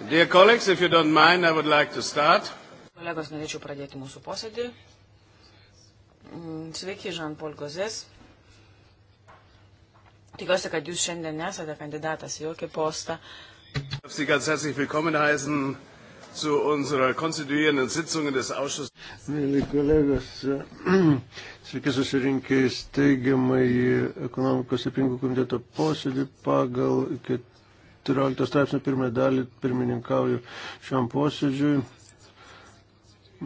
Dear colleagues, if you don't mind, I would like to start. Kolegos, norėčiau pradėti mūsų posėdį. Mm, sveiki, Žan-Paul Gozės. Tikiuosi, kad jūs šiandien nesate kandidatas į jokį postą. Sie ganz herzlich willkommen heißen zu unserer konstituierenden Sitzung des Ausschusses. Mėly kolegos, sveiki susirinkę į steigiamąjį ekonomikos ir pinigų komiteto posėdį pagal kit 14 straipsnio pirmąją dalį pirmininkauju šiam posėdžiui.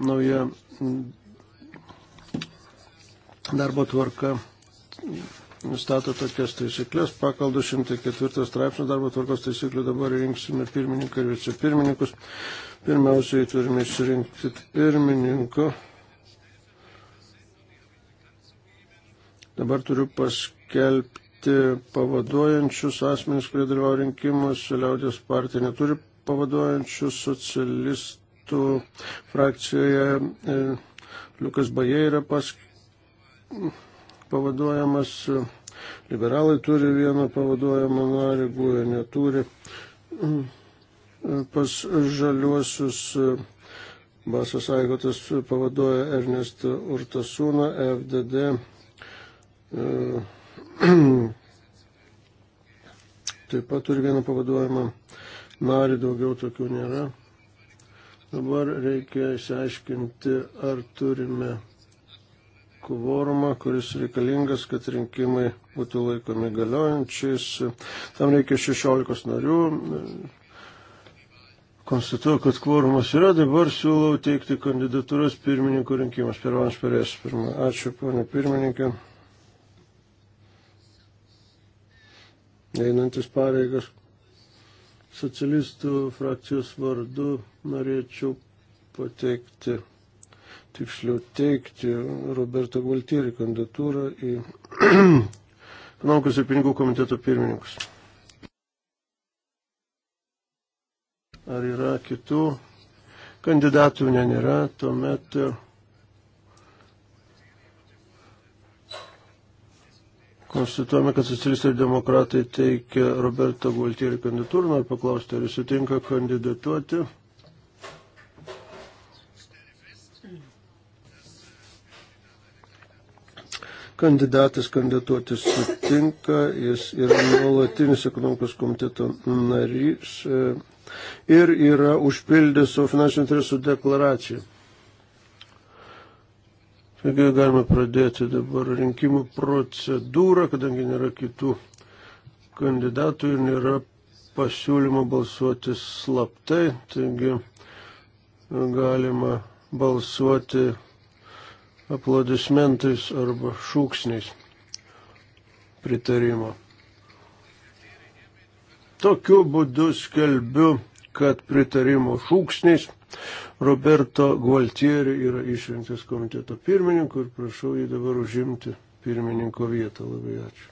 Nauja darbo tvarka nustato tokias taisyklės. Pakal 204 straipsnio darbo tvarkos taisyklių dabar rinksime pirmininką ir vicepirmininkus. Pirmiausiai turime išsirinkti pirmininką. Dabar turiu paskelbti paskirti pavaduojančius asmenys, kurie dalyvauja rinkimuose. Liaudės partija neturi pavaduojančių socialistų frakcijoje. E, Liukas Baje yra pask... pavaduojamas. Liberalai turi vieną pavaduojamą narį, guoja neturi. E, pas žaliuosius e, Basas Aigotas pavaduoja Ernestą Urtasūną, FDD. Uh, Taip pat turi vieną pavaduojimą narį, daugiau tokių nėra. Dabar reikia išsiaiškinti, ar turime kvorumą, kuris reikalingas, kad rinkimai būtų laikomi galiojančiais. Tam reikia 16 narių. Konstatuoju, kad kvorumas yra, dabar siūlau teikti kandidatūras pirmininko rinkimas. Pirmas perės. Pirma. Ačiū, ponė pirmininkė. einantis pareigas. Socialistų frakcijos vardu norėčiau pateikti, tiksliau teikti Roberto Gualtieri kandidatūrą į ekonomikos ir pinigų komiteto pirmininkus. Ar yra kitų kandidatų? Ne, nėra. Tuomet Konstatuojame, kad socialistai ir demokratai teikia Roberto Gualtierį kandidatūrą. Noriu paklausti, ar jis sutinka kandidatuoti? Kandidatas kandidatuoti sutinka, jis yra nuolatinis ekonomikos komiteto narys e, ir yra užpildęs savo finansinių interesų deklaraciją. Taigi galime pradėti dabar rinkimų procedūrą, kadangi nėra kitų kandidatų ir nėra pasiūlymo balsuoti slaptai. Taigi galima balsuoti aplodismentais arba šūksniais pritarimo. Tokiu būdu skelbiu, kad pritarimo šūksniais Roberto Gualtieri yra išrinktas komiteto pirmininku ir prašau jį dabar užimti pirmininko vietą. Labai ačiū.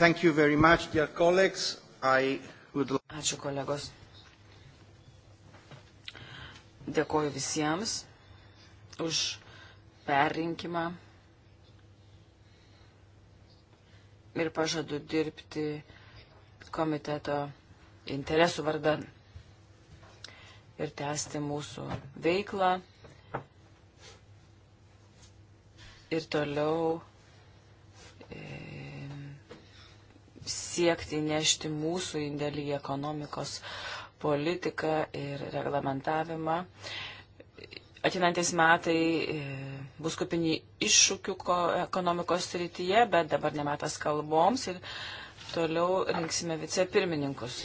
Thank you very much, dear colleagues. I would... Ačiū kolegos. Dėkoju visiems už perrinkimą ir pažadu dirbti komiteto interesų vardan ir tęsti mūsų veiklą ir toliau e, siekti nešti mūsų indėlį į ekonomikos politiką ir reglamentavimą. Atinantis metai e, bus kupini iššūkių ekonomikos srityje, bet dabar nematas kalboms ir toliau rinksime vicepirmininkus.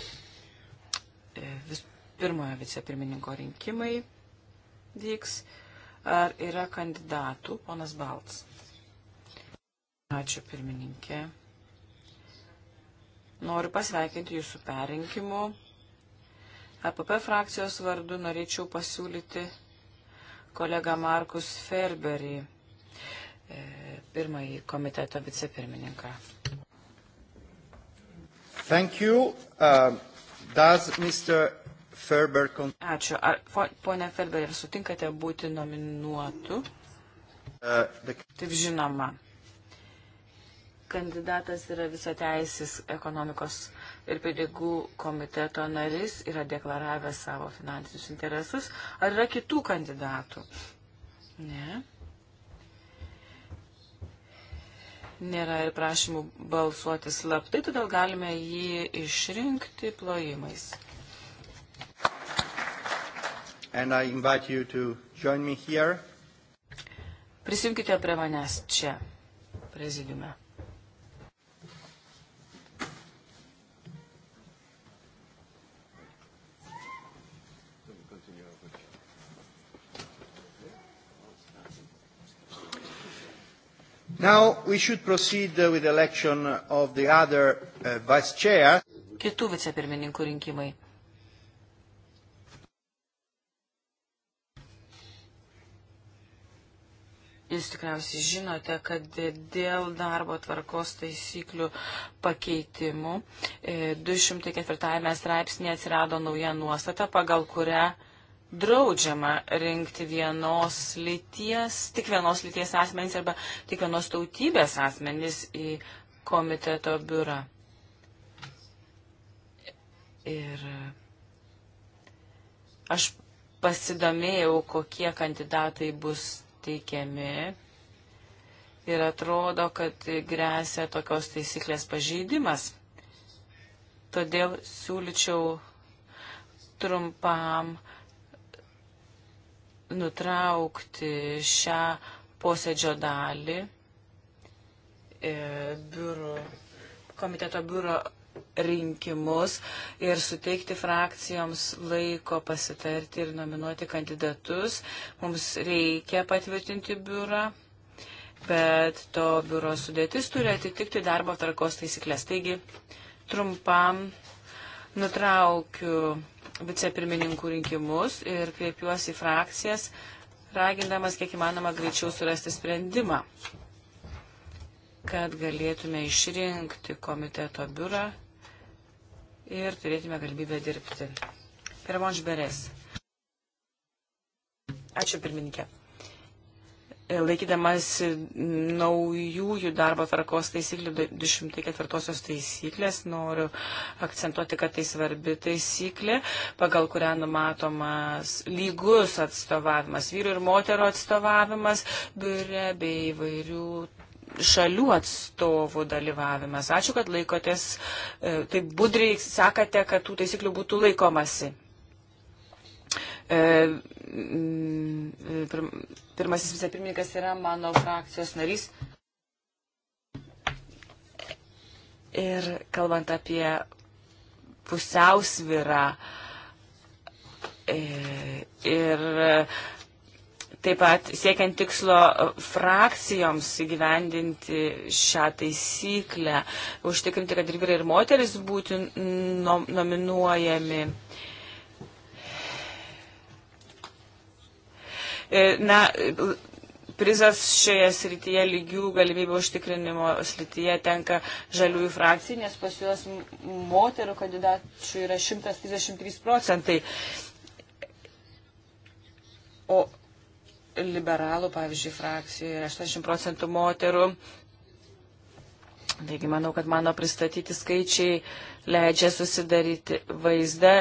E, vis pirmojo vicepirmininko rinkimai vyks. Ar yra kandidatų, ponas Balts? Ačiū pirmininkė. Noriu pasveikinti jūsų perrinkimu. APP frakcijos vardu norėčiau pasiūlyti kolegą Markus Ferberį, e, pirmąjį komiteto vicepirmininką. Thank you. Uh, does Mr. Ferber... Ačiū. Ar, ponia Ferber, ar sutinkate būti nominuotu? Uh, the... Taip žinoma. Kandidatas yra visateisis ekonomikos ir pinigų komiteto narys yra deklaravęs savo finansinius interesus. Ar yra kitų kandidatų? Ne. Nėra ir prašymų balsuoti slaptai, todėl galime jį išrinkti plojimais. Prisimkite prie manęs čia, prezidiume. Now we should proceed uh, with election of the other uh, vice chair. Kitų vicepirmininkų rinkimai. Jūs tikriausiai žinote, kad dėl darbo tvarkos taisyklių pakeitimų 204 e, straipsnėje atsirado nauja nuostata, pagal kurią draudžiama rinkti vienos lyties, tik vienos lyties asmenys arba tik vienos tautybės asmenys į komiteto biurą. Ir aš pasidomėjau, kokie kandidatai bus teikiami ir atrodo, kad grėsia tokios taisyklės pažeidimas. Todėl siūlyčiau trumpam uh, nutraukti šią posėdžio dalį e, biuro, komiteto biuro rinkimus ir suteikti frakcijoms laiko pasitarti ir nominuoti kandidatus. Mums reikia patvirtinti biurą, bet to biuro sudėtis turi atitikti darbo tarkos taisyklės. Taigi, trumpam nutraukiu vicepirmininkų rinkimus ir kreipiuosi į frakcijas, ragindamas kiek įmanoma greičiau surasti sprendimą, kad galėtume išrinkti komiteto biurą ir turėtume galimybę dirbti. Pirmonš Beres. Ačiū pirmininkė laikydamas naujųjų darbo tvarkos taisyklių 204 taisyklės, noriu akcentuoti, kad tai svarbi taisyklė, pagal kurią numatomas lygus atstovavimas, vyru ir moterų atstovavimas, biure bei įvairių šalių atstovų dalyvavimas. Ačiū, kad laikotės, e, taip budriai sakate, kad tų taisyklių būtų laikomasi. E, pirmasis vicepirmininkas yra mano frakcijos narys. Ir kalbant apie pusiausvyrą e, ir taip pat siekiant tikslo frakcijoms įgyvendinti šią taisyklę, užtikrinti, kad ir vyrai ir moteris būtų nominuojami E, na, prizas šioje srityje lygių galimybių užtikrinimo srityje tenka žaliųjų frakcijai, nes pas juos moterų kandidačių yra 133 procentai. O liberalų, pavyzdžiui, frakcijoje yra 80 procentų moterų. Taigi manau, kad mano pristatyti skaičiai leidžia susidaryti vaizdą,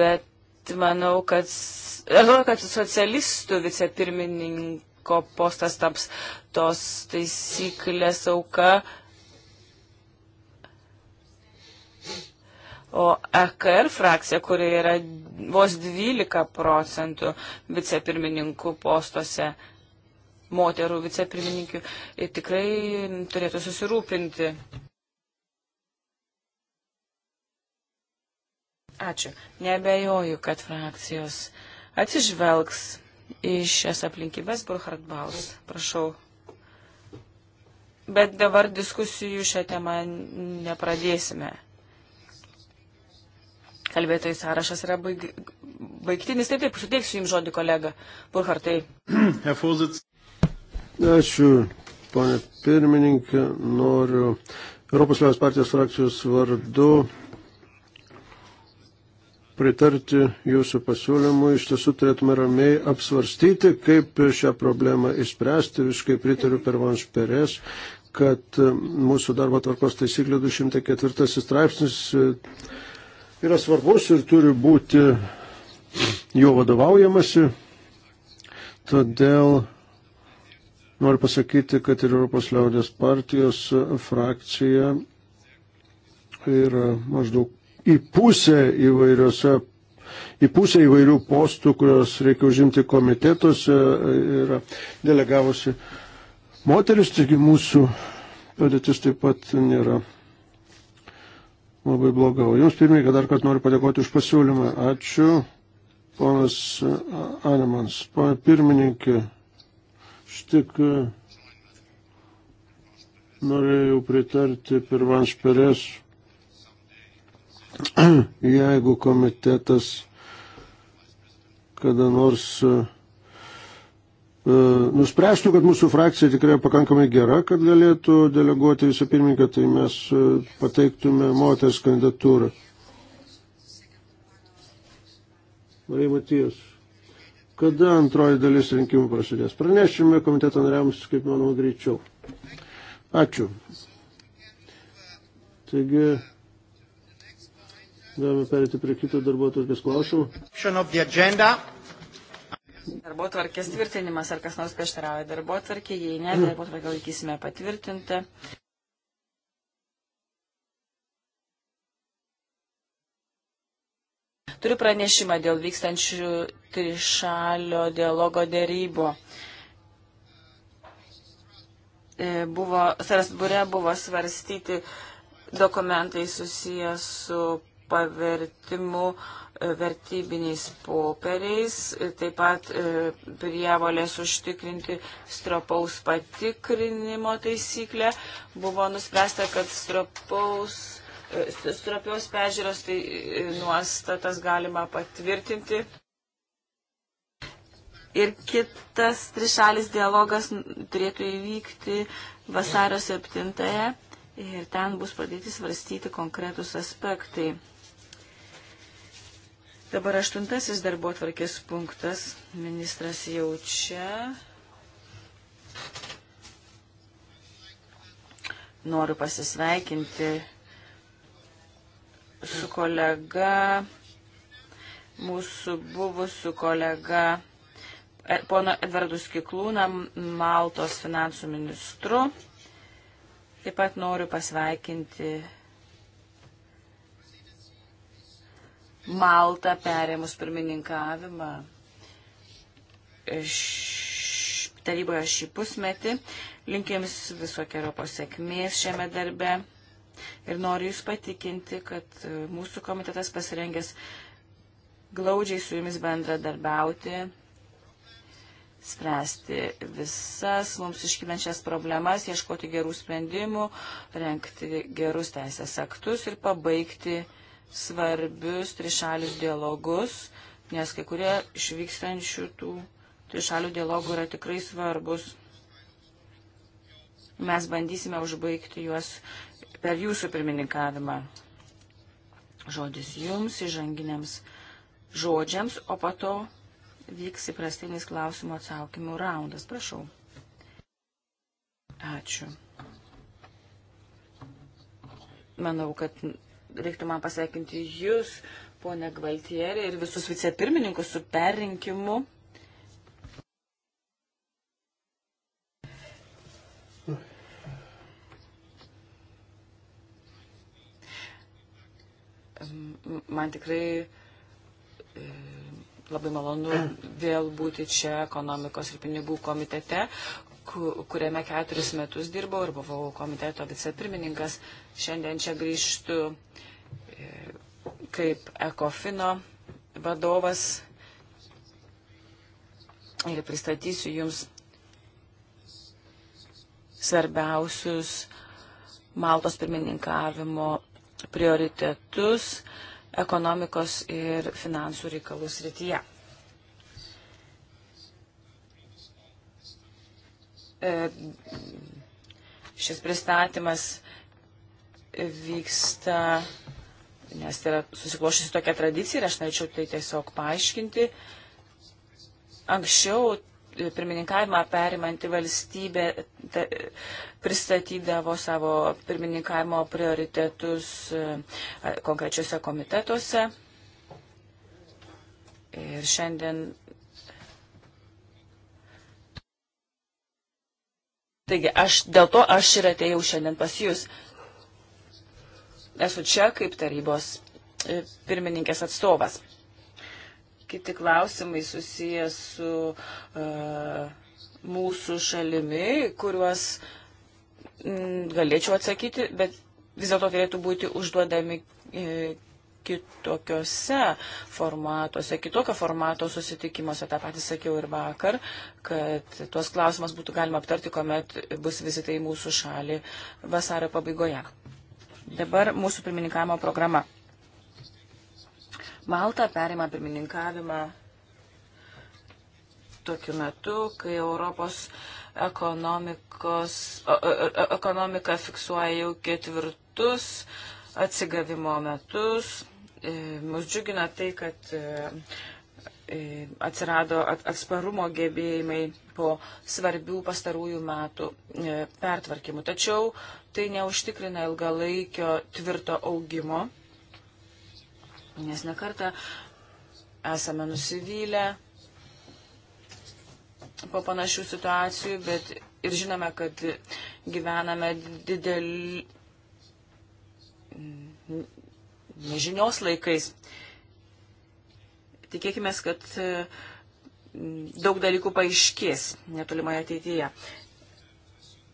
bet manau, kad atrodo, kad socialistų vicepirmininko postas taps tos taisyklės auka. O EKR frakcija, kuri yra vos 12 procentų vicepirmininkų postuose, moterų vicepirmininkių, tikrai turėtų susirūpinti. Ačiū. Nebejoju, kad frakcijos atsižvelgs į šias aplinkybės Burkhard Baus. Prašau. Bet dabar diskusijų šią temą nepradėsime. Kalbėtojų sąrašas yra baig... baigtinis. Taip, taip, suteiksiu Jums žodį, kolega Burkhartai. Ačiū, ponė pirmininkė. Noriu Europos Liaudės partijos frakcijos vardu pritarti jūsų pasiūlymui, iš tiesų turėtume ramiai apsvarstyti, kaip šią problemą išspręsti. Visiškai pritariu per Vanš Perės, kad e, mūsų darbo tvarkos taisyklių 204 straipsnis e, yra svarbus ir turi būti jo vadovaujamasi. Todėl noriu pasakyti, kad ir Europos liaudės partijos frakcija yra maždaug į pusę įvairiose. Į pusę įvairių postų, kurios reikia užimti komitetuose, yra delegavusi moteris, taigi mūsų padėtis taip pat nėra labai bloga. O jums pirmininkai dar kartą noriu padėkoti už pasiūlymą. Ačiū, ponas Anemans. Pane pirmininkė, štik e, norėjau pritarti pirmans perės Jeigu komitetas kada nors e, e, nuspręstų, kad mūsų frakcija tikrai pakankamai gera, kad galėtų deleguoti visą pirmininką, tai mes e, pateiktume moters kandidatūrą. Marija Matijas. Kada antroji dalis rinkimų prasidės? Pranešime komiteto nariams, kaip manau, greičiau. Ačiū. Taigi, Galime perėti prie kito darbo tvarkės klausimų. Darbo tvarkės tvirtinimas, ar kas nors prieštarauja darbo tvarkė, jei ne, darbo tvarkę laikysime patvirtintą. Turiu pranešimą dėl vykstančių trišalio dialogo dėrybo e, buvo, Strasbūre buvo svarstyti dokumentai susijęs su pavertimu e, vertybiniais popieriais, e, taip pat e, prievalės užtikrinti stropaus patikrinimo taisyklę. Buvo nuspręsta, kad stropaus, stropios pežiūros tai nuostatas galima patvirtinti. Ir kitas trišalis dialogas turėtų įvykti vasario 7 ir ten bus pradėti svarstyti konkretus aspektai. Dabar aštuntasis darbo atvarkės punktas. Ministras jau čia. Noriu pasisveikinti su kolega, mūsų buvusiu kolega, e, pono Edvardus Kiklūną, Maltos finansų ministru. Taip pat noriu pasveikinti Malta perėmus pirmininkavimą š... taryboje šį pusmetį. Linkėms visokiojo pasiekmės šiame darbe. Ir noriu Jūs patikinti, kad e, mūsų komitetas pasirengęs glaudžiai su Jumis bendradarbiauti, spręsti visas mums iškylančias problemas, ieškoti gerų sprendimų, renkti gerus teisės aktus ir pabaigti svarbius trišalius dialogus, nes kai kurie iš vykstančių tų trišalių dialogų yra tikrai svarbus. Mes bandysime užbaigti juos per jūsų pirmininkavimą. Žodis jums, įžanginiams žodžiams, o po to vyks įprastinis klausimų atsakymų raundas. Prašau. Ačiū. Manau, kad reiktų man pasveikinti Jūs, ponė Gvaltierė, ir visus vicepirmininkus su perrinkimu. Man tikrai e, labai malonu vėl būti čia ekonomikos ir pinigų komitete, kuriame keturis metus dirbau ir buvau komiteto vicepirmininkas. Šiandien čia grįžtu e, kaip Ekofino vadovas ir pristatysiu Jums svarbiausius Maltos pirmininkavimo prioritetus ekonomikos ir finansų reikalų srityje. E, šis pristatymas vyksta, nes tai yra susiklošusi tokia tradicija ir aš norėčiau tai tiesiog paaiškinti. Anksčiau pirmininkavimą perimanti valstybė ta, pristatydavo savo pirmininkavimo prioritetus e, konkrečiuose komitetuose. Ir šiandien Taigi, aš, dėl to aš ir atėjau šiandien pas jūs. Esu čia kaip tarybos e, pirmininkės atstovas. Kiti klausimai susijęs su uh, mūsų šalimi, kuriuos m, mm, galėčiau atsakyti, bet vis dėlto turėtų būti užduodami uh, kitokiuose formatuose, kitokio formato susitikimuose. Ta patį sakiau ir vakar, kad tuos klausimas būtų galima aptarti, kuomet bus vizitai mūsų šalį vasario pabaigoje. Dabar mūsų pirmininkavimo programa. Malta perima pirmininkavimą tokiu metu, kai Europos ekonomika fiksuoja jau ketvirtus atsigavimo metus. E, mus džiugina tai, kad e, e, atsirado atsparumo gebėjimai po svarbių pastarųjų metų pertvarkymų. Tačiau tai neužtikrina ilgalaikio tvirto augimo, nes nekartą esame nusivylę po panašių situacijų, bet ir žinome, kad gyvename didel nežinios laikais. Tikėkime, kad mm, daug dalykų paaiškės netolimoje ateityje.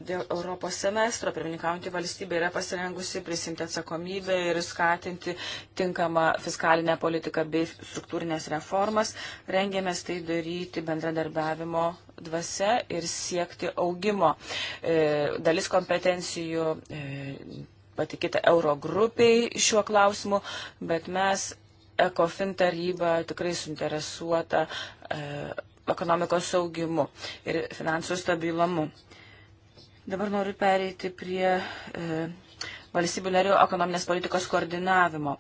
Dėl Europos semestro pirmininkaujantį valstybę yra pasirengusi prisimti atsakomybę ir skatinti tinkamą fiskalinę politiką bei struktūrinės reformas. Rengėmės tai daryti bendradarbiavimo dvasia ir siekti augimo. E, dalis kompetencijų e, patikėta Eurogrupiai šiuo klausimu, bet mes ECOFIN taryba tikrai suinteresuota e, ekonomikos saugimu ir finansų stabilumu. Dabar noriu pereiti prie e, valstybių narių ekonominės politikos koordinavimo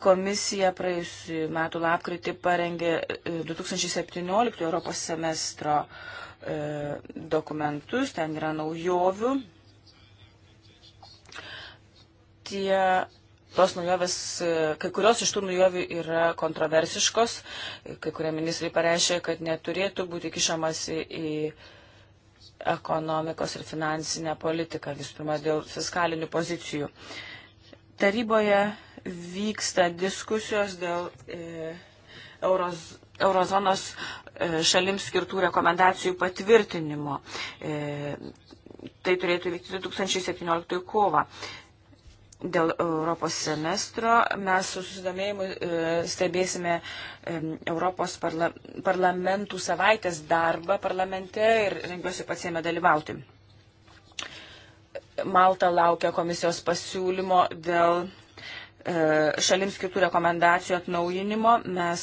komisija praėjusiu metu lapkritį parengė 2017 e, Europos semestro e, dokumentus, ten yra naujovių tie, tos naujovės, kai kurios iš tų naujovių yra kontroversiškos, kai kurie ministrai pareiškia, kad neturėtų būti kišamasi į ekonomikos ir finansinę politiką, vis pirma, dėl fiskalinių pozicijų. Taryboje vyksta diskusijos dėl e, euros, eurozonos e, šalims skirtų rekomendacijų patvirtinimo. E, tai turėtų vykti 2017 kovą. E, dėl Europos semestro. Mes su susidomėjimu e, stebėsime e, Europos parla parlamentų savaitės darbą parlamente ir rengiuosi pats jame dalyvauti. Malta laukia komisijos pasiūlymo dėl e, šalims kitų rekomendacijų atnaujinimo. Mes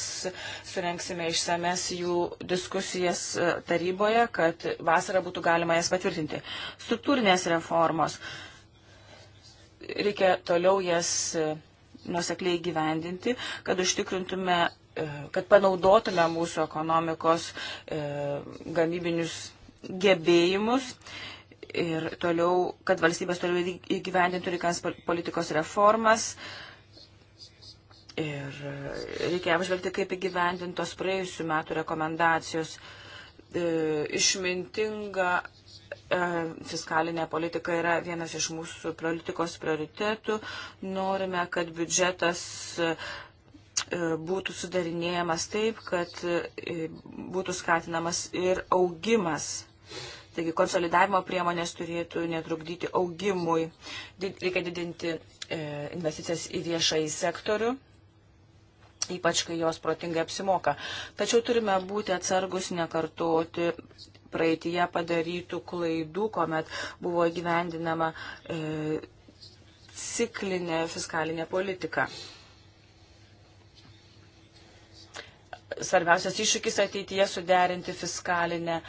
surenksime išsames jų diskusijas taryboje, kad vasarą būtų galima jas patvirtinti. Struktūrinės reformos. Uh, reikia toliau jas e, nusekliai gyvendinti, kad užtikrintume, e, kad panaudotume mūsų ekonomikos e, gamybinius gebėjimus ir toliau, kad valstybės toliau įgyvendintų reikans politikos reformas. Ir reikia apžvelgti, kaip įgyvendintos praėjusių metų rekomendacijos. Išmintinga E, fiskalinė politika yra vienas iš mūsų politikos prioritetų. Norime, kad biudžetas e, būtų sudarinėjamas taip, kad e, būtų skatinamas ir augimas. Taigi konsolidavimo priemonės turėtų netrukdyti augimui. Reikia didinti investicijas į viešąjį sektorių ypač kai jos protingai apsimoka. Tačiau turime būti atsargus, nekartoti praeitie padarytų klaidų, kuomet buvo gyvendinama e, ciklinė fiskalinė politika. Svarbiausias iššūkis ateityje suderinti fiskalinę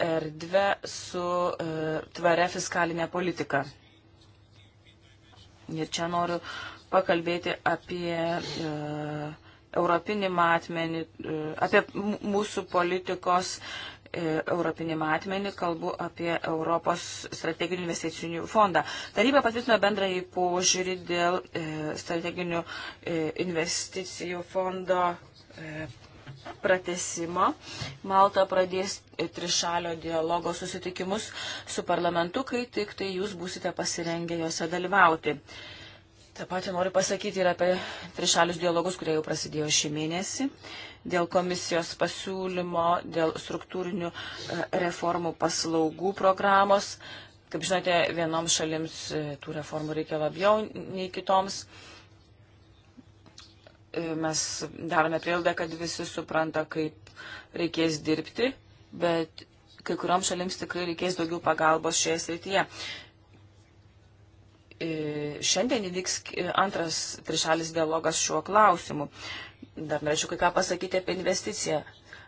erdvę su e, tvare fiskalinė politika. Ir čia noriu pakalbėti apie e, europinį matmenį, e, apie mūsų politikos e, E, europinį matmenį, kalbu apie Europos strateginių investicinių fondą. Taryba patvirtino bendrąjį požiūrį dėl e, strateginių e, investicijų fondo pratesimo. Malta pradės trišalio dialogo susitikimus su parlamentu, kai tik tai jūs būsite pasirengę juose dalyvauti. Ta pati noriu pasakyti ir apie trišalius dialogus, kurie jau prasidėjo šį mėnesį dėl komisijos pasiūlymo, dėl struktūrinių e, reformų paslaugų programos. Kaip žinote, vienoms šalims e, tų reformų reikia labiau nei kitoms. E, mes darome prielaidą, kad visi supranta, kaip reikės dirbti, bet kai kuriuom šalims tikrai reikės daugiau pagalbos šioje srityje. E, šiandien įvyks e, antras trišalis dialogas šiuo klausimu. Dar norėčiau kai ką pasakyti apie investiciją.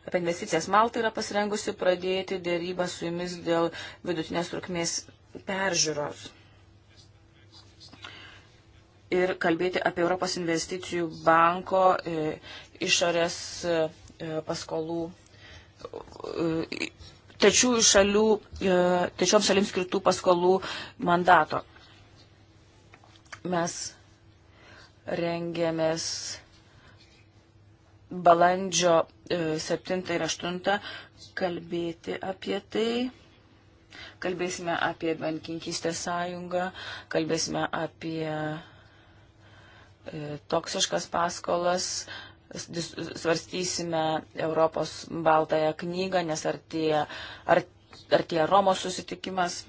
Apie investicijas Malta yra pasirengusi pradėti dėrybą su jumis dėl vidutinės trukmės peržiūros. Ir kalbėti apie Europos investicijų banko e, išorės paskolų trečiųjų šalių, trečioms šalims skirtų paskolų mandato. Mes rengiamės balandžio 7 e, ir 8 kalbėti apie tai. Kalbėsime apie bankininkystės sąjungą, kalbėsime apie e, toksiškas paskolas, svarstysime Europos baltąją knygą, nes ar tie, ar, ar tie Romos susitikimas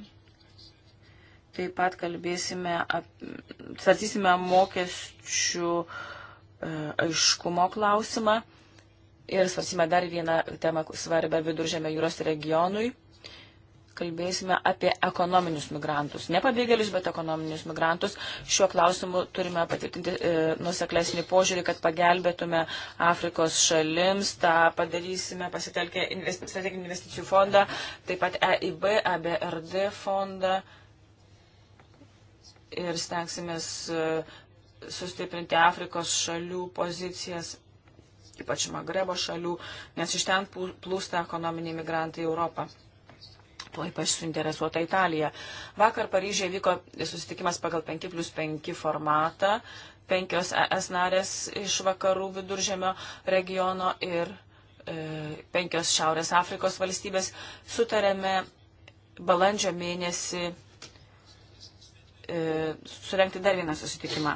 Taip pat kalbėsime, svarstysime mokesčių e, aiškumo klausimą ir svarstysime dar vieną temą svarbę viduržėme jūros regionui. Kalbėsime apie ekonominius migrantus. Ne pabėgėlius, bet ekonominius migrantus. Šiuo klausimu turime patvirtinti e, nuseklesnį požiūrį, kad pagelbėtume Afrikos šalims. Ta padarysime pasitelkę investi strateginį investicijų fondą, taip pat EIB, ABRD fondą. E, ir stengsimės e, sustiprinti Afrikos šalių pozicijas, ypač Magrebo šalių, nes iš ten plūsta ekonominiai migrantai į Europą tuo ypač suinteresuota Italija. Vakar Paryžiai vyko susitikimas pagal 5 plus 5 formatą, penkios ES narės iš vakarų viduržėmio regiono ir e, penkios Šiaurės Afrikos valstybės sutarėme balandžio mėnesį E, surenkti dar vieną susitikimą.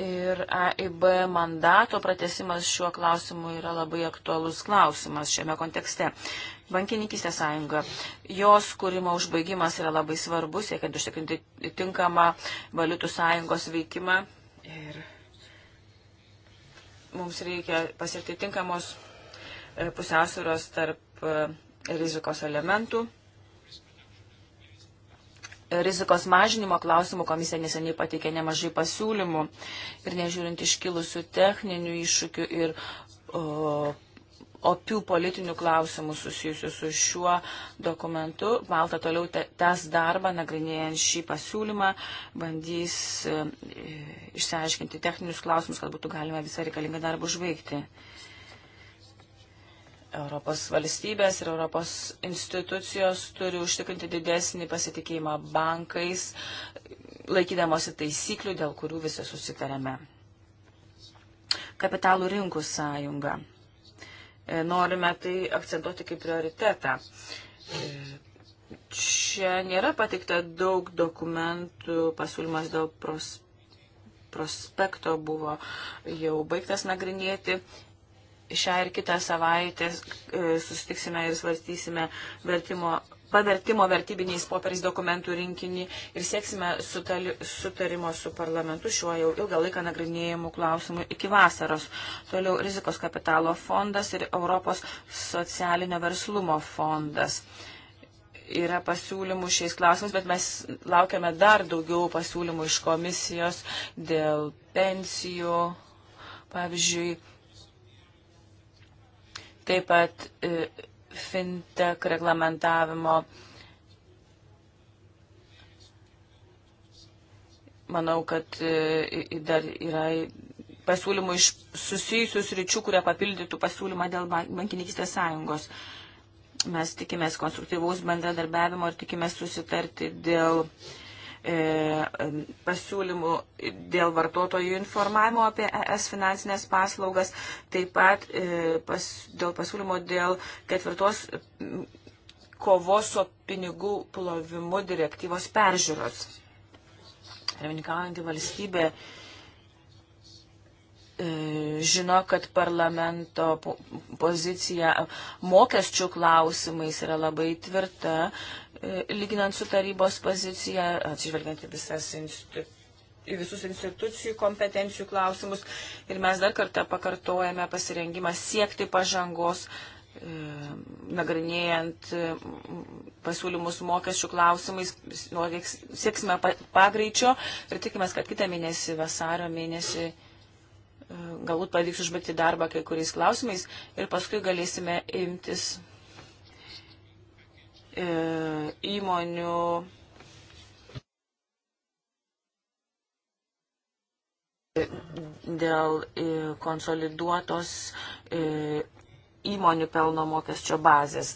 Ir AIB mandato pratesimas šiuo klausimu yra labai aktualus klausimas šiame kontekste. Bankininkistės sąjunga. Jos kūrimo užbaigimas yra labai svarbus, siekiant užtikrinti tinkamą valiutų sąjungos veikimą. Ir mums reikia pasirti tinkamos e, pusiausvėros tarp e, rizikos elementų rizikos mažinimo klausimų komisija neseniai pateikė nemažai pasiūlymų ir nežiūrint iškilusių techninių iššūkių ir o, opių politinių klausimų susijusių su šiuo dokumentu. Malta toliau tęs darbą, nagrinėjant šį pasiūlymą, bandys e, išsiaiškinti techninius klausimus, kad būtų galima visą reikalingą darbą užbaigti. Europos valstybės ir Europos institucijos turi užtikrinti didesnį pasitikėjimą bankais, laikydamosi taisyklių, dėl kurių visi susitarėme. Kapitalų rinkų sąjunga. E, norime tai akcentuoti kaip prioritetą. E, čia nėra patikta daug dokumentų, pasiūlymas dėl prospektų prospekto buvo jau baigtas nagrinėti šią ir kitą savaitę e, susitiksime ir svarstysime vertimo, pavertimo vertybiniais popieriais dokumentų rinkinį ir sieksime sutali, sutarimo su parlamentu šiuo jau ilgą laiką nagrinėjimu klausimu iki vasaros. Toliau rizikos kapitalo fondas ir Europos socialinio verslumo fondas. Yra pasiūlymų šiais klausimais, bet mes laukiame dar daugiau pasiūlymų iš komisijos dėl pensijų, pavyzdžiui, taip pat e, fintech reglamentavimo. Manau, kad e, dar yra pasiūlymų iš susijusius ryčių, kurie papildytų pasiūlymą dėl bankininkistės sąjungos. Mes tikimės konstruktyvaus bendradarbiavimo ir tikimės susitarti dėl uh, E, pasiūlymų dėl vartotojų informavimo apie ES finansinės paslaugas, taip pat e, pas, dėl pasiūlymo dėl ketvirtos kovos su pinigų plovimu direktyvos peržiūros. Remininkaujantį valstybę e, žino, kad parlamento pozicija mokesčių klausimais yra labai tvirta E, lyginant su tarybos pozicija, atsižvelgiant į, institu, į visus institucijų kompetencijų klausimus. Ir mes dar kartą pakartojame pasirengimą siekti pažangos, e, nagrinėjant e, pasiūlymus mokesčių klausimais, sieksime pagreičio ir tikimės, kad kitą mėnesį, vasario mėnesį, e, galbūt pavyks užbaigti darbą kai kuriais klausimais ir paskui galėsime imtis E, įmonių dėl e, konsoliduotos e, įmonių pelno mokesčio bazės.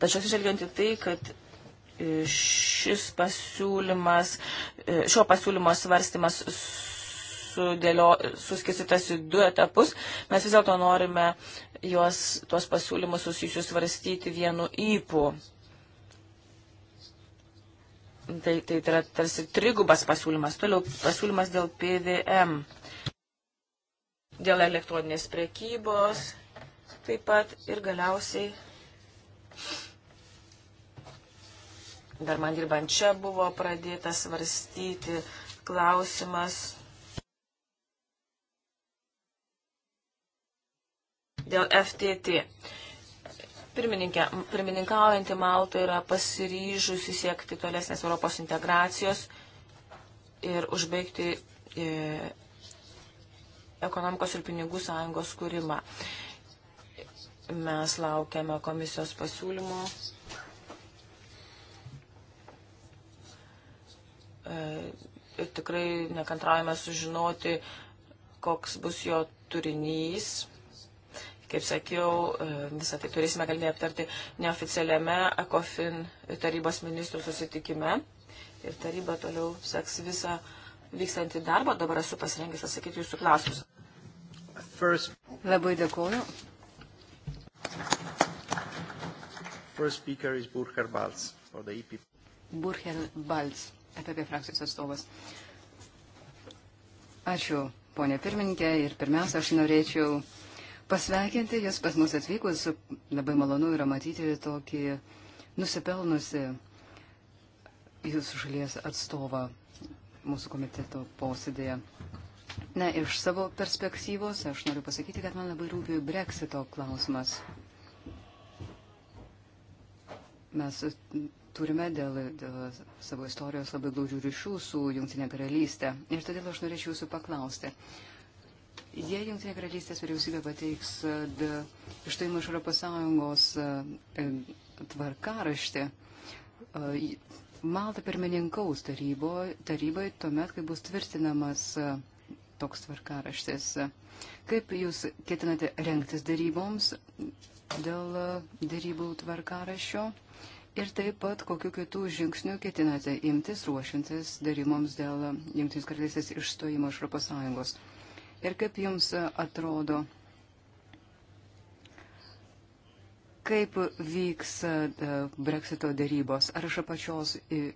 Tačiau atsižvelgiant į tai, kad šis pasiūlymas, šio pasiūlymo svarstymas sudėlio, suskisitas į du etapus. Mes vis dėlto norime juos, tuos pasiūlymus susijusius svarstyti vienu įpū. Tai, tai, tai yra tarsi trigubas pasiūlymas. Toliau pasiūlymas dėl PVM, dėl elektroninės prekybos taip pat ir galiausiai dar man dirbant čia buvo pradėtas svarstyti klausimas dėl FTT. Pirmininkė, pirmininkaujanti Malta yra pasiryžusi siekti tolesnės Europos integracijos ir užbaigti e, ekonomikos ir pinigų sąjungos kūrimą. Mes laukiame komisijos pasiūlymo e, ir tikrai nekantraujame sužinoti, koks bus jo turinys. Kaip sakiau, e, visą tai turėsime galimybę aptarti neoficialiame ECOFIN tarybos ministrų susitikime. Ir taryba toliau seks visą vykstantį darbą. Dabar esu pasirengęs atsakyti jūsų klausimus. First. Labai dėkuoju. First speaker is Burkhard Balz for the EPP. Burkhard Balz, EPP frakcijos atstovas. Ačiū, ponė pirmininkė, ir pirmiausia, aš norėčiau uh, pasveikinti jūs pas mus atvykus. Labai malonu yra matyti tokį nusipelnusi jūsų šalies atstovą mūsų komiteto posėdėje. Na, iš savo perspektyvos aš noriu pasakyti, kad man labai rūpi breksito klausimas. Mes turime dėl, dėl savo istorijos labai glaudžių ryšių su Junktinė karalystė. Ir todėl aš norėčiau jūsų paklausti. Uh, Jei Junktinė karalystės vyriausybė pateiks e, išstojimo iš Europos Sąjungos e, e, tvarkaraštį, Malta pirmininkaus tarybo, tarybai tuomet, kai bus tvirtinamas toks tvarkaraštis. Kaip jūs ketinate renktis daryboms dėl darybų tvarkaraščio? Ir taip pat, kokiu kitų žingsnių ketinate imtis ruošintis daryboms dėl Junktinės karalystės išstojimo iš Europos Sąjungos? Ir kaip jums atrodo, kaip vyks e, breksito dėrybos? Ar iš apačios, į,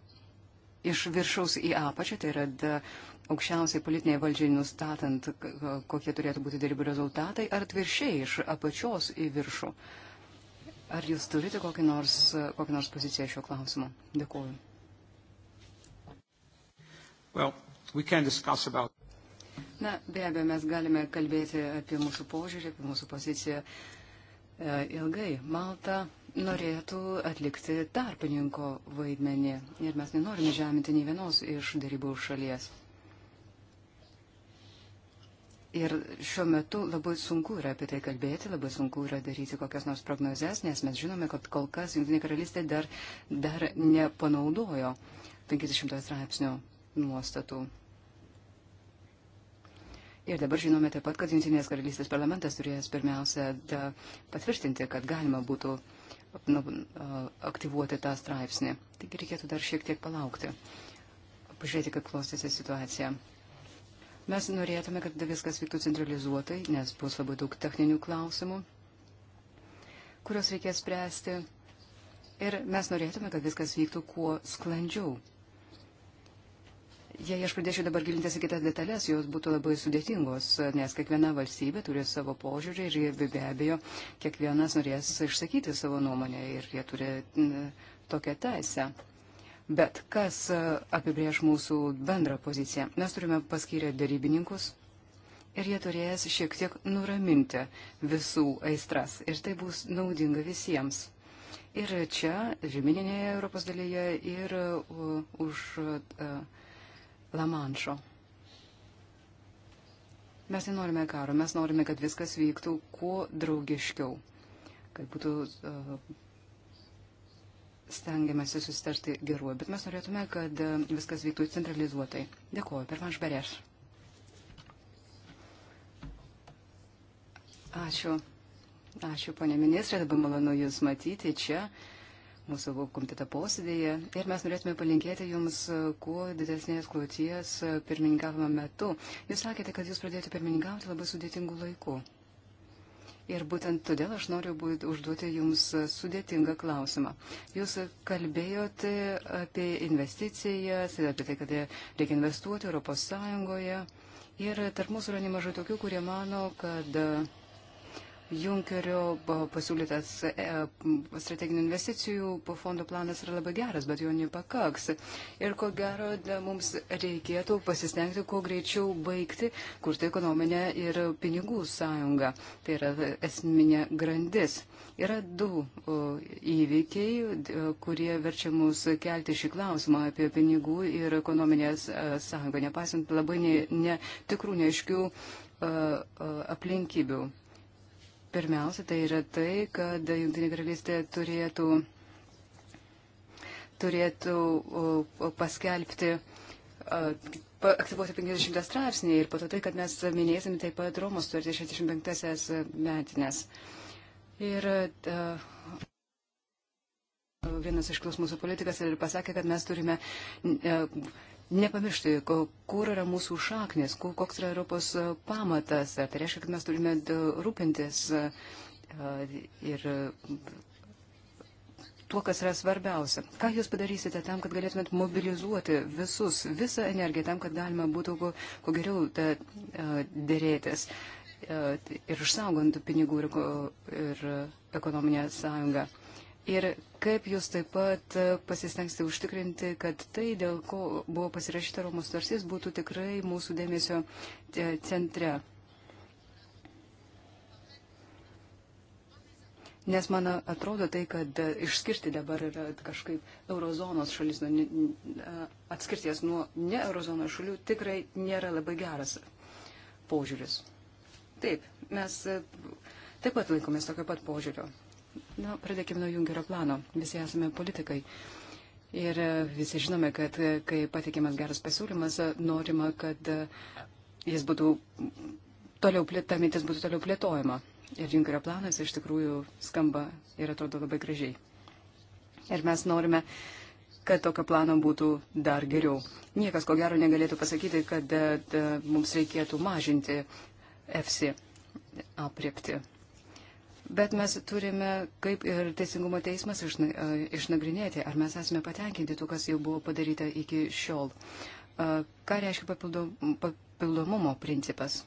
iš viršaus į apačią, tai yra da, aukščiausiai politiniai valdžiai nustatant, kokie turėtų būti dėrybų rezultatai, ar atviršiai iš apačios į viršų? Ar jūs turite kokį nors, kokį nors poziciją šiuo klausimu? Dėkuoju. Well, we about... Na, be abejo, mes galime kalbėti apie mūsų požiūrį, apie mūsų poziciją e, ilgai. Malta norėtų atlikti tarpininko vaidmenį ir mes nenorime žeminti nei vienos iš darybų šalies. Ir šiuo metu labai sunku yra apie tai kalbėti, labai sunku yra daryti kokias nors prognozes, nes mes žinome, kad kol kas Junktinė karalystė dar, dar nepanaudojo 50 straipsnio nuostatų. Ir dabar žinome taip pat, kad Junktinės karalystės parlamentas turės pirmiausia patvirtinti, kad galima būtų nu, aktyvuoti tą straipsnį. Taigi reikėtų dar šiek tiek palaukti, pažiūrėti, kaip klostėsi situacija. Mes norėtume, kad viskas vyktų centralizuotai, nes bus labai daug techninių klausimų, kuriuos reikės spręsti. Ir mes norėtume, kad viskas vyktų kuo sklandžiau. Jei aš pradėčiau dabar gilintis į kitas detalės, jos būtų labai sudėtingos, nes kiekviena valstybė turi savo požiūrį ir be abejo, kiekvienas norės išsakyti savo nuomonę ir jie turi tokią teisę. Bet kas e, apibrieš mūsų bendrą poziciją? Mes turime paskyrę darybininkus ir jie turės šiek tiek nuraminti visų aistras ir tai bus naudinga visiems. Ir čia, žemyninėje Europos dalyje, ir uh, už. Uh, Lamanšo. Mes nenorime karo, mes norime, kad viskas vyktų kuo draugiškiau, kad būtų uh, stengiamasi susitarti geruoju, bet mes norėtume, kad uh, viskas vyktų centralizuotai. Dėkuoju, per man šberėš. Ačiū. Ačiū, ponė ministrė, dabar malonu Jūs matyti čia. Uh, mūsų komiteto posėdėje ir mes norėtume palinkėti Jums e, kuo didesnės kloties e, pirmininkavimo metu. Jūs sakėte, kad Jūs pradėjote pirmininkauti labai sudėtingų laikų. Ir būtent todėl aš noriu būt, užduoti Jums e, sudėtingą klausimą. Jūs kalbėjote apie investicijas, apie tai, kad reikia investuoti Europos Sąjungoje. Ir tarp mūsų yra nemažai tokių, kurie mano, kad uh, Junkerio pasiūlytas e, strateginių investicijų fondo planas yra labai geras, bet jo nepakaks. Ir ko gero, da, mums reikėtų pasistengti kuo greičiau baigti kurti ekonominę ir pinigų sąjungą. Tai yra esminė grandis. Yra du įvykiai, kurie verčia mus kelti šį klausimą apie pinigų ir ekonominę e, sąjungą, nepaisant labai netikrų, ne, ne neiškių e, aplinkybių. Pirmiausia, tai yra tai, kad Junktinė karalystė turėtų, turėtų paskelbti aktyvuoti 50 straipsnį ir po to tai, kad mes minėsim taip pat Romos sutartį 65-asias metinės. Ir uh, vienas išklus mūsų politikas ir pasakė, kad mes turime uh, nepamiršti, kur yra mūsų šaknis, koks yra Europos e, pamatas. Ar tai reiškia, kad mes turime rūpintis e, ir tuo, kas yra svarbiausia. Ką jūs padarysite tam, kad galėtumėt mobilizuoti visus, visą energiją, tam, kad galima būtų kuo, kuo geriau ta, e, dėrėtis ir išsaugant pinigų ir, ir ekonominę sąjungą. Ir kaip jūs taip pat pasistengsite užtikrinti, kad tai, dėl ko buvo pasirašyta Romos tarsis, būtų tikrai mūsų dėmesio centre. Nes man atrodo tai, kad išskirti dabar yra kažkaip eurozonos šalis, atskirties nuo ne eurozonos šalių tikrai nėra labai geras požiūris. Taip, mes taip pat laikomės tokio pat požiūrio. Na, pradėkime nuo Junkerio plano. Visi esame politikai. Ir e, visi žinome, kad e, kai patikimas geras pasiūlymas, e, norima, kad jis būtų toliau, ta mintis būtų toliau plėtojama. Ir Junkerio planas iš tikrųjų skamba ir atrodo labai gražiai. Ir mes norime, kad tokio plano būtų dar geriau. Niekas ko gero negalėtų pasakyti, kad da, mums reikėtų mažinti EFSI apriepti. Bet mes turime, kaip ir Teisingumo teismas, e, išnagrinėti, ar mes esame patenkinti tuo, kas jau buvo padaryta iki šiol. E, ką reiškia papildom, papildomumo principas?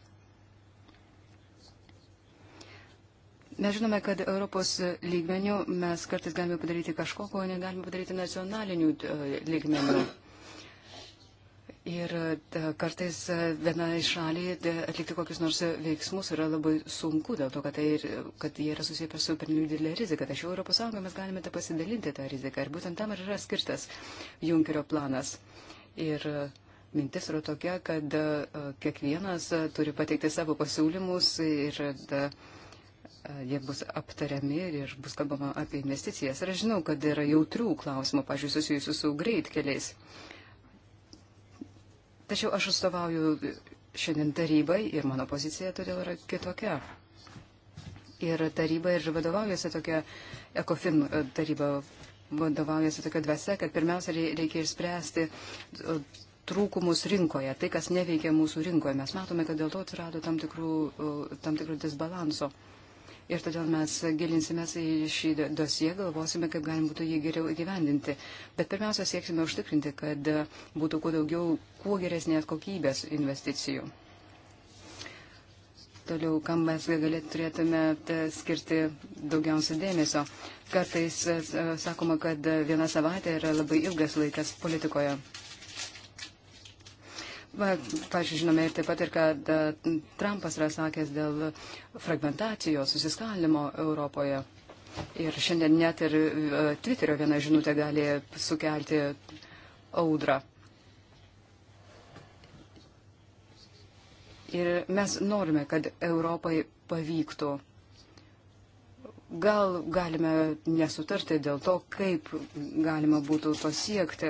Mes žinome, kad Europos lygmenių mes kartais galime padaryti kažko, ko negalime padaryti nacionalinių e, lygmenių. Ir e, kartais e, vienai šaliai e, atlikti kokius nors veiksmus yra labai sunku, dėl to, kad, tai, ir, kad jie yra susiję su pernelyg didelė rizika. Tačiau Europos Sąjungoje mes galime tą pasidalinti tą riziką. Ir būtent tam ir yra skirtas Junkerio planas. Ir mintis yra tokia, kad kiekvienas turi pateikti savo pasiūlymus ir da, jie bus aptariami ir bus kalbama apie investicijas. Ir aš žinau, kad yra jautrių klausimų, pažiūrėjau, susijusių su greitkeliais. Tačiau aš atstovauju šiandien tarybai ir mano pozicija todėl yra kitokia. Ir taryba ir vadovaujasi tokia, ECOFIN e, taryba vadovaujasi tokia dvasia, kad pirmiausia reikia išspręsti e, trūkumus rinkoje, tai, kas neveikia mūsų rinkoje. Mes matome, kad dėl to atsirado tam tikrų, e, tam tikrų disbalanso ir todėl mes gilinsimės į šį dosiją, galvosime, kaip galim būtų jį geriau įgyvendinti. Bet pirmiausia, sieksime užtikrinti, kad būtų kuo daugiau, kuo geresnės kokybės investicijų. Toliau, kam mes galėtume turėtume e, skirti daugiausia dėmesio. Kartais e, e, sakoma, kad viena savaitė yra labai ilgas laikas politikoje. Pavyzdžiui, žinome ir taip pat ir, kad e, Trumpas yra sakęs dėl fragmentacijos, susiskaldimo Europoje. Ir šiandien net ir e, Twitterio viena žinutė gali sukelti audrą. Ir mes norime, kad Europai pavyktų Gal galime nesutarti dėl to, kaip galima būtų pasiekti.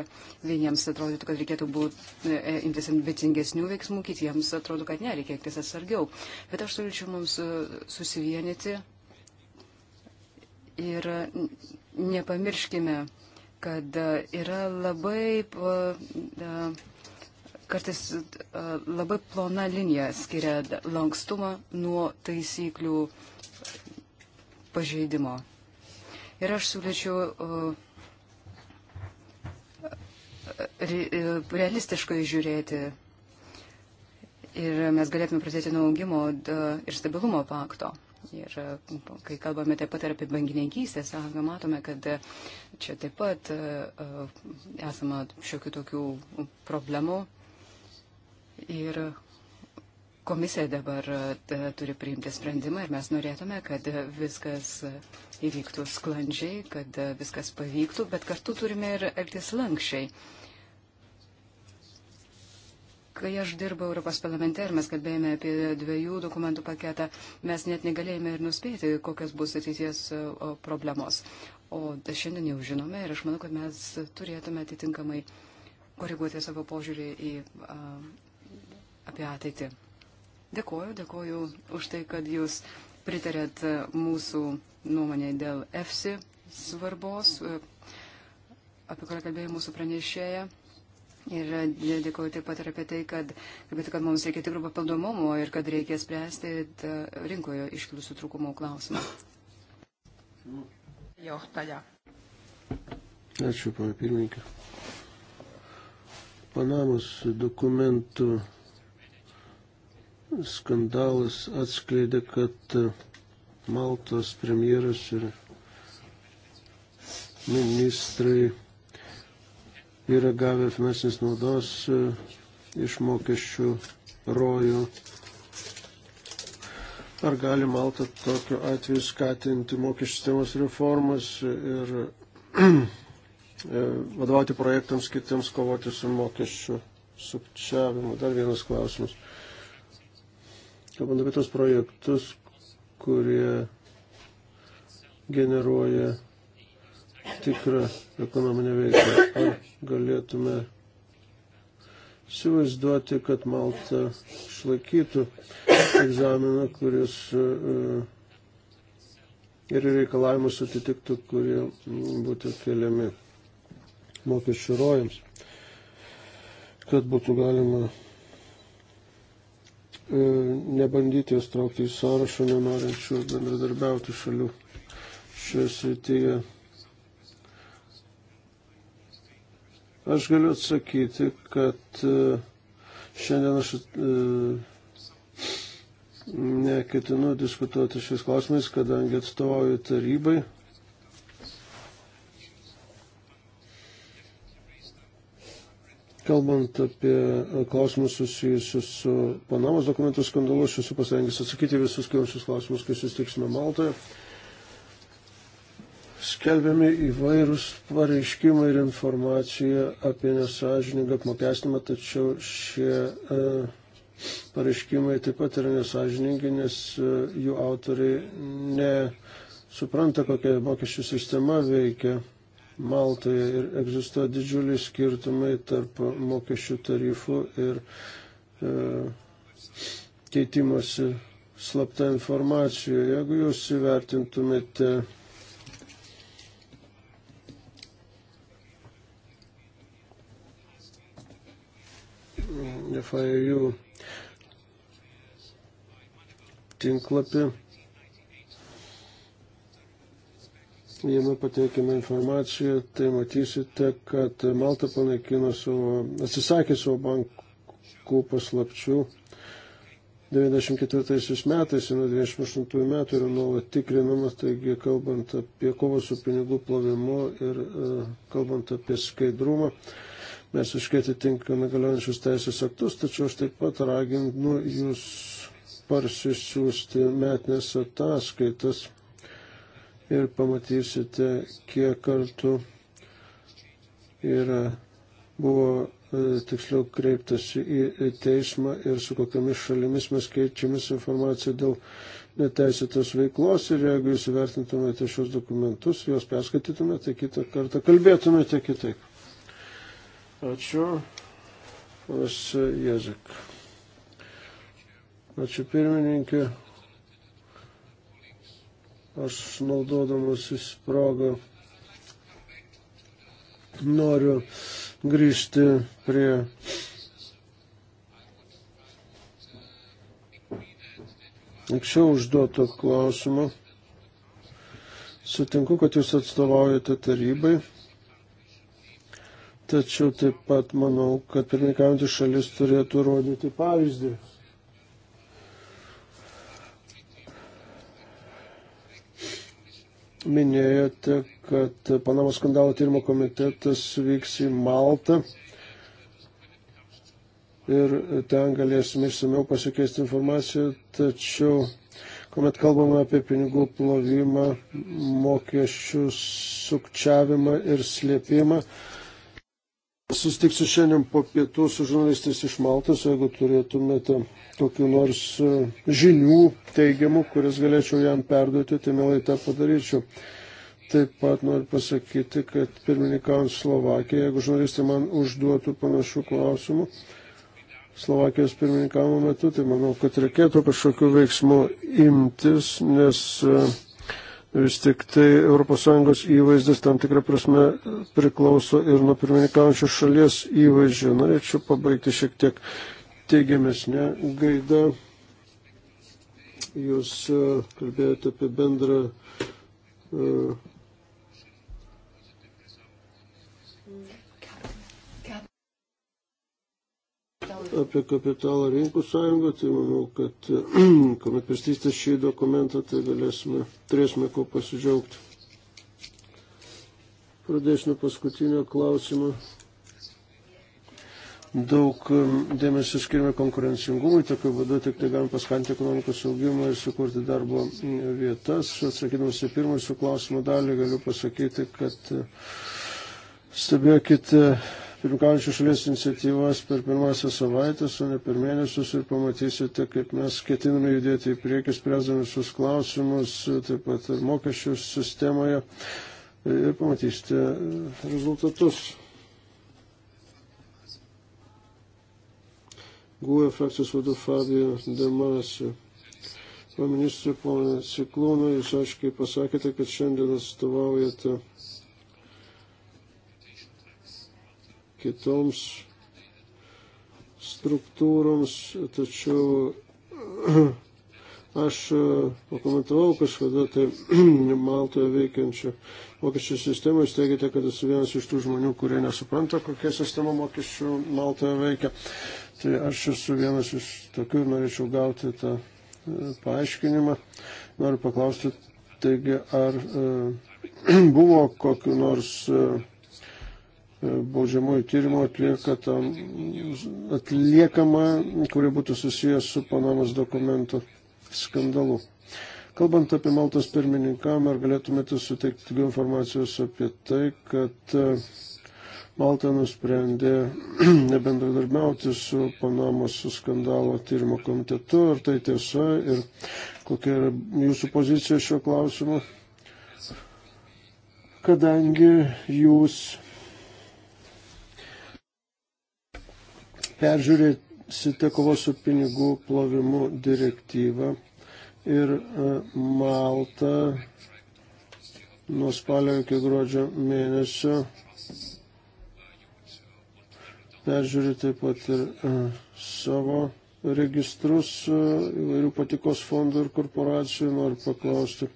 Vieniems atrodytų, kad reikėtų būti e, imtis ambicingesnių veiksmų, kitiems atrodo, kad nereikia imtis atsargiau. Bet aš siūlyčiau mums e, susivienyti ir nepamirškime, kad e, yra labai kartais labai plona linija skiria lankstumą nuo taisyklių pažeidimo. Ir aš siūlyčiau uh, uh, realistiškai žiūrėti. Ir mes galėtume pradėti nuo augimo ir stabilumo pakto. Ir uh, kai kalbame taip pat ir apie bankininkystę, sąjungą, matome, kad čia taip pat esama šiokių tokių problemų. Ir Komisija dabar e, turi priimti sprendimą ir mes norėtume, kad viskas įvyktų sklandžiai, kad viskas pavyktų, bet kartu turime ir elgtis lankščiai. Kai aš dirbau Europos parlamente ir mes kalbėjome apie dviejų dokumentų paketą, mes net negalėjome ir nuspėti, kokios bus ateities e, problemos. O šiandien jau žinome ir aš manau, kad mes turėtume atitinkamai koreguoti savo požiūrį į, a, apie ateitį. Dėkoju, dėkoju už tai, kad jūs pritarėt e, mūsų nuomonė dėl EFSI svarbos, e, apie kurią kalbėjo mūsų pranešėja. Ir e, dėkoju taip pat ir apie tai, kad, kalbėti, kad mums reikia tikrų papildomumo ir kad reikia spręsti rinkoje iškilusių trūkumų klausimą. Johtaja. Ačiū, pana pirmininkė. Panamos dokumentų skandalas atskleidė, kad e, Maltos premjeras ir ministrai yra gavę finansinės naudos e, iš mokesčių rojų. Ar gali Malta tokiu atveju skatinti mokesčių sistemos reformas ir e, vadovauti projektams kitiems kovoti su mokesčių sukčiavimu? Dar vienas klausimas kalbant apie tos projektus, kurie generuoja tikrą ekonominę veiklą. Ar galėtume įsivaizduoti, kad Malta išlaikytų egzaminą, kuris e, ir reikalavimus atitiktų, kurie būtų keliami mokesčių rojams, kad būtų galima E, nebandyti jos traukti į sąrašą nenorinčių bendradarbiauti šalių šioje srityje. Aš galiu atsakyti, kad e, šiandien aš e, neketinu diskutuoti šiais klausimais, kadangi atstovauju tarybai Kalbant apie e, klausimus susijusius su Panamos dokumentų skandalu, aš esu pasirengęs atsakyti visus kilusius klausimus, kai susitiksime Maltoje. Skelbiami įvairūs pareiškimai ir informacija apie nesažiningą apmokestinimą, tačiau šie e, pareiškimai taip pat yra nesažiningi, nes e, jų autoriai nesupranta, kokia mokesčių sistema veikia Maltoje ir egzistuoja didžiuliai skirtumai tarp mokesčių tarifų ir e, keitimosi slapta informacija. Jeigu jūs įvertintumėte FIU tinklapį, jame pateikime informaciją, tai matysite, kad Malta panaikino savo, atsisakė savo bankų paslapčių 94 metais, nuo 98 metų yra nuolat tikrinama, taigi kalbant apie kovą su pinigų plovimu ir e, kalbant apie skaidrumą, mes iškai atitinkame galiojančius teisės aktus, tačiau aš taip pat raginu jūs parsisiųsti metnės ataskaitas ir pamatysite, kiek kartų yra, buvo e, tiksliau kreiptasi į teismą ir su kokiamis šalimis mes keičiamės informaciją dėl neteisėtos veiklos ir jeigu jūs vertintumėte šios dokumentus, juos perskaitytumėte, kitą kartą kalbėtumėte kitaip. Ačiū. Panas Jezek. Ačiū pirmininkė. Aš naudodamas įsprogą noriu grįžti prie anksčiau užduoto klausimo. Sutinku, kad jūs atstovaujate tarybai, tačiau taip pat manau, kad pirmininkaujantys šalis turėtų rodyti pavyzdį. minėjote, kad Panamos skandalo tyrimo komitetas vyks į Maltą ir ten galėsime išsameu pasikeisti informaciją, tačiau kuomet kalbame apie pinigų plovimą, mokesčių sukčiavimą ir slėpimą, Sustiksiu šiandien po pietų su žurnalistais iš Maltos, jeigu turėtumėte kokiu nors e, žinių teigiamų, kurias galėčiau jam perduoti, tai mielai tą padaryčiau. Taip pat noriu pasakyti, kad pirmininkant Slovakija, jeigu žurnalistai man užduotų panašių klausimų, Slovakijos pirmininkavimo metu, tai manau, kad reikėtų kažkokių veiksmų imtis, nes e, Vis tik tai ES įvaizdis tam tikrą prasme priklauso ir nuo pirmininkaujančios šalies įvaizdžio. Norėčiau pabaigti šiek tiek teigiamesnė gaida. Jūs e, kalbėjote apie bendrą e, apie kapitalo rinkų sąjungą, tai manau, kad kuomet pristatysite šį dokumentą, tai galėsime, turėsime ko pasidžiaugti. Pradėsiu nuo paskutinio klausimo. Daug dėmesio skiriame konkurencingumui, tokiu būdu tik tai galim paskanti ekonomikos augimą ir sukurti darbo vietas. Atsakydamas į pirmą jūsų klausimą dalį, galiu pasakyti, kad stebėkite pirmkaujančių šalies iniciatyvas per pirmąsias savaitės, o ne per mėnesius ir pamatysite, kaip mes ketiname judėti į priekį, spręsdami visus klausimus, taip pat ir mokesčių sistemoje ir pamatysite rezultatus. Gūja e frakcijos vadovas Fabio Demasio. Ministrė, ponė Ciklūnai, jūs aiškiai pasakėte, kad šiandien atstovaujate kitoms struktūroms, tačiau aš e, pakomentavau kažkada tai Maltoje veikiančią mokesčių sistemą, jūs teigiate, kad esu vienas iš tų žmonių, kurie nesupranta, kokia sistema mokesčių Maltoje veikia. Tai aš esu vienas iš tokių ir norėčiau gauti tą e, paaiškinimą. Noriu paklausti, taigi, ar e, buvo kokiu nors e, E, baudžiamųjų tyrimų atlieka tam, atliekama, kuri būtų susijęs su Panamos dokumentų skandalu. Kalbant apie Maltos pirmininkavimą, ar galėtumėte suteikti daugiau informacijos apie tai, kad e, Malta nusprendė nebendradarbiauti su Panamos skandalo tyrimo komitetu, ar tai tiesa ir kokia yra jūsų pozicija šiuo klausimu, kadangi jūs peržiūrėsite kovos su pinigų plovimu direktyvą ir e, Malta nuo spalio iki gruodžio mėnesio peržiūri taip pat ir e, savo registrus e, įvairių patikos fondų ir korporacijų. Noriu paklausti,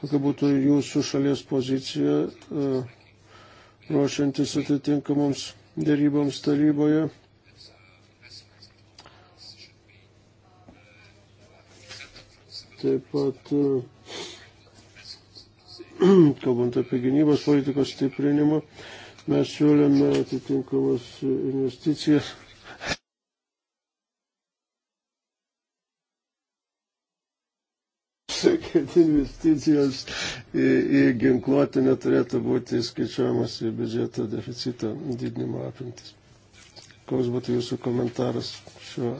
kokia būtų jūsų šalies pozicija ruošiantis atitinkamoms dėryboms taryboje. Taip pat, kalbant apie gynybos politikos stiprinimą, mes siūlėme atitinkamas investicijas. kad investicijos į, į ginkluotę neturėtų būti įskaičiuojamas į biudžeto deficito didinimo apimtis. Koks būtų jūsų komentaras šiuo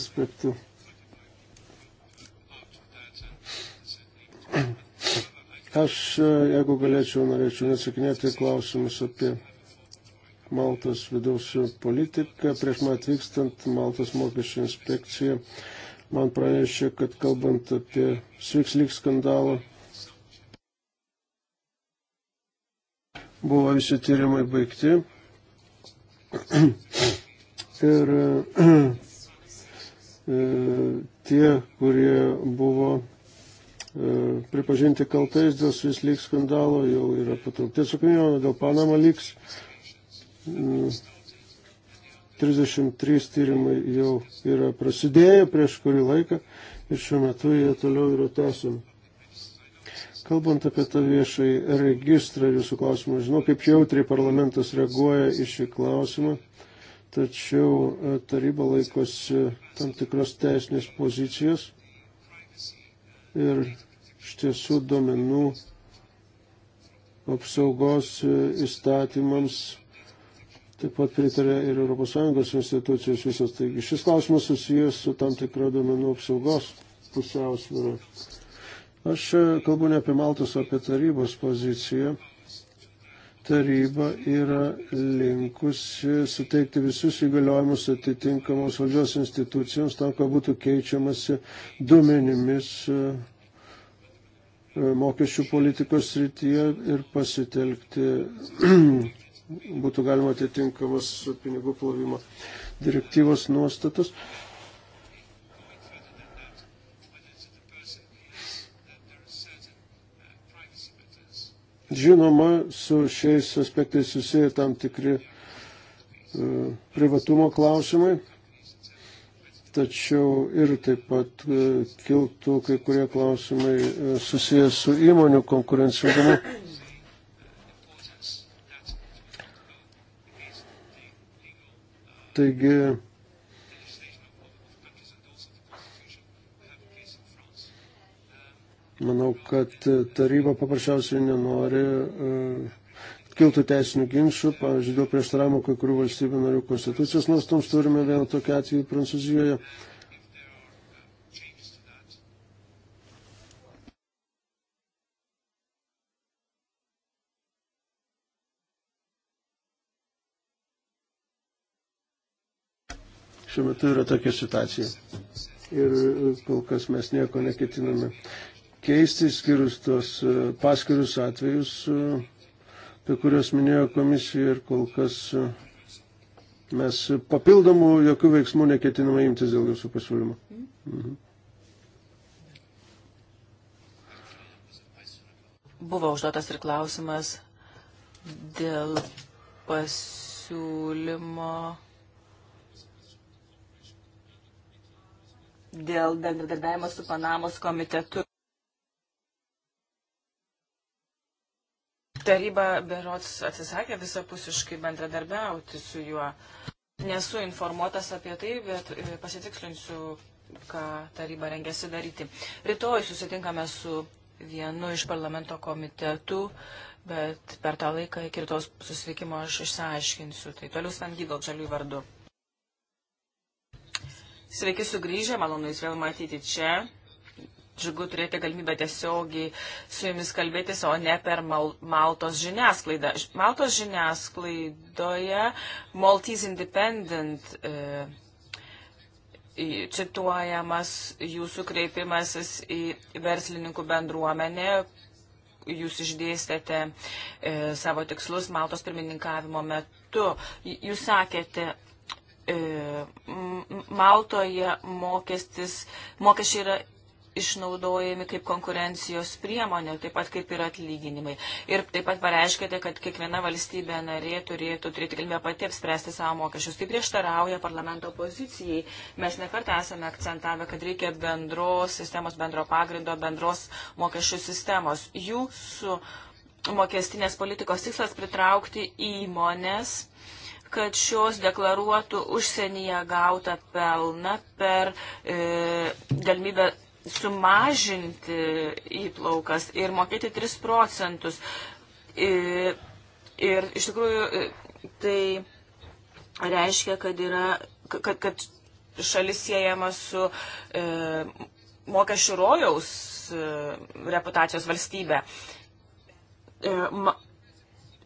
aspektu? Aš, e, jeigu galėčiau, norėčiau nesakinėti klausimus apie Maltos vidaus politiką. Prieš man atvykstant Maltos mokesčio inspekcija man pranešė, kad kalbant apie Svikslyk skandalą, buvo visi tyrimai baigti. Ir e, tie, kurie buvo E, pripažinti kaltais dėl Swiss League skandalo, jau yra patraukti atsakomybė, dėl Panama Leaks 33 e, tyrimai jau yra prasidėję prieš kurį laiką ir šiuo metu jie toliau yra tęsiami. Kalbant apie tą viešai registrą jūsų klausimą, žinau, kaip jautriai parlamentas reaguoja į šį klausimą, tačiau e, taryba laikosi tam tikros teisinės pozicijos ir Iš tiesų duomenų apsaugos įstatymams taip pat pritarė ir ES institucijos visos. Taigi šis klausimas susijęs su tam tikra duomenų apsaugos pusiausvėra. Aš kalbu ne apie Maltos, o apie tarybos poziciją. Taryba yra linkusi suteikti visus įgaliojimus atitinkamos valdžios institucijoms tam, kad būtų keičiamasi duomenimis E, mokesčių politikos srityje ir pasitelkti būtų galima atitinkamas pinigų plovimo direktyvos nuostatas. Žinoma, su šiais aspektais susiję tam tikri e, privatumo klausimai tačiau ir taip pat e, kiltų kai kurie klausimai e, susijęs su įmonių konkurencingumu. Taigi, manau, kad taryba paprasčiausiai nenori uh, kiltų teisinių ginčių, pavyzdžiui, dėl prieštaravimo kai kurių valstybių narių konstitucijos nuostams turime vieną tokį atvejį Prancūzijoje. Šiuo metu yra tokia situacija. Ir e, kol kas mes nieko neketiname keisti, skirus tos paskirius atvejus, e, apie kurias minėjo komisija ir kol kas e, mes papildomų jokių veiksmų neketiname imtis dėl jūsų pasiūlymo. Mhm. Buvo užduotas ir klausimas dėl pasiūlymo dėl bendradarbiavimo su Panamos komitetu. taryba berots atsisakė visapusiškai bendradarbiauti su juo. Nesu informuotas apie tai, bet e, pasitikslinsiu, ką taryba rengėsi daryti. Rytoj susitinkame su vienu iš parlamento komitetų, bet per tą laiką iki rytos susitikimo aš išsiaiškinsiu. Tai toliau Sven Gydal žalių vardu. Sveiki sugrįžę, malonu jūs vėl matyti čia džiugu turėti galimybę tiesiogiai su jumis kalbėtis, o ne per Mal Maltos žiniasklaidą. Maltos žiniasklaidoje Maltese Independent e, cituojamas jūsų kreipimasis į verslininkų bendruomenę. Jūs išdėstėte e, savo tikslus Maltos pirmininkavimo metu. Jūs sakėte, e, Maltoje mokestis, mokesčiai yra išnaudojami kaip konkurencijos priemonė, taip pat kaip ir atlyginimai. Ir taip pat pareiškite, kad kiekviena valstybė narė turėtų turėti galimybę pati apspręsti savo mokesčius. Tai prieštarauja parlamento pozicijai. Mes nekartą esame akcentavę, kad reikia bendros sistemos, bendro pagrindo, bendros mokesčių sistemos. Jūsų mokestinės politikos tikslas pritraukti įmonės kad šios deklaruotų užsienyje gautą pelną per e, galimybę sumažinti įplaukas ir mokėti 3 procentus. Ir, ir iš tikrųjų tai reiškia, kad, yra, kad, kad šalis siejama su e, mokesčių rojaus e, reputacijos valstybė. E, ma,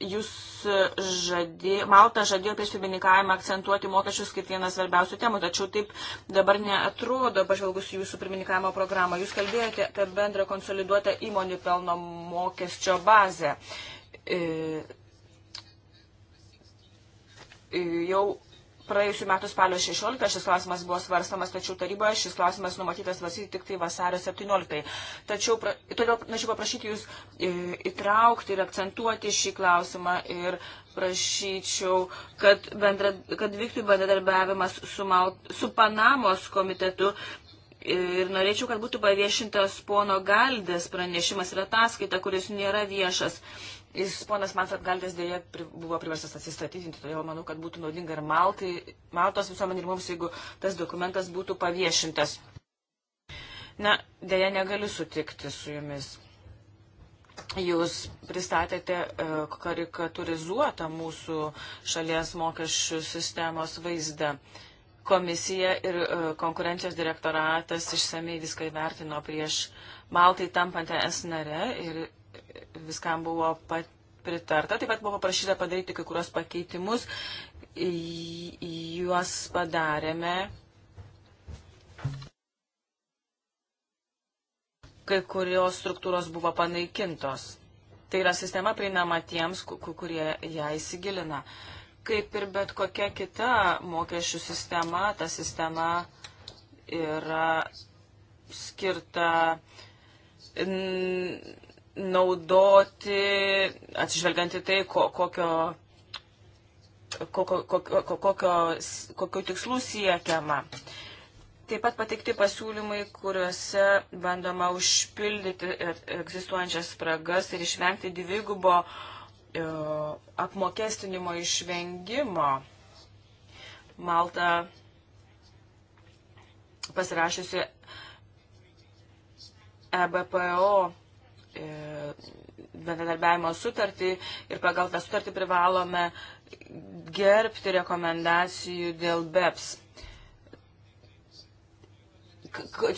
jūs žadė, Malta žadėjo prieš pirmininkavimą akcentuoti mokesčius kaip vieną svarbiausių temų, tačiau taip dabar neatrodo, pažvelgus jūsų pirmininkavimo programą. Jūs kalbėjote apie bendrą konsoliduotą įmonių pelno mokesčio bazę. E, e jau Praėjusiu metu spalio 16 šis klausimas buvo svarstamas, tačiau taryboje šis klausimas numatytas svarstyti tik tai vasario 17. Tačiau, pra, todėl norėčiau paprašyti Jūs e, įtraukti ir akcentuoti šį klausimą ir prašyčiau, kad, bendra, kad vyktų bendradarbiavimas su, Mal, su Panamos komitetu Ir norėčiau, kad būtų paviešintas pono Galdės pranešimas ir ataskaita, kuris nėra viešas. Jis ponas Manfred Galdės dėja buvo priverstas atsistatydinti, todėl manau, kad būtų naudinga ir Maltai, Maltos visuomenė ir mums, jeigu tas dokumentas būtų paviešintas. Na, dėja negaliu sutikti su jumis. Jūs pristatėte e, karikaturizuotą mūsų šalies mokesčių sistemos vaizdą. Uh, Komisija ir e, konkurencijos direktoratas išsamei viską įvertino prieš Maltai tampant es nare ir viskam buvo pritarta. Taip pat buvo prašyta padaryti kai kurios pakeitimus. Juos padarėme. Kai kurios struktūros buvo panaikintos. Tai yra sistema prieinama tiems, kurie ją įsigilina. Uh, Kaip ir bet kokia kita mokesčių sistema, ta sistema yra skirta naudoti, atsižvelgiant į tai, ko, kokio kokio, kokio, kokio, kokio tikslų siekiama. Taip pat pateikti pasiūlymai, kuriuose bandoma užpildyti e, egzistuojančias spragas ir išvengti dvigubo E, apmokestinimo išvengimo. Malta pasirašiusi EBPO e, bendradarbiavimo sutartį ir pagal tą sutartį privalome gerbti rekomendacijų dėl BEPS.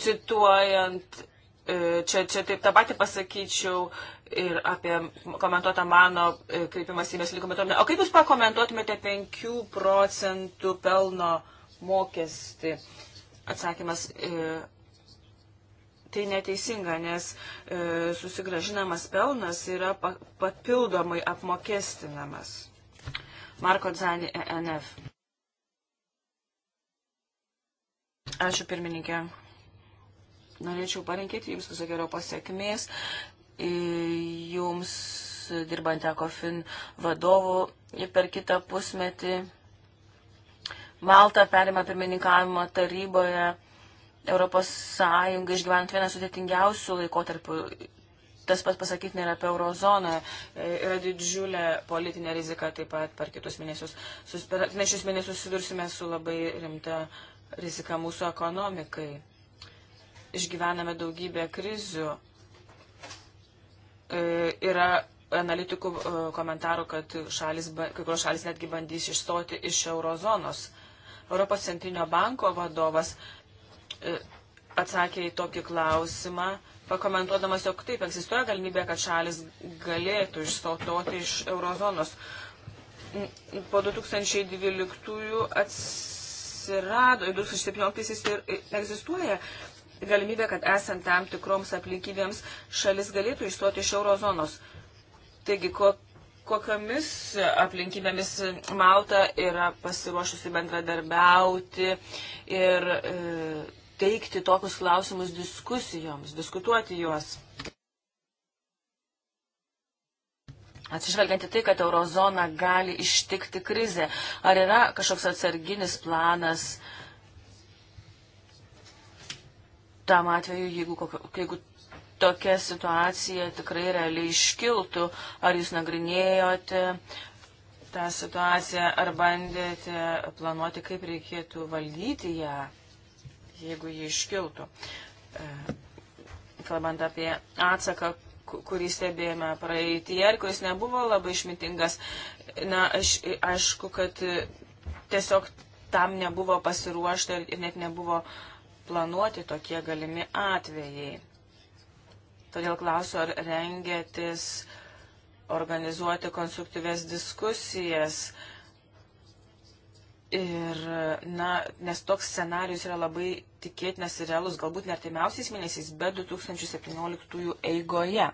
Cituojant, e, čia, čia taip tą patį pasakyčiau ir apie komentuotą mano e, kreipimas į mėslių komitetų. O kaip Jūs pakomentuotumėte 5 procentų pelno mokestį? Atsakymas. E, tai neteisinga, nes e, susigražinamas pelnas yra pa, papildomai apmokestinamas. Marko Dzani, ENF. Ačiū pirmininkė. Norėčiau parinkėti Jums visokio pasiekmės jums dirbant ECOFIN vadovų per kitą pusmetį. Malta perima pirmininkavimo taryboje. Europos Sąjunga išgyvenant vieną sudėtingiausių laikotarpių tas pats pasakyti nėra apie eurozoną, e, yra didžiulė politinė rizika, taip pat per kitus mėnesius, per atnešius mėnesius susidursime su labai rimta rizika mūsų ekonomikai. Išgyvename daugybę krizių, E, yra analitikų e, komentarų, kad šalis, kai kurios šalis netgi bandys išstoti iš eurozonos. Europos centrinio banko vadovas e, atsakė į tokį klausimą, pakomentuodamas, jog taip egzistuoja galimybė, kad šalis galėtų išstototi iš eurozonos. Po 2012 atsirado, 2017 egzistuoja galimybė, kad esant tam tikroms aplinkybėms šalis galėtų išstoti iš eurozonos. Taigi, ko, kokiamis aplinkybėmis Malta yra pasiruošusi bendradarbiauti ir e, teikti tokius klausimus diskusijoms, diskutuoti juos. Atsižvelgiant į tai, kad eurozoną gali ištikti krizė, ar yra kažkoks atsarginis planas, uh, tam atveju, jeigu, kokio, jeigu tokia situacija tikrai realiai iškiltų, ar jūs nagrinėjote tą situaciją, ar bandėte planuoti, kaip reikėtų valdyti ją, jeigu ji iškiltų. E, kalbant apie atsaką, kurį stebėjome praeitie ir kuris nebuvo labai išmintingas, na, aš, aišku, kad tiesiog tam nebuvo pasiruošta ir net nebuvo uh, planuoti tokie galimi atvejai. Todėl klausiu, ar rengėtis organizuoti konstruktyves diskusijas. Ir, na, nes toks scenarius yra labai tikėtinas ir realus, galbūt ne artimiausiais mėnesiais, bet 2017 eigoje.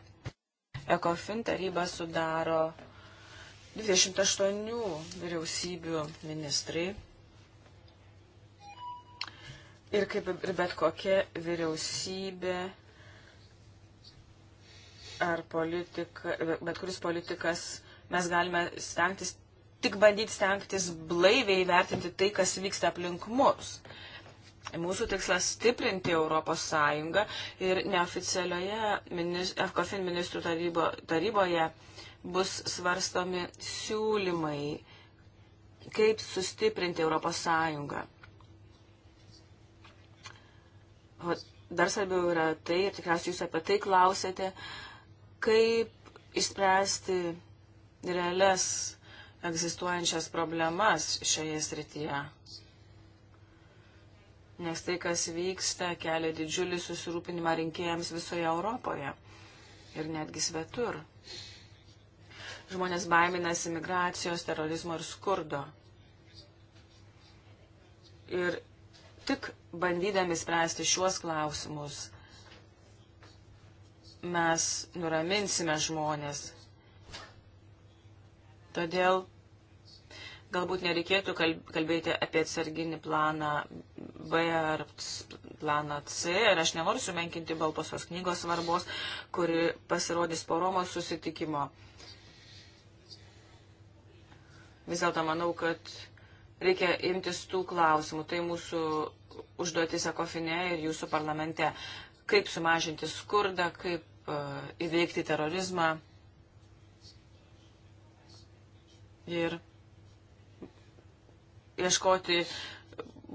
ECOFIN taryba sudaro 28 vyriausybių ministrai Ir kaip ir bet kokia vyriausybė ar politika, bet kuris politikas, mes galime stengtis, tik bandyti stengtis blaiviai vertinti tai, kas vyksta aplink mus. Mūsų tikslas stiprinti Europos Sąjungą ir neoficialioje FKFIN ministrų tarybo, taryboje bus svarstomi siūlymai, kaip sustiprinti Europos Sąjungą. O dar svarbiau yra tai, ir tikriausiai jūs apie tai klausėte, kaip išspręsti realias egzistuojančias problemas šioje srityje. Nes tai, kas vyksta, kelia didžiulį susirūpinimą rinkėjams visoje Europoje ir netgi svetur. Žmonės baiminasi migracijos, terorizmo ir skurdo. Ir tik bandydami spręsti šiuos klausimus, mes nuraminsime žmonės. Todėl galbūt nereikėtų kalbėti apie atsarginį planą B ar planą C. Ir aš nenoriu sumenkinti Baltosios knygos svarbos, kuri pasirodys po Romos susitikimo. Vis dėlto manau, kad reikia imtis tų klausimų. Tai mūsų užduotis ekofine ir jūsų parlamente, kaip sumažinti skurdą, kaip e, įveikti terorizmą. Ir ieškoti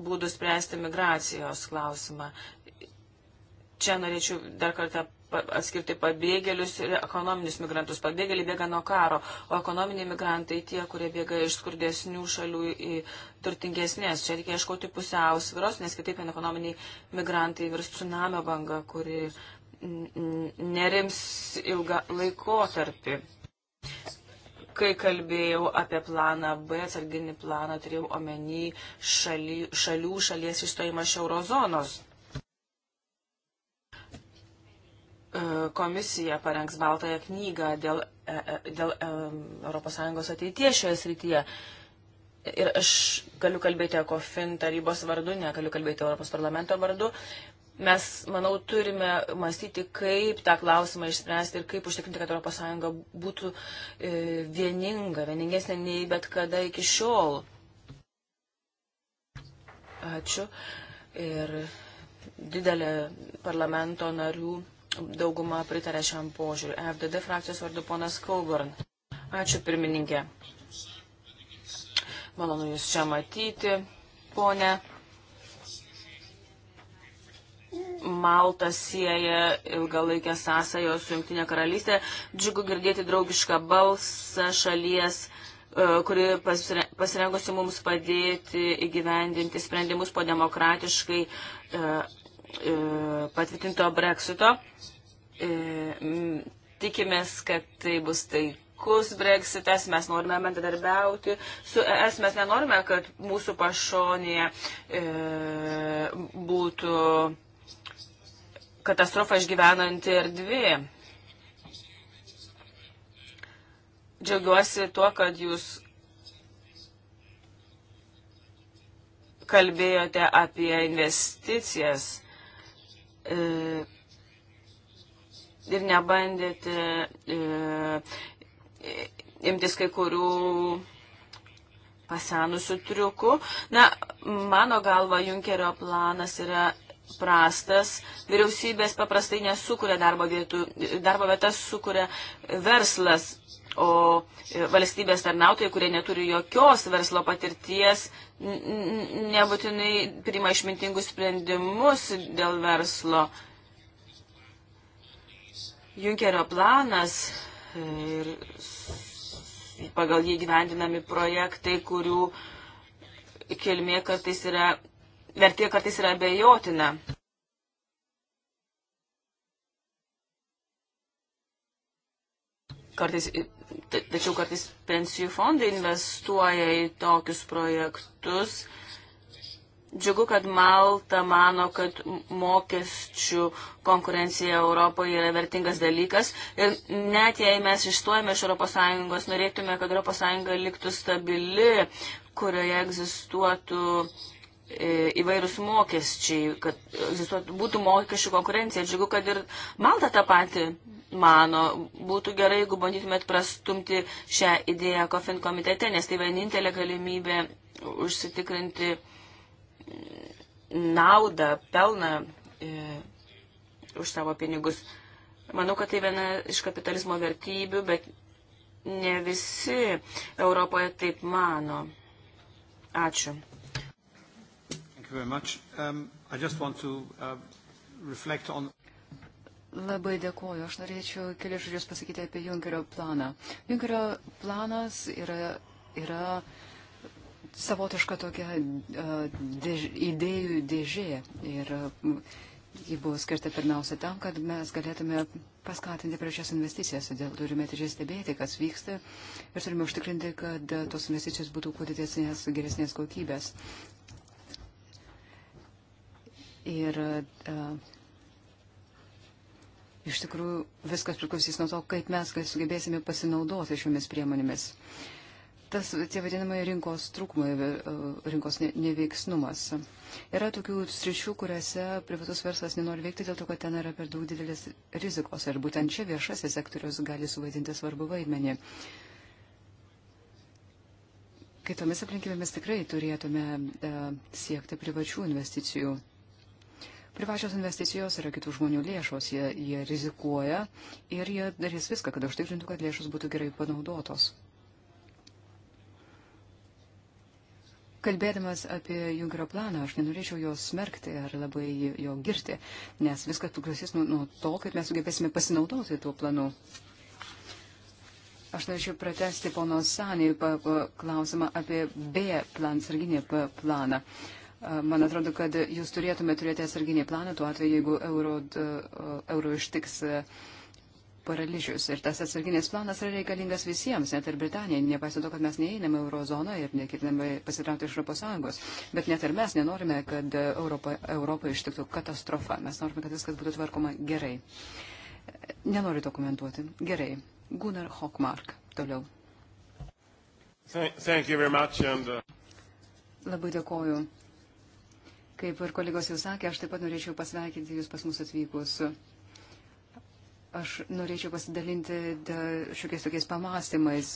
būdų spręsti migracijos klausimą. Čia norėčiau dar kartą atskirti pabėgėlius ir ekonominius migrantus. Pabėgėliai bėga nuo karo, o ekonominiai migrantai tie, kurie bėga iš skurdesnių šalių į turtingesnės. Čia reikia ieškoti pusiausvyros, nes kitaip ekonominiai migrantai virs tsunamio banga, kuri nerims ilgą laikotarpį. Kai kalbėjau apie planą B, atsarginį planą, turėjau omeny šali, šalių šalies išstojimą iš eurozonos. E, komisija parengs baltąją knygą dėl, e, e, dėl ES ateities šioje srityje. Ir aš galiu kalbėti ECOFIN tarybos vardu, negaliu kalbėti Europos parlamento vardu. Mes, manau, turime mąstyti, kaip tą klausimą išspręsti ir kaip užtikrinti, kad ES būtų vieninga, vieningesnė nei bet kada iki šiol. Ačiū. Ir didelė parlamento narių Dauguma pritarė šiam požiūriu. FDD frakcijos vardu ponas Kauburn. Ačiū pirmininkė. Malonu Jūs čia matyti, ponė. Malta sieja ilgalaikę sąsają su Junktinė karalystė. Džiugu girdėti draugišką balsą šalies e, kuri pasirengusi mums padėti įgyvendinti sprendimus po demokratiškai e, E, patvirtinto breksito. E, tikimės, kad tai bus taikus breksitas, mes norime bendradarbiauti su ES, mes nenorime, kad mūsų pašonėje e, būtų katastrofą išgyvenanti erdvė. Džiaugiuosi tuo, kad jūs kalbėjote apie investicijas E, ir nebandėte e, e, imtis kai kurių pasenusių triukų. Na, mano galva, Junkerio planas yra prastas, vyriausybės paprastai nesukuria darbo vietų, darbo vietas sukuria verslas, o valstybės tarnautojai, kurie neturi jokios verslo patirties, nebūtinai priima išmintingus sprendimus dėl verslo. Junkerio planas ir pagal jį gyvendinami projektai, kurių kilmė kartais yra vertė kartais yra abejotina. Kartais, tačiau kartais pensijų fondai investuoja į tokius projektus. Džiugu, kad Malta mano, kad mokesčių konkurencija Europoje yra vertingas dalykas. Ir net jei mes išstojame iš ES, norėtume, kad ES liktų stabili, kurioje egzistuotų uh, E, įvairūs mokesčiai, kad būtų mokesčių konkurencija. Džiugu, kad ir Malta tą patį mano. Būtų gerai, jeigu bandytumėt prastumti šią idėją COFIN komitete, nes tai vienintelė galimybė užsitikrinti naudą, pelną e, už savo pinigus. Manau, kad tai viena iš kapitalizmo vertybių, bet ne visi Europoje taip mano. Ačiū you very much. Um, I just want to uh, reflect on. Labai dėkuoju. Aš norėčiau keli žodžius pasakyti apie Junkerio planą. Junkerio planas yra, yra savotiška tokia uh, dėž, idėjų dėžė. Ir uh, ji buvo skirta pirmiausia tam, kad mes galėtume paskatinti prieš šias investicijas. Todėl turime atidžiai stebėti, kas vyksta ir turime užtikrinti, kad uh, tos investicijos būtų kuo didesnės, geresnės kokybės. Ir uh, iš tikrųjų viskas priklausys nuo to, kaip mes sugebėsime pasinaudoti šiomis priemonėmis. Tas tie vadinamai rinkos trūkumai, uh, rinkos ne, neveiksnumas. Yra tokių sričių, kuriuose privatus verslas nenori veikti dėl to, kad ten yra per daug didelis rizikos. Ir būtent čia viešasis sektorius gali suvaidinti svarbu vaidmenį. Kitomis aplinkybėmis tikrai turėtume uh, siekti privačių investicijų. Privačios investicijos yra kitų žmonių lėšos, jie, jie rizikuoja ir jie darys viską, kad užtikrintų, kad lėšos būtų gerai panaudotos. Kalbėdamas apie Junkerio planą, aš nenorėčiau jo smerkti ar labai jo girti, nes viskas priklausys nuo, nuo to, kaip mes sugebėsime pasinaudoti tuo planu. Aš norėčiau pratesti pono Sanį klausimą apie B plan, sarginį planą. Uh, Man atrodo, kad jūs turėtume turėti atsarginį planą tuo atveju, jeigu euro, euro ištiks e, paralyžius. Ir tas atsarginis planas yra reikalingas visiems, net ir Britanijai, nepaisant to, kad mes neįeiname eurozoną ir neketiname pasitraukti iš ES. Bet net ir mes nenorime, kad Europa, Europa ištiktų katastrofa. Mes norime, kad viskas būtų tvarkoma gerai. Nenoriu to komentuoti. Gerai. Gunnar Hockmark. Toliau. Thank you very much and, uh... Labai dėkoju. Kaip ir kolegos jau sakė, aš taip pat norėčiau pasveikinti Jūs pas mus atvykus. Aš norėčiau pasidalinti šiokiais tokiais pamastymais,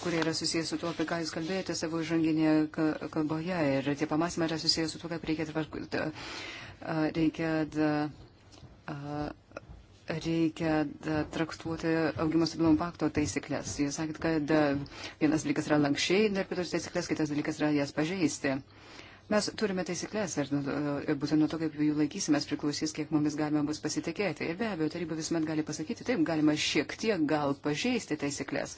kurie yra susijęs su tuo, apie ką Jūs kalbėjote savo žanginėje kalboje. Ir tie pamastymai yra susijęs su tuo, kaip reikia, reikia, reikia, reikia traktuoti augimo stabilumo pakto taisyklės. Jūs sakėt, kad vienas dalykas yra lankščiai interpretuoti taisyklės, kitas dalykas yra jas pažeisti. Mes turime taisyklės ir e, būtent nuo to, kaip jų laikysimės, priklausys, kiek mumis galima bus pasitikėti. Ir be abejo, taryba visuomet gali pasakyti, taip, galima šiek tiek gal pažeisti taisyklės.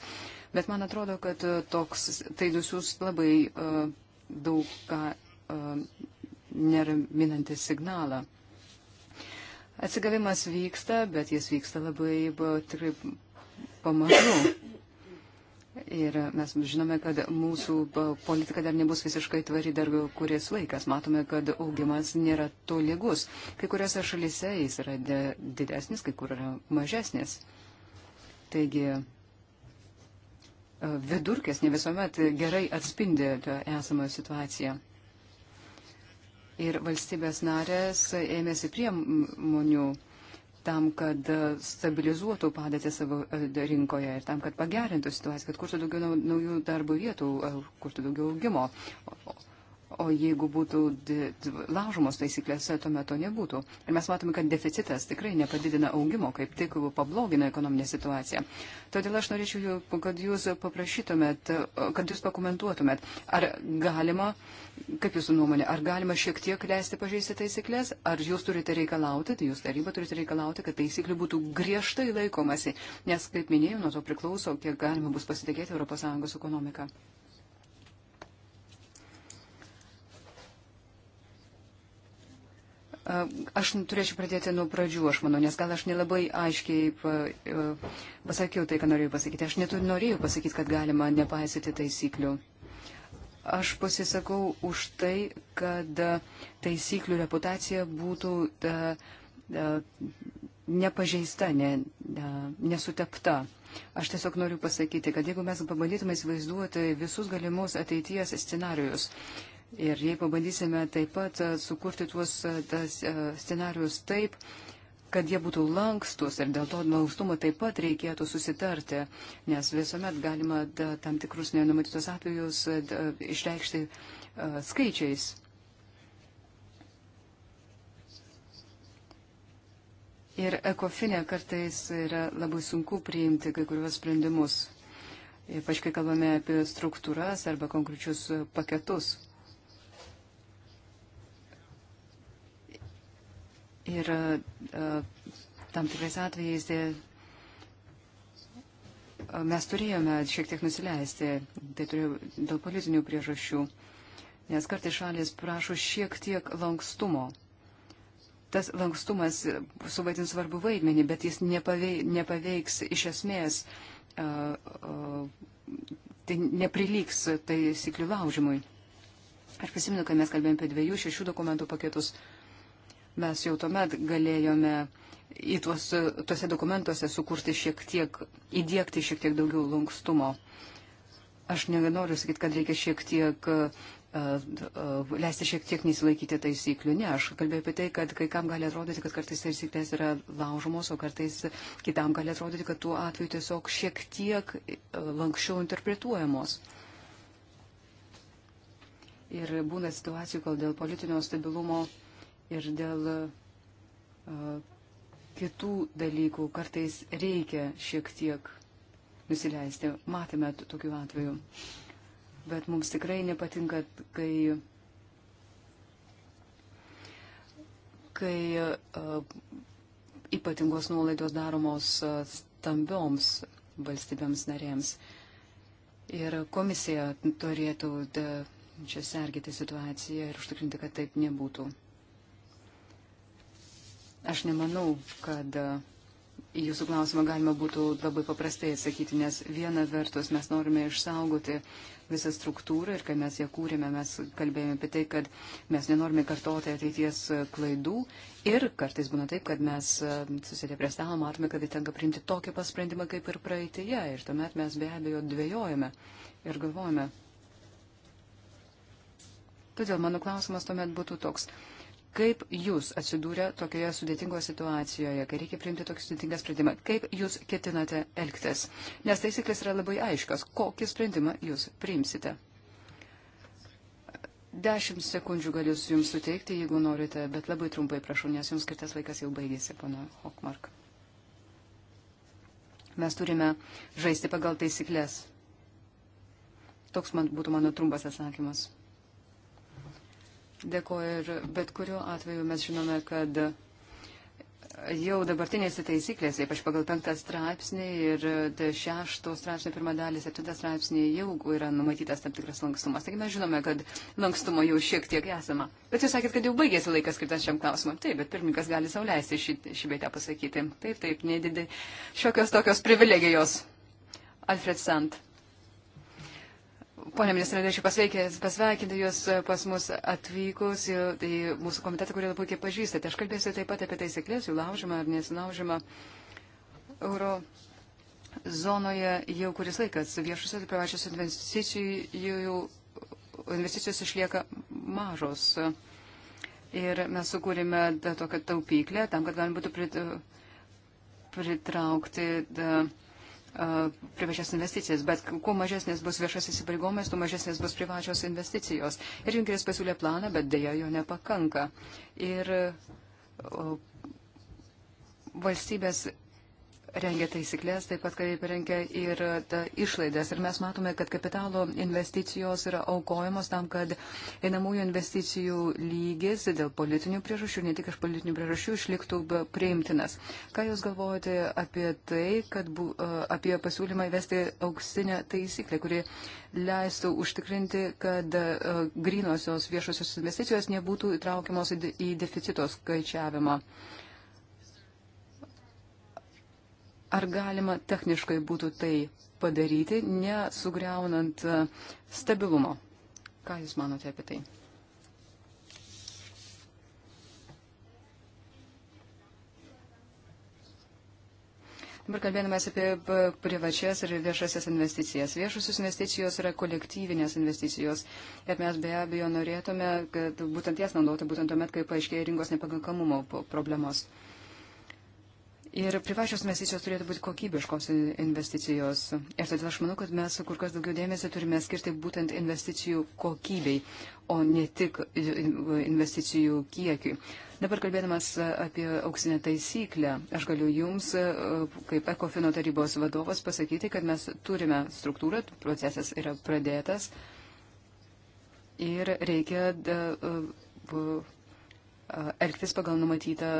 Bet man atrodo, kad e, toks tai nusiūs labai uh, daug ką uh, neraminantį signalą. Atsigavimas vyksta, bet jis vyksta labai tikrai pamažu. Ir mes žinome, kad mūsų politika dar nebus visiškai tvari dar kuris laikas. Matome, kad augimas nėra tolygus. Kai kuriuose šalise jis yra didesnis, kai kur yra mažesnis. Taigi e, vidurkės ne visuomet gerai atspindi esamą situaciją. Ir valstybės narės ėmėsi priemonių. Prie tam, kad stabilizuotų padėtį savo e, rinkoje ir tam, kad pagerintų situaciją, kad kurtų daugiau naujų darbo vietų, e, kurtų daugiau augimo. O jeigu būtų laužomos taisyklės, tuomet to nebūtų. Ir mes matome, kad deficitas tikrai nepadidina augimo, kaip tik pablogina ekonominę situaciją. Todėl aš norėčiau, kad jūs paprašytumėt, kad jūs pakomentuotumėt, ar galima, kaip jūsų nuomonė, ar galima šiek tiek leisti pažeisti taisyklės, ar jūs turite reikalauti, tai jūs taryba turite reikalauti, kad taisyklių būtų griežtai laikomasi, nes, kaip minėjau, nuo to priklauso, kiek galima bus pasitikėti ES ekonomiką. Aš turėčiau pradėti nuo pradžių, aš manau, nes gal aš nelabai aiškiai e, pasakiau tai, ką norėjau pasakyti. Aš netu norėjau pasakyti, kad galima nepaisyti taisyklių. Aš pasisakau už tai, kad taisyklių reputacija būtų da, e, da, e, nepažeista, ne, da, nesutepta. Aš tiesiog noriu pasakyti, kad jeigu mes pabandytume įsivaizduoti visus galimus ateities scenarius Ir jei pabandysime taip pat e, sukurti tuos e, e, scenarius taip, kad jie būtų lankstus ir dėl to lankstumo taip pat reikėtų susitarti, nes visuomet galima da, tam tikrus nenumatytus atvejus da, išreikšti a, skaičiais. Ir ekofinė kartais yra labai sunku priimti kai kuriuos sprendimus, ypač kai kalbame apie struktūras arba konkrečius paketus. ir e, tam tikrais atvejais e, mes turėjome šiek tiek nusileisti, tai turėjo dėl politinių priežasčių, nes kartai šalis prašo šiek tiek lankstumo. Tas lankstumas suvaidins svarbu vaidmenį, bet jis nepavei, nepaveiks iš esmės, e, tai neprilyks taisyklių laužimui. Aš prisimenu, kad mes kalbėjome apie dviejų šešių dokumentų paketus. Uh, Mes jau tuomet galėjome į tuos, tuose dokumentuose sukurti šiek tiek, įdėkti šiek tiek daugiau lankstumo. Aš neganoriu sakyti, kad reikia šiek tiek e, e, leisti šiek tiek nesilaikyti taisyklių. Ne, aš kalbėjau apie tai, kad kai kam gali atrodyti, kad kartais taisyklės yra laužomos, o kartais kitam gali atrodyti, kad tuo atveju tiesiog šiek tiek e, lankščiau interpretuojamos. Ir būna situacijų, kol dėl politinio stabilumo uh, ir dėl kitų dalykų kartais reikia šiek tiek nusileisti. Matėme tokių atvejų. Bet mums tikrai nepatinka, kai, kai uh, ypatingos nuolaidos daromos uh, stambioms valstybėms narėms. Ir komisija turėtų de, čia sergyti situaciją ir užtikrinti, kad taip nebūtų. Aš nemanau, kad e, į jūsų klausimą galima būtų labai paprastai atsakyti, nes viena vertus mes norime išsaugoti visą struktūrą ir kai mes ją kūrėme, mes kalbėjome apie tai, kad mes nenorime kartoti ateities klaidų ir kartais būna taip, kad mes e, susėdę prie stalo matome, kad tai tenka priimti tokį pasprendimą kaip ir praeitėje ir tuomet mes be abejo dvėjojame ir galvojame. Todėl mano klausimas tuomet būtų toks. Kaip jūs atsidūrė tokioje sudėtingoje situacijoje, kai reikia priimti tokį sudėtingą sprendimą? Kaip jūs ketinate elgtis? Nes taisyklės yra labai aiškios. Kokį sprendimą jūs priimsite? Dešimt sekundžių galiu jums suteikti, jeigu norite, bet labai trumpai prašau, nes jums skirtas laikas jau baigėsi, pana Hokmark. Mes turime žaisti pagal taisyklės. Toks man, būtų mano trumpas atsakymas. Dėkuoju ir bet kuriuo atveju mes žinome, kad jau dabartinėse taisyklėse, ypač pagal penktą straipsnį ir šešto straipsnio pirmą dalį, septintą straipsnį, jau yra numatytas tam tikras lankstumas. Taigi mes žinome, kad lankstumo jau šiek tiek esama. Bet jūs sakėt, kad jau baigėsi laikas skirtas šiam klausimam. Taip, bet pirmininkas gali sauliaisti šį, šį beitę pasakyti. Taip, taip, nedidai. Šiokios tokios privilegijos. Alfred Sant. Pone ministrė, norėčiau pasveikinti Jūs pas mus atvykus į tai mūsų komitetą, kurį labai puikiai pažįstate. Aš kalbėsiu taip pat apie taisyklės, jų laužimą ar nesilaužimą. Euro zonoje jau kuris laikas viešusios ir privačios investicijų, investicijos išlieka mažos. Ir mes sukūrėme tokią taupyklę tam, kad galim būtų pritraukti. Da, privačias investicijas, bet kuo mažesnės bus viešas įsipareigomas, tuo mažesnės bus privačios investicijos. Ir Junkeris pasiūlė planą, bet dėja jo nepakanka. Ir valstybės rengia taisyklės, taip pat kaip rengia ir išlaidas. Ir mes matome, kad kapitalo investicijos yra aukojamos tam, kad einamųjų investicijų lygis dėl politinių priežasčių, ne tik iš politinių priežasčių, išliktų priimtinas. Ką Jūs galvojate apie tai, kad bu, apie pasiūlymą įvesti auksinę taisyklę, kuri leistų užtikrinti, kad grinosios viešosios investicijos nebūtų įtraukiamos į deficito skaičiavimą? Ar galima techniškai būtų tai padaryti, nesugriaunant e, stabilumo? Ką Jūs manote apie tai? Dabar kalbėdamės apie e, privačias ir viešasias investicijas. Viešusios investicijos yra kolektyvinės investicijos ir mes be abejo norėtume, kad būtent jas naudoti būtent tuomet, kai paaiškėja rinkos nepakankamumo problemos. Uh, Ir privačios investicijos turėtų būti kokybiškos investicijos. Ir todėl aš manau, kad mes kur kas daugiau dėmesio turime skirti būtent investicijų kokybei, o ne tik investicijų kiekiui. Dabar kalbėdamas apie auksinę taisyklę, aš galiu Jums, e, kaip Ekofino tarybos vadovas, pasakyti, kad mes turime struktūrą, procesas yra pradėtas ir reikia e, e, elgtis pagal numatytą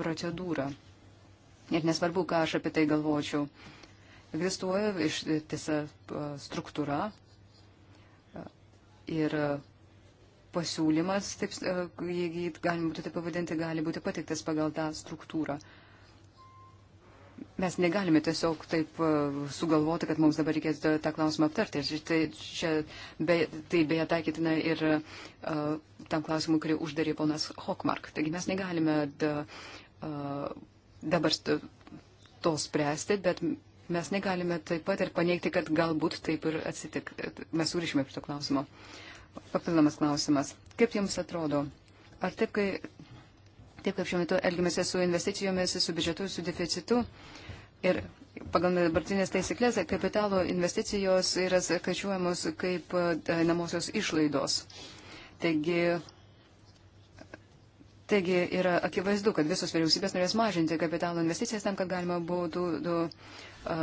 procedūrą. Ir nesvarbu, ką aš apie tai galvočiau. Egzistuoja iš tiesa struktūra ir pasiūlymas, taip, jeigu jį galima būtų taip pavadinti, gali būti patiktas pagal tą struktūrą. Mes negalime tiesiog taip e, sugalvoti, kad mums dabar reikės tą klausimą aptarti. Tai, čia, be, tai beje taikytina ir uh, tam klausimui, kurį uždarė ponas Hokmark. Taigi mes negalime da, uh, dabar to spręsti, bet mes negalime taip pat ir paneigti, kad galbūt taip ir atsitik. Mes surišime prie to klausimo. Papildomas klausimas. Kaip jums atrodo? Ar taip, kai, taip kaip šiuo metu elgiamasi su investicijomis, su biudžetu, su deficitu? Ir pagal dabartinės taisyklės kapitalo investicijos yra skaičiuojamos kaip einamosios išlaidos. Taigi Taigi yra akivaizdu, kad visos vyriausybės norės mažinti kapitalo investicijas tam, kad galima būtų du, uh,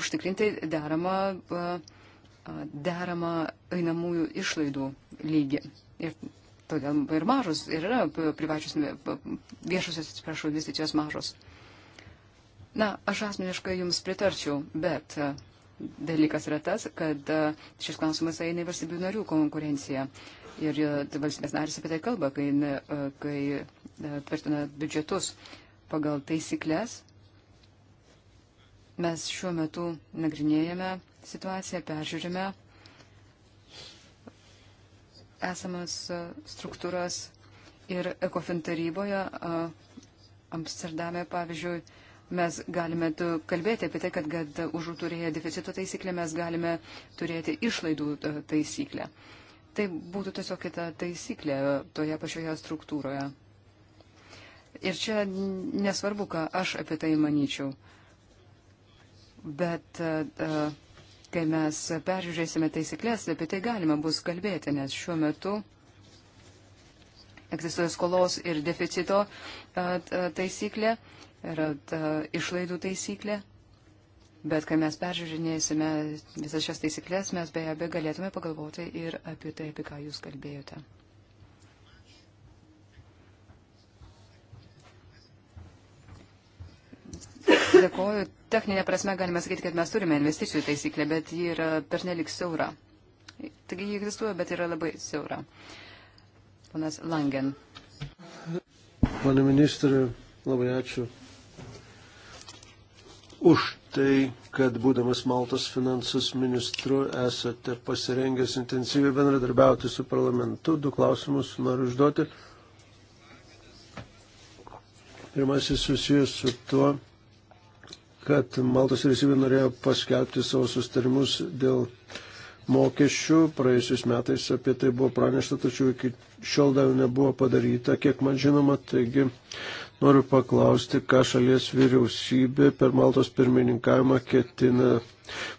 užtikrinti deramą, uh, deramą einamųjų išlaidų lygį. Ir todėl ir mažos, ir yra privačios, viešosios, atsiprašau, investicijos mažos. Na, aš asmeniškai jums pritarčiau, bet dalykas yra tas, kad šis klausimas eina į valstybių narių konkurenciją. Uh, Ir e, tai valstybės narys apie tai kalba, kai, e, kai e, tvirtina biudžetus pagal taisyklės. Mes šiuo metu nagrinėjame situaciją, peržiūrime esamas struktūras ir ekofin taryboje Amsterdame, pavyzdžiui, mes galime kalbėti apie tai, kad, kad už turėję deficito taisyklę mes galime turėti išlaidų taisyklę. Uh, Tai būtų tiesiog kita taisyklė toje pačioje struktūroje. Ir čia nesvarbu, ką aš apie tai manyčiau. Bet e, kai mes peržiūrėsime taisyklės, apie tai galima bus kalbėti, nes šiuo metu egzistuoja skolos ir deficito e, e, taisyklė, yra ta išlaidų taisyklė. Bet kai mes peržiūrinėsime visas šias taisyklės, mes be abejo galėtume pagalvoti ir apie tai, apie ką jūs kalbėjote. Dėkoju. Techninė prasme galime sakyti, kad mes turime investicijų taisyklę, bet ji yra pernelik siaura. Taigi ji egzistuoja, bet yra labai siaura. Ponas Langen. Pane ministrė, labai ačiū už tai, kad būdamas Maltos finansus ministru esate pasirengęs intensyviai bendradarbiauti su parlamentu. Du klausimus noriu užduoti. Pirmasis susijęs su tuo, kad Maltos vyriausybė norėjo paskelbti savo sustarimus dėl mokesčių. Praėjusiais metais apie tai buvo pranešta, tačiau iki šiol dar nebuvo padaryta, kiek man žinoma. Taigi Noriu paklausti, ką šalies vyriausybė per Maltos pirmininkavimą ketina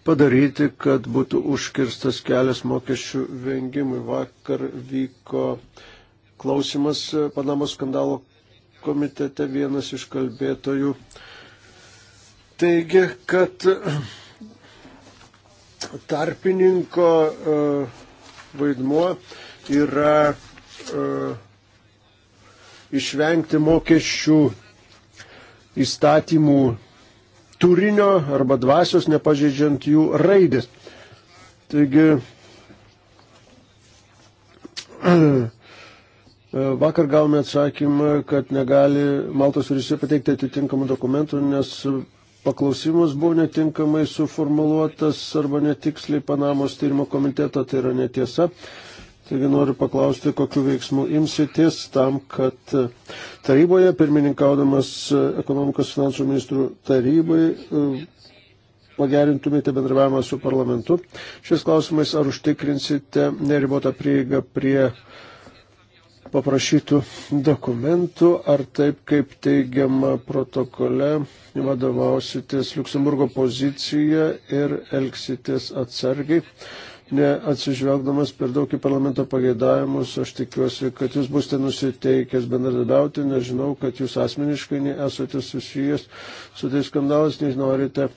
padaryti, kad būtų užkirstas kelias mokesčių vengimui. Vakar vyko klausimas Panamos skandalo komitete vienas iš kalbėtojų teigia, kad tarpininko e, vaidmuo yra e, išvengti mokesčių įstatymų turinio arba dvasios, nepažeidžiant jų raidės. Taigi, vakar gavome atsakymą, kad negali Maltos vyriausybė pateikti atitinkamų dokumentų, nes paklausimas buvo netinkamai suformuluotas arba netiksliai Panamos tyrimo komiteto, tai yra netiesa. Taigi noriu paklausti, kokiu veiksmu imsitės tam, kad e, taryboje, pirmininkaudamas e, ekonomikos finansų ministrų tarybai, e, pagerintumėte bendravimą su parlamentu. Šis klausimais, ar užtikrinsite neribotą prieigą prie paprašytų dokumentų, ar taip, kaip teigiama protokole, vadovausitės Luksemburgo poziciją ir elgsitės atsargiai neatsižvelgdamas per daug į parlamento pageidavimus, aš tikiuosi, kad jūs būsite nusiteikęs bendradarbiauti, nežinau, kad jūs asmeniškai nesate susijęs su tais skandalais, nežinau, norite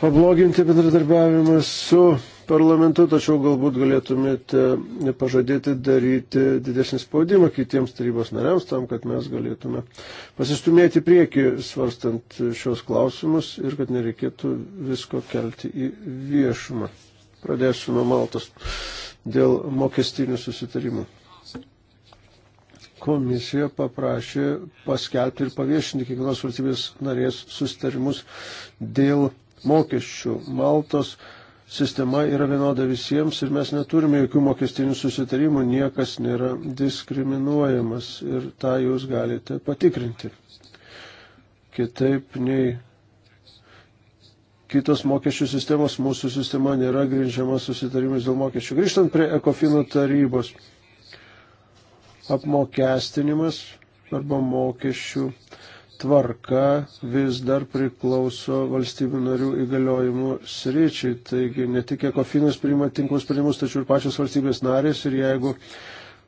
pabloginti bendradarbiavimą su parlamentu, tačiau galbūt galėtumėte pažadėti daryti didesnį spaudimą kitiems tarybos nariams tam, kad mes galėtume pasistumėti prieki svarstant šios klausimus ir kad nereikėtų visko kelti į viešumą. Pradėsiu nuo Maltos dėl mokestinių susitarimų komisija paprašė paskelbti ir paviešinti kiekvienos valstybės narės sustarimus dėl mokesčių. Maltos sistema yra vienoda visiems ir mes neturime jokių mokestinių susitarimų, niekas nėra diskriminuojamas ir tą jūs galite patikrinti. Kitaip nei kitos mokesčių sistemos, mūsų sistema nėra grindžiama susitarimais dėl mokesčių. Grįžtant prie ekofinų tarybos, apmokestinimas arba mokesčių tvarka vis dar priklauso valstybių narių įgaliojimų sričiai. Taigi ne tik ekofinas priima tinklus sprendimus, tačiau ir pačios valstybės narės. Ir jeigu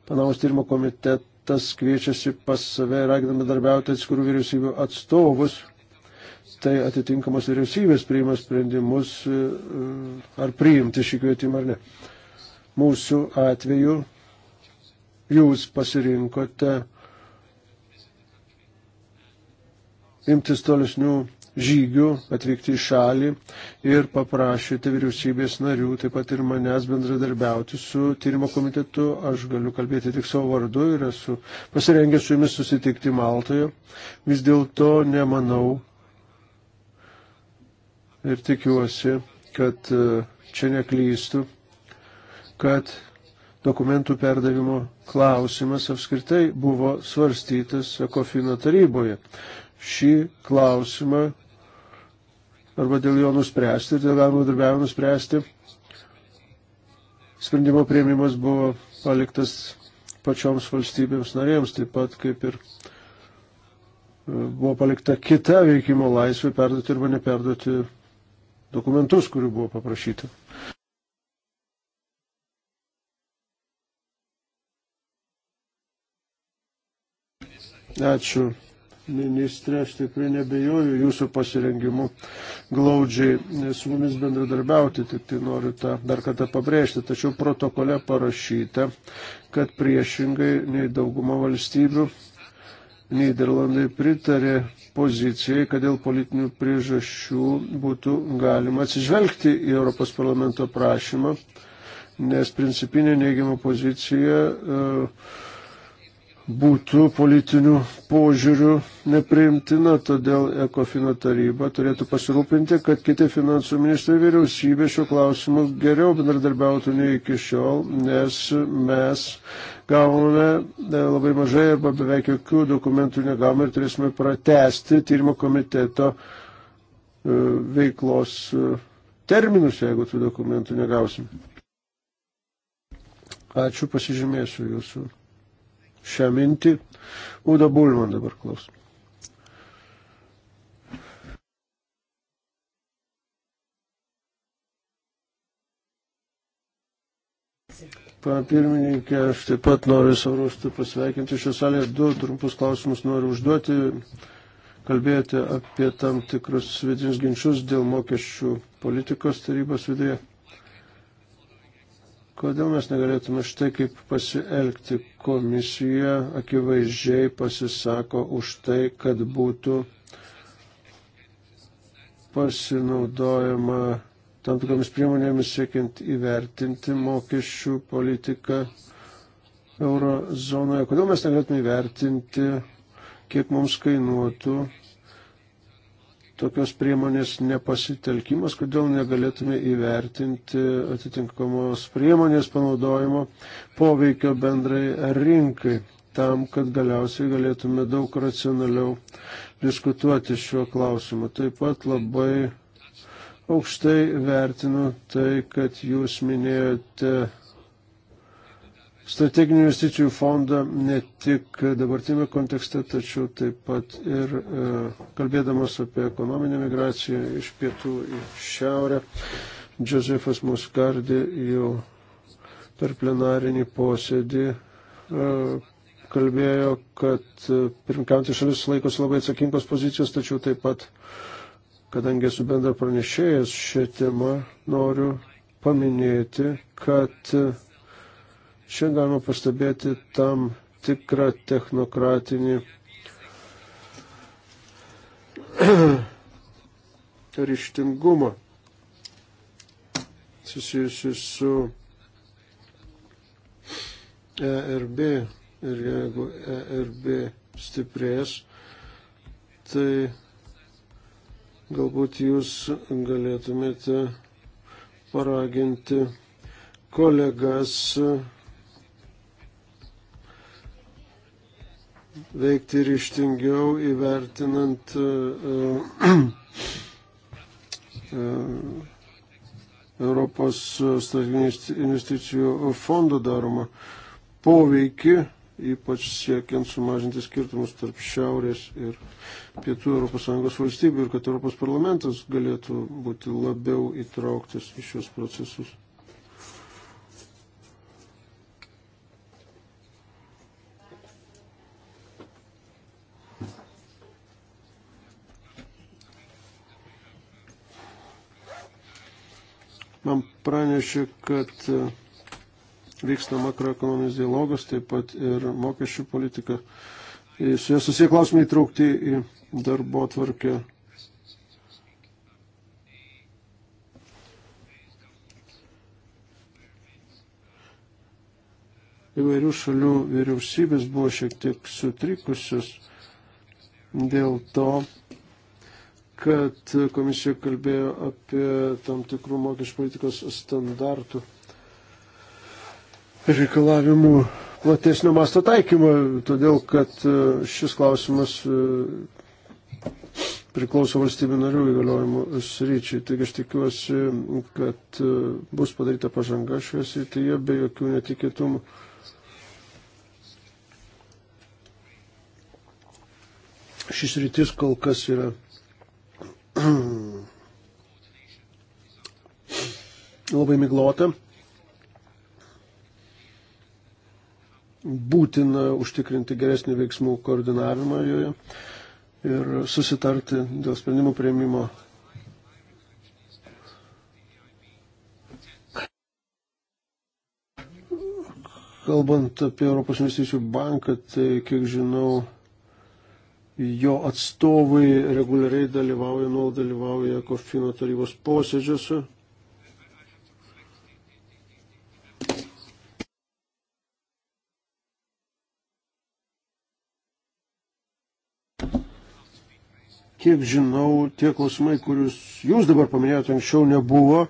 Panamos tyrimo komitetas kviečiasi pas save ragdami darbiauti atskirų vyriausybių atstovus, tai atitinkamos vyriausybės priima sprendimus e, ar priimti šį kvietimą ar ne. Mūsų atveju jūs pasirinkote imtis tolesnių žygių, atvykti į šalį ir paprašėte vyriausybės narių, taip pat ir manęs bendradarbiauti su tyrimo komitetu. Aš galiu kalbėti tik savo vardu ir esu pasirengęs su jumis susitikti Maltoje. Vis dėlto nemanau ir tikiuosi, kad e, čia neklystu, kad dokumentų perdavimo klausimas apskritai buvo svarstytas Ekofino taryboje šį klausimą arba dėl jo nuspręsti, dėl galimo darbiavimo nuspręsti. Sprendimo prieimimas buvo paliktas pačioms valstybėms narėms, taip pat kaip ir e, buvo palikta kita veikimo laisvė perduoti arba neperduoti dokumentus, kurių buvo paprašyta. Ačiū ministrė, aš tikrai nebejoju jūsų pasirengimu glaudžiai su mumis bendradarbiauti, tik tai noriu tą dar kartą pabrėžti. Tačiau protokole parašyta, kad priešingai nei dauguma valstybių Niderlandai pritarė pozicijai, kad dėl politinių priežasčių būtų galima atsižvelgti į Europos parlamento prašymą, nes principinė neigiama pozicija uh, būtų politinių požiūrių nepriimtina, todėl Ekofino taryba turėtų pasirūpinti, kad kiti finansų ministrai vyriausybė šiuo klausimu geriau bendradarbiautų nei iki šiol, nes mes gavome e, labai mažai arba beveik jokių dokumentų negavome ir turėsime pratesti tyrimo komiteto e, veiklos e, terminus, jeigu tų dokumentų negausim. Ačiū, pasižymėsiu jūsų šią mintį. Uda Bulman dabar klaus. Pana pirmininkė, aš taip pat noriu savo ruoštų pasveikinti šios salės. Du trumpus klausimus noriu užduoti. Kalbėjote apie tam tikrus vidinius ginčius dėl mokesčių politikos tarybos viduje. Kodėl mes negalėtume štai kaip pasielgti? Komisija akivaizdžiai pasisako už tai, kad būtų pasinaudojama tam tikromis priemonėmis siekiant įvertinti mokesčių politiką eurozonoje. Kodėl mes negalėtume įvertinti, kiek mums kainuotų tokios priemonės nepasitelkimas, kodėl negalėtume įvertinti atitinkamos priemonės panaudojimo poveikio bendrai rinkai, tam, kad galiausiai galėtume daug racionaliau diskutuoti šiuo klausimu. Taip pat labai aukštai vertinu tai, kad jūs minėjote strateginių investicijų fondą ne tik dabartime kontekste, tačiau taip pat ir e, kalbėdamas apie ekonominę migraciją iš pietų į šiaurę. Džozefas Muskardi jau per plenarinį posėdį e, kalbėjo, kad pirmkiauti šalis laikosi labai atsakingos pozicijos, tačiau taip pat, kadangi esu bendra pranešėjas šią temą, noriu paminėti, kad Šiandien galima pastebėti tam tikrą technokratinį ryštingumą susijusi su ERB ir jeigu ERB stiprės, tai galbūt jūs galėtumėte paraginti kolegas veikti ryštingiau įvertinant e, e, e, Europos strateginių investicijų fondo daromą poveikį, ypač siekiant sumažinti skirtumus tarp šiaurės ir pietų ES valstybių ir kad Europos parlamentas galėtų būti labiau įtrauktas į šios procesus. man pranešė, kad e, vyksta makroekonominis dialogas, taip pat ir mokesčių politika. Su jie susiję klausimai įtraukti į darbo tvarkę. Įvairių šalių vyriausybės buvo šiek tiek sutrikusios dėl to, kad komisija kalbėjo apie tam tikrų mokesčių politikos standartų reikalavimų platesnio masto taikymą, todėl kad e, šis klausimas e, priklauso valstybių narių įgaliojimų sryčiai. Taigi aš tikiuosi, kad e, bus padaryta pažanga šioje srityje be jokių netikėtumų. Šis rytis kol kas yra labai miglota. Būtina užtikrinti geresnį veiksmų koordinavimą joje ir susitarti dėl sprendimų prieimimo Kalbant apie Europos investicijų banką, tai kiek žinau, jo atstovai reguliariai dalyvauja, nuolat dalyvauja Kofino tarybos posėdžiuose. Kiek žinau, tie klausimai, kuriuos jūs dabar paminėjote anksčiau, nebuvo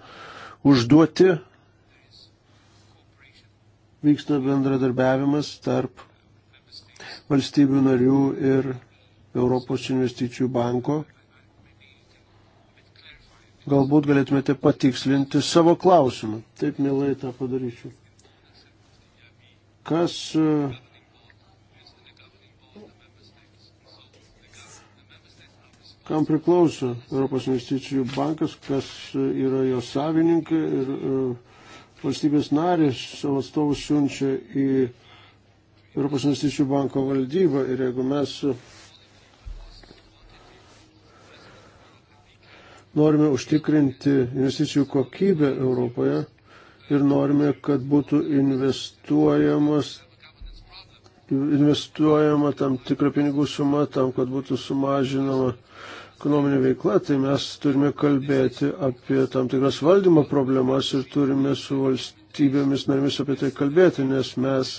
užduoti. Vyksta bendradarbiavimas tarp valstybių narių ir Europos investicijų banko. Galbūt galėtumėte patikslinti savo klausimą. Taip mielai tą padaryčiau. Kas kam priklauso Europos investicijų bankas, kas yra jo savininkai ir e, valstybės narės savo atstovus siunčia į Europos investicijų banko valdybą ir jeigu mes norime užtikrinti investicijų kokybę Europoje ir norime, kad būtų investuojamas investuojama tam tikra pinigų suma tam, kad būtų sumažinama ekonominė veikla, tai mes turime kalbėti apie tam tikras valdymo problemas ir turime su valstybėmis narėmis apie tai kalbėti, nes mes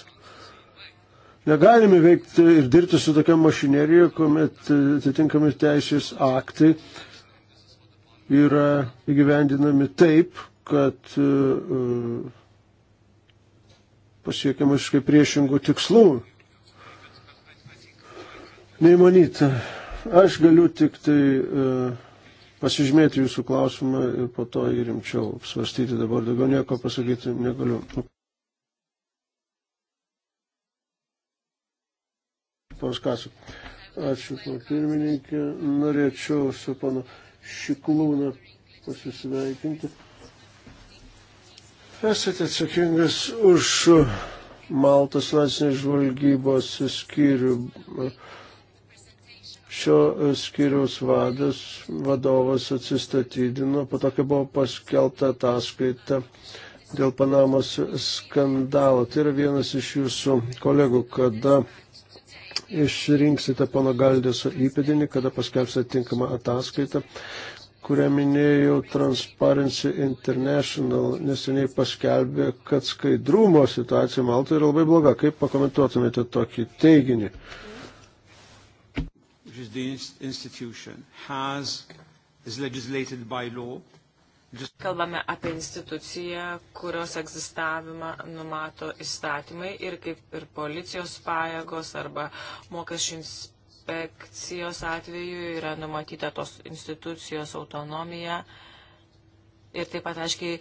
negalime veikti ir dirbti su tokia mašinerija, kuomet atitinkami teisės aktai yra įgyvendinami taip, kad e, e, pasiekiama visiškai priešingų tikslų. Neįmanyta. Aš galiu tik tai e, pasižymėti jūsų klausimą ir po to jį rimčiau svarstyti dabar. Daugiau nieko pasakyti negaliu. Paskasu. Ačiū, pirmininkė. Norėčiau su panu. Šiklūną pasisveikinti. Esate atsakingas už Maltos nacinės žvalgybos skyrių. Šio skyriaus vadas, vadovas atsistatydino, po to, kai buvo paskelbta ataskaita dėl Panamos skandalo. Tai yra vienas iš jūsų kolegų, kada išrinksite pono Galdėso įpėdinį, kada paskelbsite tinkamą ataskaitą, kurią minėjau Transparency International neseniai paskelbė, kad skaidrumo situacija Maltoje yra labai bloga. Kaip pakomentuotumėte tokį teiginį? Has, is legislated by law Kalbame apie instituciją, kurios egzistavimą numato įstatymai ir kaip ir policijos pajėgos arba mokesčių inspekcijos atveju yra numatyta tos institucijos autonomija ir taip pat aiškiai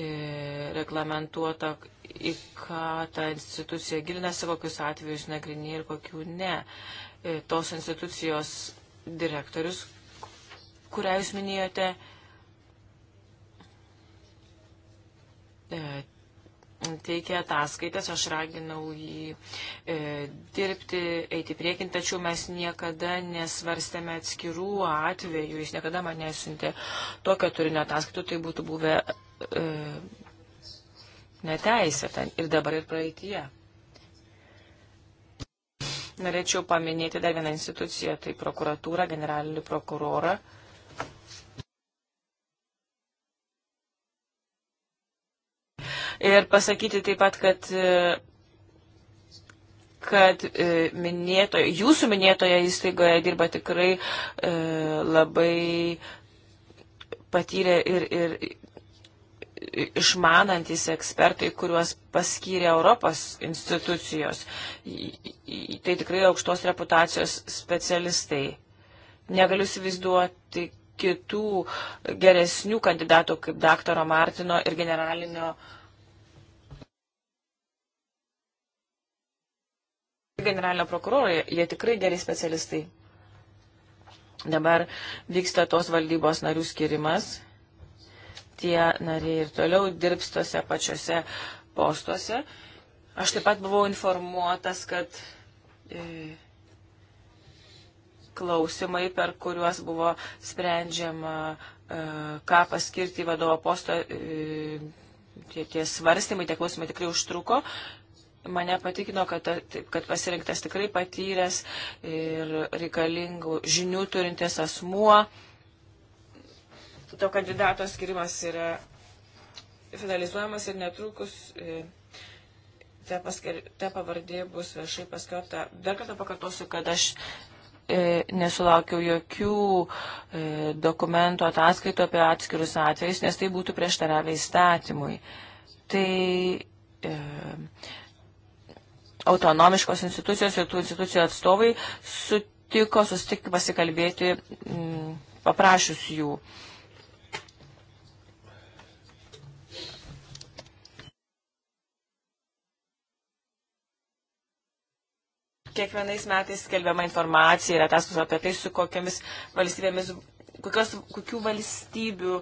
e, reglamentuota, į ką ta institucija gilinasi, kokius atvejus nagrinėja ir kokių ne. E, tos institucijos direktorius, kurią jūs minėjote, e, E, teikia ataskaitas, aš raginau jį e, dirbti, eiti priekin, tačiau mes niekada nesvarstėme atskirų atvejų, jis niekada man nesiuntė tokio turinio ataskaitų, tai būtų buvę e, neteisėta ir dabar ir praeitie. Norėčiau paminėti dar vieną instituciją, tai prokuratūrą, generalinį prokurorą. E, Ir pasakyti taip pat, kad kad e, minėto, jūsų minėtoje įstaigoje dirba tikrai e, labai patyrę ir, ir išmanantis ekspertai, kuriuos paskyrė Europos institucijos. Tai tikrai aukštos reputacijos specialistai. Negaliu įsivaizduoti kitų geresnių kandidatų kaip daktaro Martino ir generalinio uh, generalinio prokuroro, jie tikrai geri specialistai. Dabar vyksta tos valdybos narių skirimas. Tie nariai ir toliau dirbs tose pačiose postuose. Aš taip pat buvau informuotas, kad e, klausimai, per kuriuos buvo sprendžiama, e, ką paskirti vadovo posto, e, tie, tie svarstymai, tie klausimai tikrai užtruko mane patikino, kad, kad pasirinktas tikrai patyręs ir reikalingų žinių turintis asmuo. To kandidato skirimas yra finalizuojamas ir netrukus e, ta, paskir, ta pavardė bus viešai paskelbta. Dar kartą pakartosiu, kad aš e, nesulaukiau jokių e, dokumentų ataskaitų apie atskirus atvejus, nes tai būtų prieštaravę įstatymui. Tai e, autonomiškos institucijos ir tų institucijų atstovai sutiko susitikti pasikalbėti m, mm, paprašius jų. Kiekvienais metais skelbiama informacija ir ataskaitos apie tai, su kokiamis valstybėmis kokios, kokių valstybių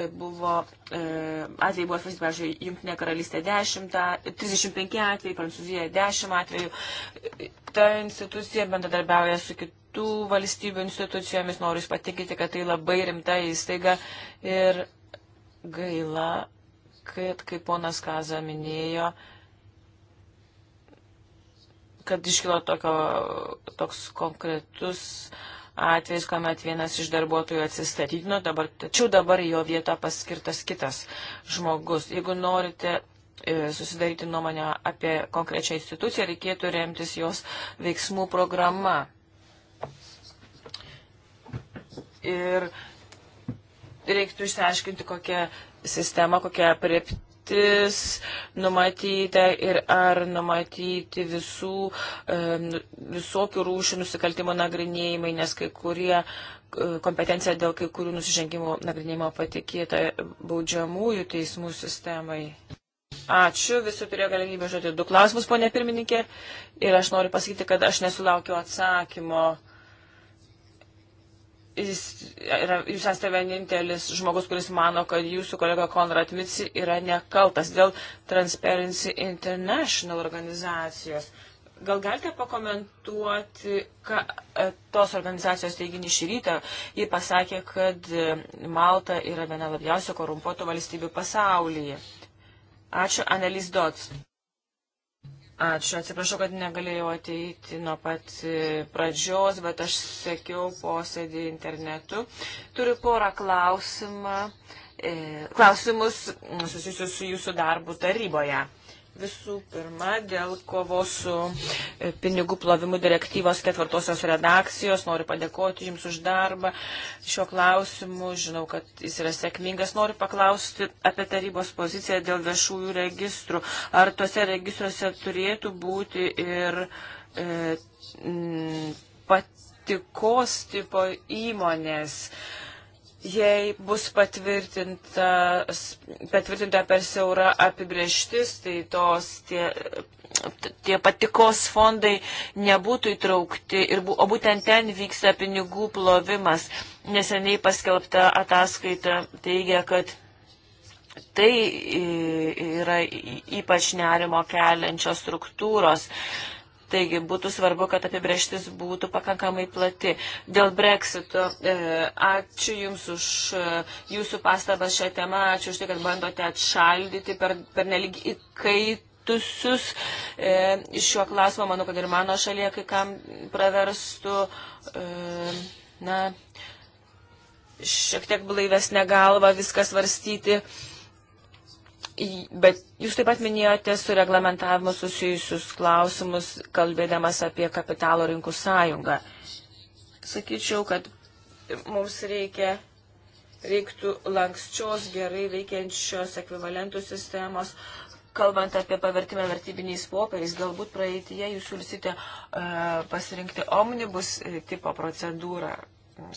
e, buvo, e, atvejai buvo atvaizdi, pavyzdžiui, Junktinė karalystė 10, 35 atvejai, Prancūzija 10 atvejų. Ta institucija bendradarbiauja su kitų valstybių institucijomis, noriu jūs patikinti, kad tai labai rimta įstaiga ir gaila, kad, kaip ponas Kaza minėjo, kad iškilo tokio, toks konkretus uh, atvejis, kuomet vienas iš darbuotojų atsistatydino, dabar, tačiau dabar jo vietą paskirtas kitas žmogus. Jeigu norite e, susidaryti nuomonę apie konkrečią instituciją, reikėtų remtis jos veiksmų programa. Ir reiktų išsiaiškinti, kokia sistema, kokia priepti apimtis numatyta ir ar numatyti visų, visokių rūšių nusikaltimo nagrinėjimai, nes kai kurie e, kompetencija dėl kai kurių nusižengimų nagrinėjimo patikėta baudžiamųjų teismų sistemai. Ačiū, visi turėjo galimybę žodžiu du klausimus, ponė pirmininkė, ir aš noriu pasakyti, kad aš nesulaukiu atsakymo. Uh, jis, yra, jūs esate vienintelis žmogus, kuris mano, kad jūsų kolega Konrad Mitsi yra nekaltas dėl Transparency International organizacijos. Gal galite pakomentuoti, ką e, tos organizacijos teiginį šį rytą? Ji pasakė, kad e, Malta yra viena labiausiai korumpuotų valstybių pasaulyje. Ačiū, Annelies Dots. Ačiū, atsiprašau, kad negalėjau ateiti nuo pat e, pradžios, bet aš sekiau posėdį internetu. Turiu porą klausimą, e, klausimus susijusius su jūsų darbu taryboje. Visų pirma, dėl kovos su e, pinigų plovimu direktyvos ketvirtosios redakcijos noriu padėkoti Jums už darbą šiuo klausimu. Žinau, kad jis yra sėkmingas. Noriu paklausti apie tarybos poziciją dėl viešųjų registrų. Ar tuose registruose turėtų būti ir e, patikos tipo įmonės? E, Jei bus patvirtinta, patvirtinta per siaura apibrieštis, tai tos tie, tie patikos fondai nebūtų įtraukti, ir, o būtent ten vyksta pinigų plovimas. Neseniai paskelbta ataskaita teigia, kad tai yra ypač nerimo keliančios struktūros. E, Taigi būtų svarbu, kad apibrieštis būtų pakankamai plati. Dėl breksito, e, ačiū Jums už e, Jūsų pastabas šią temą, ačiū už tai, kad bandote atšaldyti per, per nelik įkaitų diskutusius e, šiuo klausimu, manau, kad ir mano šalyje kai kam praverstų, e, na, šiek tiek blaivesnė galva viskas varstyti. E, Bet jūs taip pat minėjote su reglamentavimu susijusius klausimus, kalbėdamas apie kapitalo rinkų sąjungą. Sakyčiau, kad mums reikia, reiktų lankščios, gerai veikiančios ekvivalentų sistemos, kalbant apie pavertimą vertybiniais popieriais, galbūt praeitie jūs siūlysite uh, pasirinkti omnibus e, tipo procedūrą,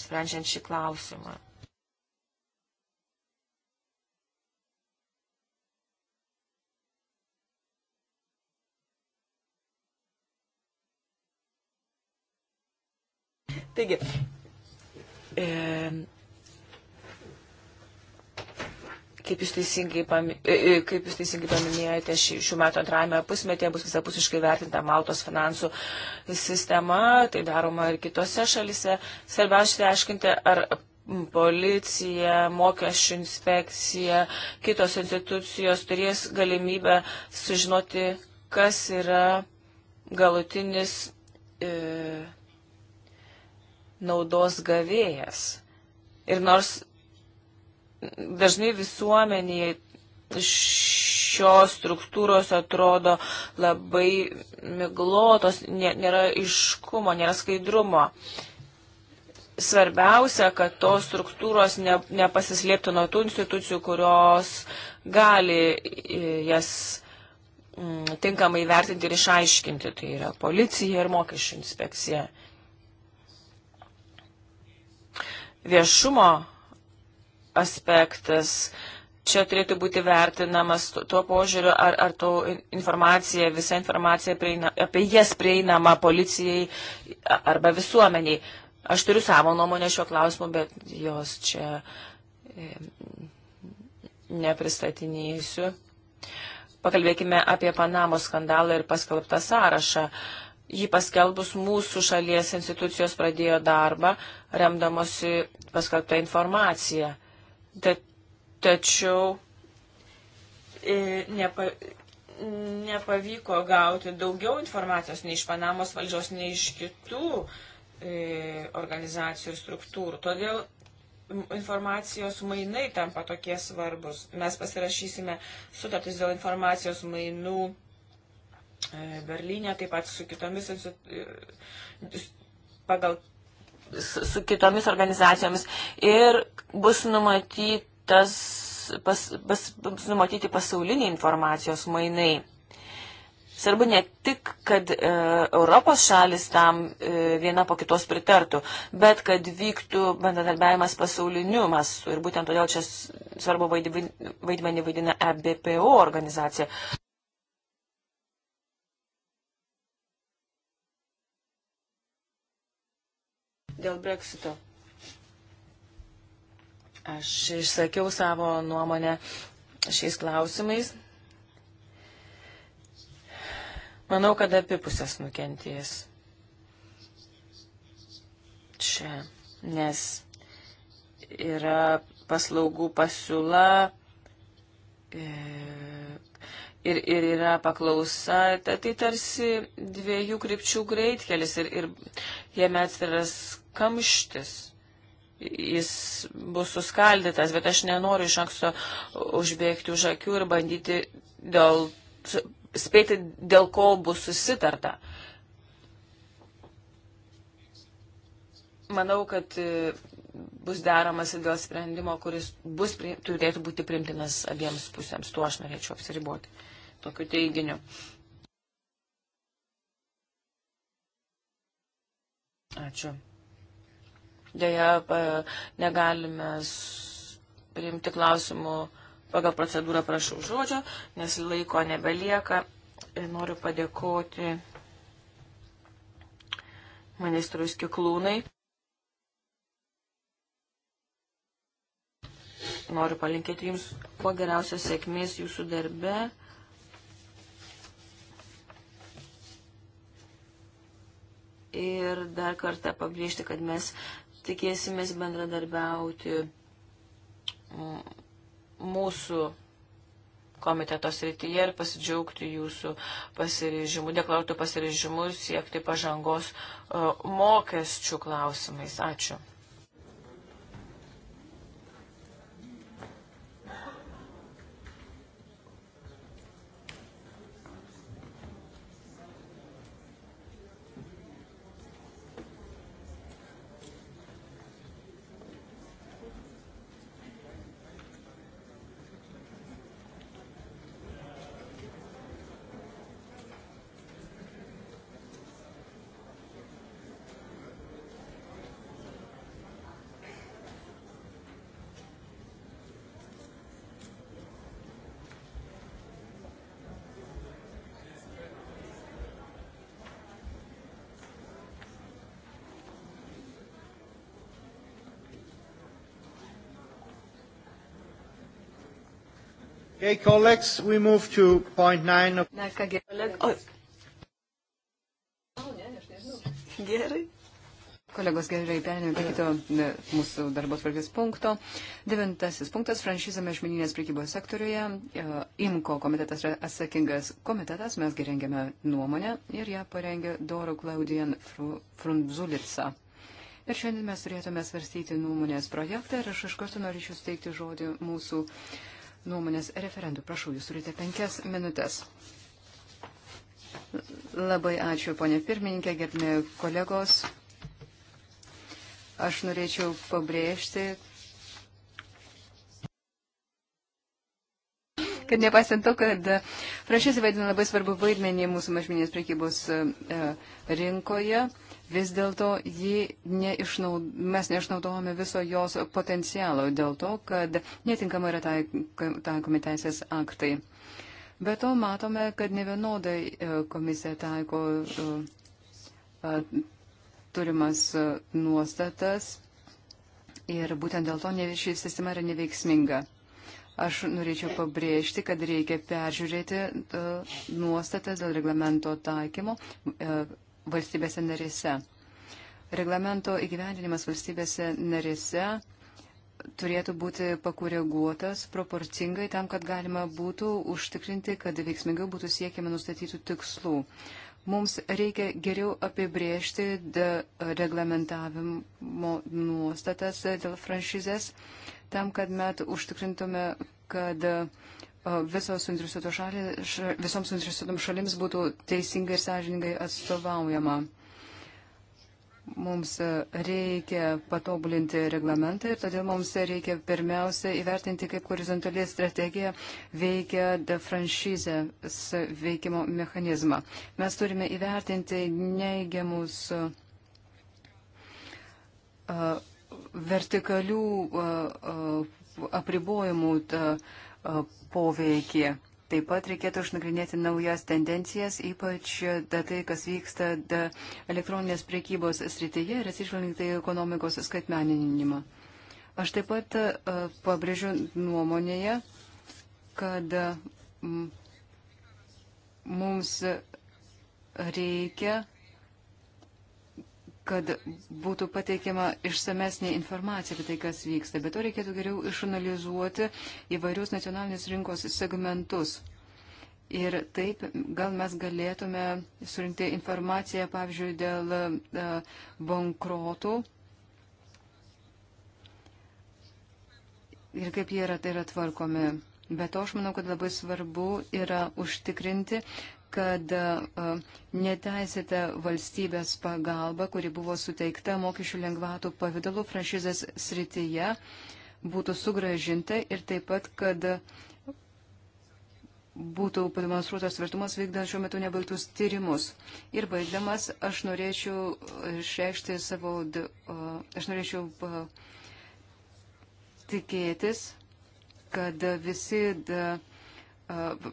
sprendžiant šį klausimą. Taigi, e, kaip jūs teisingai, pami, e, e, kaip jūs teisingai paminėjote, ši, šių metų antrajame pusmetyje bus visapusiškai vertinta Maltos finansų sistema, tai daroma ir kitose šalise. Svarbiausia, aiškinti, ar policija, mokesčių inspekcija, kitos institucijos turės galimybę sužinoti, kas yra galutinis. E, naudos gavėjas. Ir nors dažnai visuomenėje šios struktūros atrodo labai miglotos, nėra iškumo, nėra skaidrumo. Svarbiausia, kad tos struktūros ne, nepasislėptų nuo tų institucijų, kurios gali e, jas mm, tinkamai vertinti ir išaiškinti. Tai yra policija ir mokesčių inspekcija. viešumo aspektas čia turėtų būti vertinamas tuo požiūriu, ar, ar to informacija, visa informacija prieina, apie jas prieinama policijai arba visuomeniai. Aš turiu savo nuomonę šiuo klausimu, bet jos čia e, nepristatinėsiu. Pakalbėkime apie Panamo skandalą ir paskelbtą sąrašą. E, jį paskelbus mūsų šalies institucijos pradėjo darbą, remdamosi paskelbtą informaciją. Ta, tačiau e, nepa, nepavyko gauti daugiau informacijos nei iš Panamos valdžios, nei iš kitų e, organizacijų struktūrų. Todėl informacijos mainai tampa tokie svarbus. Mes pasirašysime sutartis dėl informacijos mainų E, Berlyne, taip pat su kitomis, e, pagal, su kitomis organizacijomis ir bus numatytas, pas, pas, bus numatyti pasauliniai informacijos mainai. Svarbu ne tik, kad e, Europos šalis tam e, viena po kitos pritartų, bet kad vyktų bendradarbiavimas pasauliniu mastu. Ir būtent todėl čia svarbu vaidmenį vaidina EBPO organizacija. Dėl breksito. Aš išsakiau savo nuomonę šiais klausimais. Manau, kad abipusės nukentės čia, nes yra paslaugų pasiūla e, ir, ir yra paklausa. Tai tarsi dviejų krypčių greitkelis ir, ir jame atsiras kamštis. Jis bus suskaldytas, bet aš nenoriu iš anksto užbėgti už akių ir bandyti dėl, spėti, dėl ko bus susitarta. Manau, kad e, bus deramasi dėl sprendimo, kuris bus, turėtų būti primtinas abiems pusėms. Tuo aš norėčiau apsiriboti tokiu teiginiu. Ačiū. Deja, negalime priimti klausimų pagal procedūrą prašau žodžio, nes laiko nebelieka. Noriu padėkoti ministrui Skiklūnai. Noriu palinkėti Jums kuo geriausios sėkmės Jūsų darbe. Ir dar kartą pabrėžti, kad mes tikėsimės bendradarbiauti mm, mūsų komiteto srityje ir pasidžiaugti jūsų pasiryžimu, deklaruotų pasiryžimu siekti pažangos e, mokesčių klausimais. Ačiū. Okay, colleagues, we move to point nine. Na kągi, kolegos. Gerai. Kolegos gerai perėmė prie kito mūsų darbo tvarkės punkto. Devintasis punktas - franšizė mažmeninės prekybos sektoriuje. E, IMKO komitetas yra atsakingas komitetas, mes gerengėme nuomonę ir ją parengė Doro Klaudijan Frunzulica. Ir šiandien mes turėtume svarstyti nuomonės projektą ir aš iš karto norėčiau steigti žodį mūsų uh, nuomonės referendų. Prašau, jūs turite penkias minutės. Labai ačiū, ponė pirmininkė, gerbimi kolegos. Aš norėčiau pabrėžti, kad nepaisant to, kad franšizė vaidina labai svarbu vaidmenį mūsų mažminės prekybos e, rinkoje, vis dėlto neišnaud... mes neišnaudojame viso jos potencialo dėl to, kad netinkamai yra tai, taikomi teisės aktai. Be to matome, kad ne vienodai e, komisija taiko e, turimas e, nuostatas ir būtent dėl to ši sistema yra neveiksminga. Aš norėčiau pabrėžti, kad reikia peržiūrėti nuostatas dėl reglamento taikymo valstybėse narėse. Reglamento įgyvendinimas valstybėse narėse turėtų būti pakoreguotas proporcingai tam, kad galima būtų užtikrinti, kad veiksmingiau būtų siekiama nustatytų tikslų. Mums reikia geriau apibriežti reglamentavimo nuostatas dėl franšizės, tam, kad met užtikrintume, kad uh, visos suinteresuotos šalis, visoms suinteresuotoms šalims būtų teisingai ir sąžiningai atstovaujama. Mums e, reikia patobulinti reglamentą ir todėl mums reikia pirmiausia įvertinti, kaip horizontaliai strategija veikia franšizės veikimo mechanizmą. Mes turime įvertinti neigiamus uh, vertikalių uh, uh, apribojimų. Uh, poveikį. Taip pat reikėtų išnagrinėti naujas tendencijas, ypač da, tai, kas vyksta da, elektroninės priekybos srityje ir atsižvelginti ekonomikos skaitmeninimą. Aš taip pat a, pabrėžiu nuomonėje, kad a, m, mums reikia kad būtų pateikiama išsamesnė informacija apie tai, kas vyksta. Bet to reikėtų geriau išanalizuoti įvairius nacionalinės rinkos segmentus. Ir taip gal mes galėtume surinkti informaciją, pavyzdžiui, dėl e, bankrotų. Ir kaip jie yra, tai yra tvarkomi. Be to, aš manau, kad labai svarbu yra užtikrinti, kad e, neteisėta valstybės pagalba, kuri buvo suteikta mokesčių lengvatų pavydalu franšizės srityje, būtų sugražinta ir taip pat, kad būtų pademonstruotas tvirtumas vykdant šiuo metu nebaigtus tyrimus. Ir baigdamas, aš norėčiau išreikšti savo, aš norėčiau e, tikėtis, kad visi da,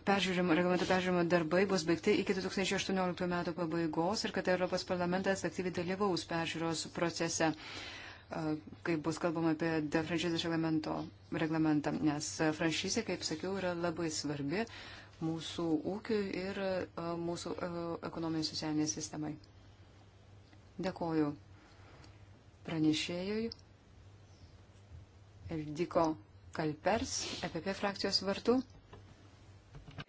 peržiūrimo, reglamento peržiūrimo darbai bus baigti iki 2018 metų pabaigos ir kad Europos parlamentas aktyviai dalyvaus peržiūros procese, kai bus kalbama apie franšizės reglamentą, nes franšizė, kaip sakiau, yra labai svarbi mūsų ūkiui ir mūsų ekonominės socialinės sistemai. Dėkoju pranešėjui ir Diko Kalpers, EPP frakcijos vartų.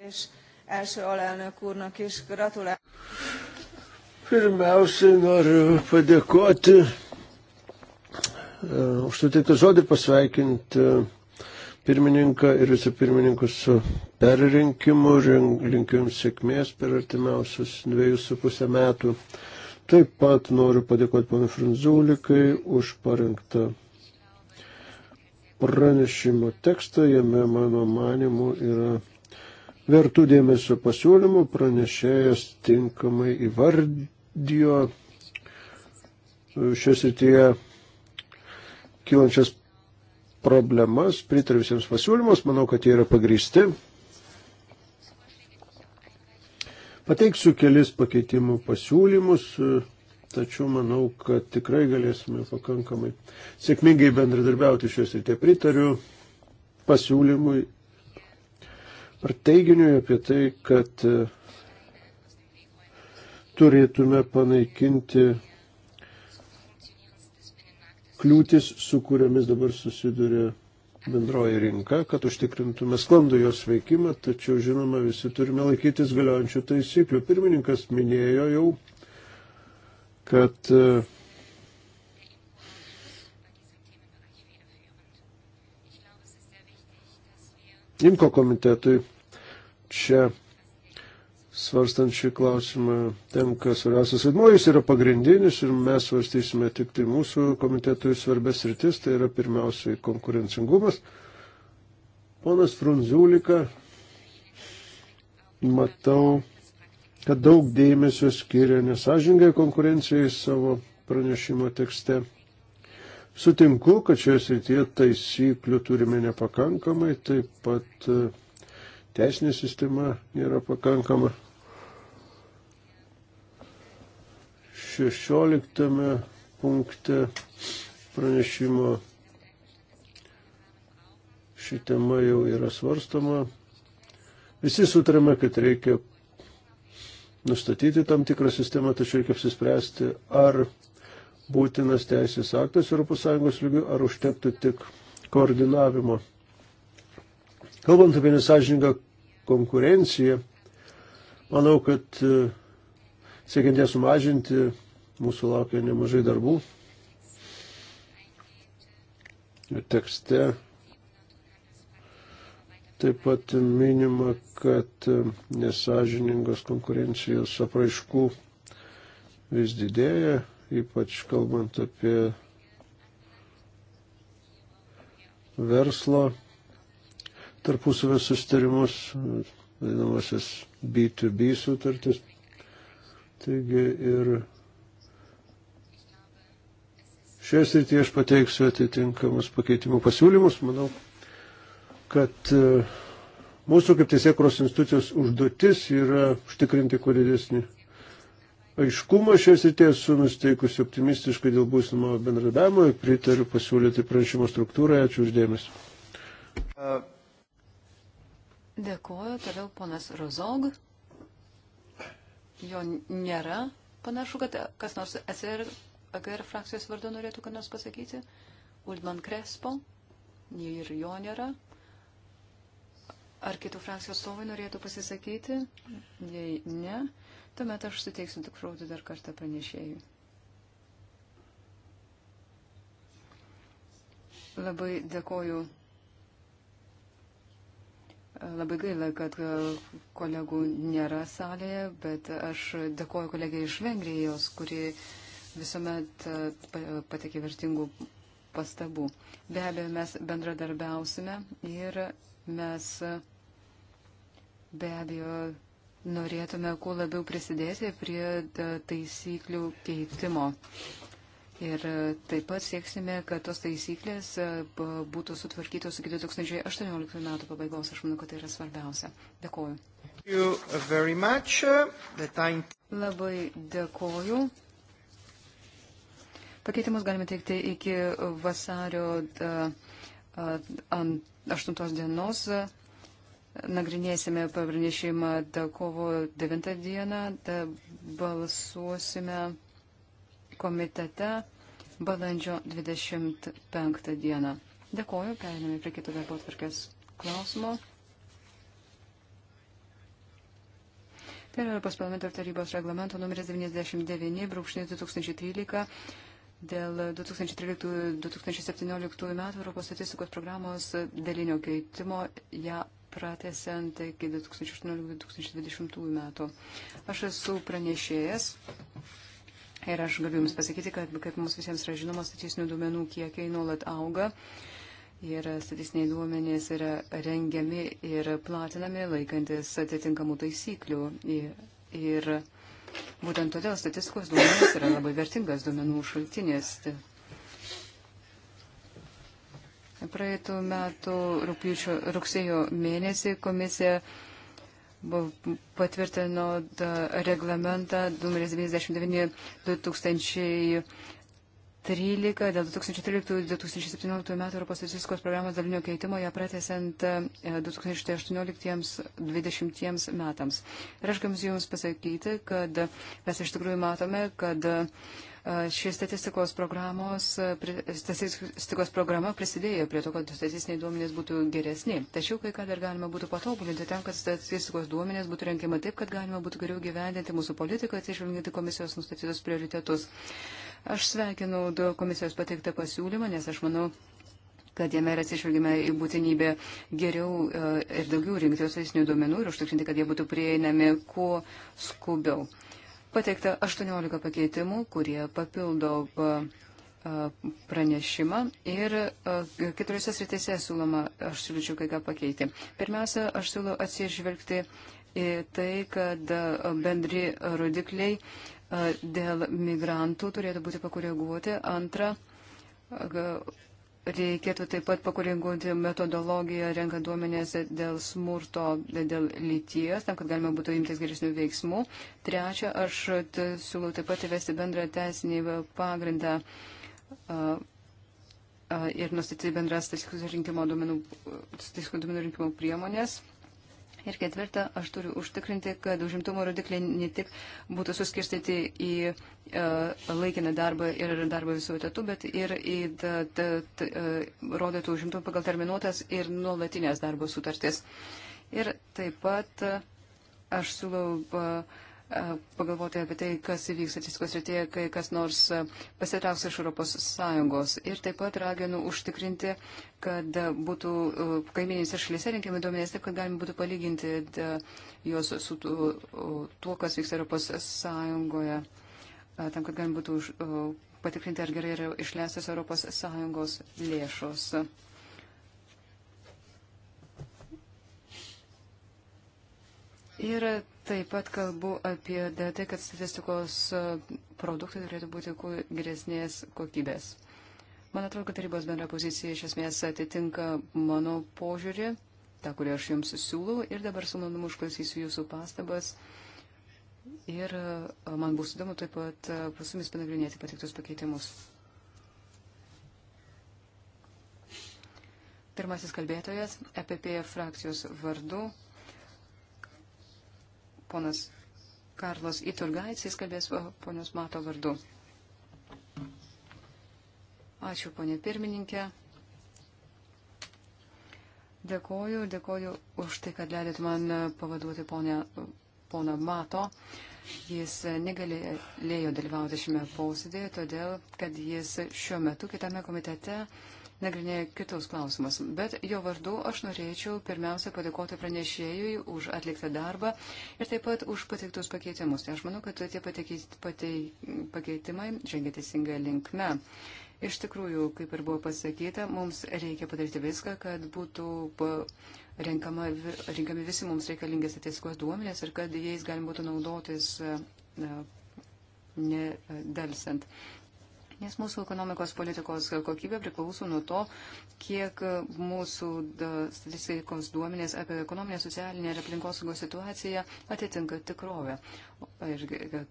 És első alelnök úrnak is gratulálok. Pirmiausia, noriu padėkoti e, už suteiktą žodį, pasveikinti e, pirmininką ir vicepirmininkus su perrinkimu, linkiu jums sėkmės per artimiausius dviejus su pusę metų. Taip pat noriu padėkoti ponui Franzulikai už parengtą pranešimo tekstą, jame mano manimu yra vertų dėmesio pasiūlymų pranešėjas tinkamai įvardijo e, šios rytyje kylančias problemas, pritariu visiems pasiūlymus, manau, kad jie yra pagristi. Pateiksiu kelis pakeitimų pasiūlymus, e, tačiau manau, kad tikrai galėsime pakankamai sėkmingai bendradarbiauti šios rytė. Pritariu pasiūlymui ar teiginiui apie tai, kad e, turėtume panaikinti kliūtis, su kuriamis dabar susiduria bendroji rinka, kad užtikrintume sklandų jos veikimą, tačiau žinoma, visi turime laikytis galiojančių taisyklių. Pirmininkas minėjo jau, kad uh, Imko komitetui čia svarstant šį klausimą tenka svarbiausias vaidmuo, jis yra pagrindinis ir mes svarstysime tik tai mūsų komitetui svarbės rytis, tai yra pirmiausiai konkurencingumas. Ponas Frunziulika, matau, kad daug dėmesio skiria nesažingai konkurencijai savo pranešimo tekste. Sutinku, kad šioje srityje taisyklių turime nepakankamai, taip pat e, teisinė sistema nėra pakankama. 16 punkte pranešimo ši tema jau yra svarstama. Visi sutarėme, kad reikia nustatyti tam tikrą sistemą, tačiau reikia apsispręsti, ar būtinas teisės aktas ES lygių, ar užtektų tik koordinavimo. Kalbant apie nesažiningą konkurenciją, manau, kad e, siekiant ją sumažinti, mūsų laukia nemažai darbų. Ir tekste taip pat minima, kad e, nesažiningos konkurencijos apraiškų vis didėja ypač kalbant apie verslo tarpusavio sustarimus, vadinamasis B2B sutartis. Taigi ir šioje srityje aš pateiksiu atitinkamus pakeitimų pasiūlymus. Manau, kad e, mūsų kaip teisėkuros institucijos užduotis yra užtikrinti kuo didesnį aiškumo šios ryties su nusteikusi optimistiškai dėl būsimo bendradavimo ir pritariu pasiūlyti pranešimo struktūrą. Ačiū uždėmesi. Uh, dėkuoju, toliau ponas Rozog. Jo nėra. Panašu, kad kas nors SR, AGR frakcijos vardu norėtų ką nors pasakyti. Uldman Krespo. Ir jo nėra. Ar kitų frakcijų atstovai norėtų pasisakyti? Jei ne. Tuomet aš suteiksiu tik žodį dar kartą pranešėjui. Labai dėkoju. Labai gaila, kad uh, kolegų nėra salėje, bet aš dėkoju kolegiai iš Vengrijos, kuri visuomet uh, patekė vertingų pastabų. Be abejo, mes bendradarbiausime ir mes uh, be abejo norėtume kuo labiau prisidėti prie e, taisyklių keitimo. Ir e, taip pat sieksime, kad tos taisyklės e, būtų sutvarkytos iki 2018 metų pabaigos. Aš manau, kad tai yra svarbiausia. Dėkoju. Time... Labai dėkoju. Pakeitimus galime teikti iki vasario 8 dienos nagrinėsime pranešimą kovo 9 dieną, balsuosime komitete balandžio 25 dieną. Dėkoju, perėmėme prie kito darbo atvarkės klausimo. Tai yra Europos parlamento ir tarybos reglamento numeris 99, brūkšnis 2013 dėl 2013-2017 metų Europos statistikos programos dalinio keitimo ją ja pratesiant iki 2018-2020 metų. Aš esu pranešėjas ir aš galiu Jums pasakyti, kad kaip mums visiems yra žinoma, statistinių duomenų kiekiai nuolat auga. Ir statistiniai duomenys yra rengiami ir platinami laikantis atitinkamų taisyklių. Ir, ir būtent todėl statistikos duomenys yra labai vertingas duomenų šaltinis. Praeitų metų rūpjūčio, rugsėjo mėnesį komisija patvirtino reglamentą 299-2013 dėl 2013-2017 metų Europos statistikos programos dalinio keitimo ją pratesiant 2018-2020 e, metams. Ir aš galiu Jums pasakyti, kad mes iš tikrųjų matome, kad uh, Šie statistikos, statistikos programa prisidėjo prie to, kad statistiniai duomenys būtų geresni. Tačiau kai ką dar galima būtų patobulinti tam, kad statistikos duomenys būtų renkima taip, kad galima būtų geriau gyvendinti mūsų politiką, atsižvelginti komisijos nustatytus prioritetus. Aš sveikinu komisijos pateiktą pasiūlymą, nes aš manau, kad jame yra atsižvelgime į būtinybę geriau ir daugiau rinkti statistinių duomenų ir užtikrinti, kad jie būtų prieinami kuo skubiau. Pateikta 18 pakeitimų, kurie papildo pranešimą ir keturiose sritise siūloma, aš siūlyčiau kai ką pakeiti. Pirmiausia, aš siūlau atsižvelgti į tai, kad bendri rodikliai dėl migrantų turėtų būti pakoreguoti. Antra, reikėtų taip pat pakoreguoti metodologiją, renkant duomenės dėl smurto, dėl lyties, tam, kad galima būtų imtis geresnių veiksmų. Trečia, aš siūlau taip pat įvesti bendrą teisinį pagrindą ir nustatyti bendras statistikos rinkimo duomenų, statistikos duomenų rinkimo priemonės. Ir ketvirta, aš turiu užtikrinti, kad užimtumo rodikliai ne tik būtų suskirstyti į e, laikiną darbą ir darbą visų etatų, bet ir į da, da, da, e, rodytų užimtumą pagal terminuotas ir nuolatinės darbo sutartis. Ir taip pat e, aš siūlau. E, pagalvoti apie tai, kas įvyks statistikos rytėje, kai kas nors pasitrauks iš Europos Sąjungos. Ir taip pat raginu užtikrinti, kad būtų kaiminėse šalyse rinkimai duomenės, taip kad galima būtų palyginti juos su tuo, kas vyks Europos Sąjungoje, tam, kad galima būtų patikrinti, ar gerai yra išleistas Europos Sąjungos lėšos. Ir Taip pat kalbu apie tai, kad statistikos e, produktai turėtų būti geresnės kokybės. Man atrodo, kad tarybos bendra pozicija iš esmės atitinka mano požiūrį, tą, kurį aš jums siūlau ir dabar su manimu užklausysiu jūsų pastabas. Ir e, man bus įdomu taip pat pasumis e, panagrinėti patiktus pakeitimus. Pirmasis kalbėtojas, EPP frakcijos vardu, ponas Karlos Iturgais, jis kalbės ponios Mato vardu. Ačiū, ponė pirmininkė. Dėkoju, dėkoju už tai, kad leidėt man pavaduoti ponę, poną Mato. Jis negalėjo dalyvauti šiame posėdėje, todėl kad jis šiuo metu kitame komitete uh, nagrinėja kitus klausimus. Bet jo vardu aš norėčiau pirmiausia padėkoti pranešėjui už atliktą darbą ir taip pat už pateiktus pakeitimus. Tai aš manau, kad tie pakeitimai žengia teisinga linkme. Iš tikrųjų, kaip ir buvo pasakyta, mums reikia padaryti viską, kad būtų renkama, renkami visi mums reikalingi statistikos duomenės ir kad jais galim būtų naudotis nedelsant. Ne e, nes mūsų ekonomikos politikos kokybė priklauso nuo to, kiek mūsų statistikos duomenės apie ekonominę, socialinę ir aplinkosaugos situaciją atitinka tikrovę. Ir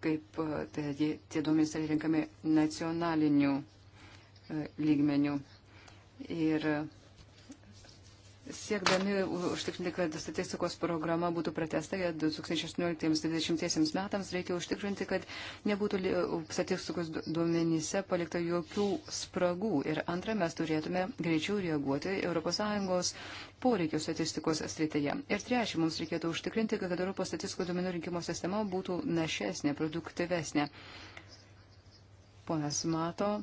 kaip tai, tie duomenys atitinkami nacionaliniu e, lygmeniu. Ir Siekdami užtikrinti, kad statistikos programa būtų pratesta 2018-2020 metams, reikia užtikrinti, kad nebūtų statistikos duomenyse palikta jokių spragų. Ir antra, mes turėtume greičiau reaguoti ES poreikių statistikos srityje. Ir trečia, mums reikėtų užtikrinti, kad Europos statistikos duomenų rinkimo sistema būtų našesnė, produktyvesnė. Ponas Mato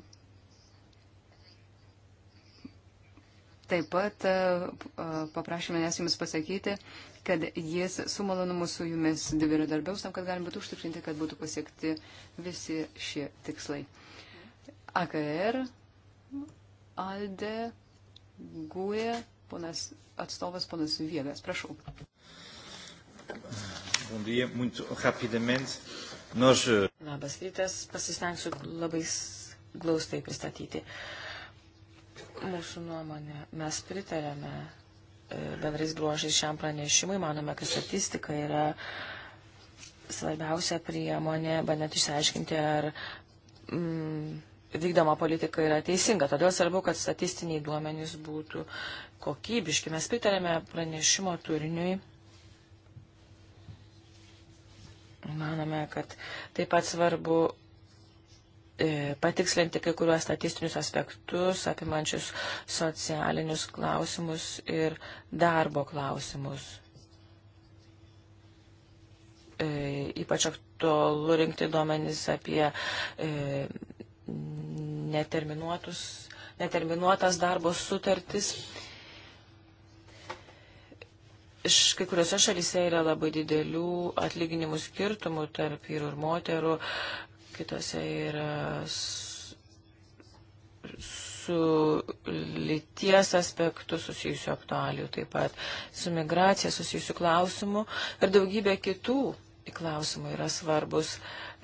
Taip pat e, e, paprašėme nes jums pasakyti, kad jis su malonumu su jumis bendradarbiaus tam, kad galim būtų užtikrinti, kad būtų pasiekti visi šie tikslai. AKR, ALDE, GUE, ponas atstovas, ponas Viegas, prašau. Bom dia, muito rapidamente. Nós... Eh, Labas rytas, pasistengsiu labai glaustai pristatyti. Uh, Mūsų nuomonė, mes pritarėme e, bendrais bruožais šiam pranešimui, manome, kad statistika yra svarbiausia priemonė, bandant išsiaiškinti, ar mm, vykdoma politika yra teisinga. Todėl svarbu, kad statistiniai duomenys būtų kokybiški. Mes pritarėme pranešimo turiniui. Manome, kad taip pat svarbu E, patikslinti kai kuriuos statistinius aspektus, apimančius socialinius klausimus ir darbo klausimus. E, ypač aktualu rinkti duomenys apie e, neterminuotus, neterminuotas darbo sutartis. Iš kai kuriuose šalyse yra labai didelių atlyginimų skirtumų tarp vyrų ir moterų, kitose yra su lyties aspektu susijusių aktualių, taip pat su migracija susijusių klausimų ir daugybė kitų klausimų yra svarbus,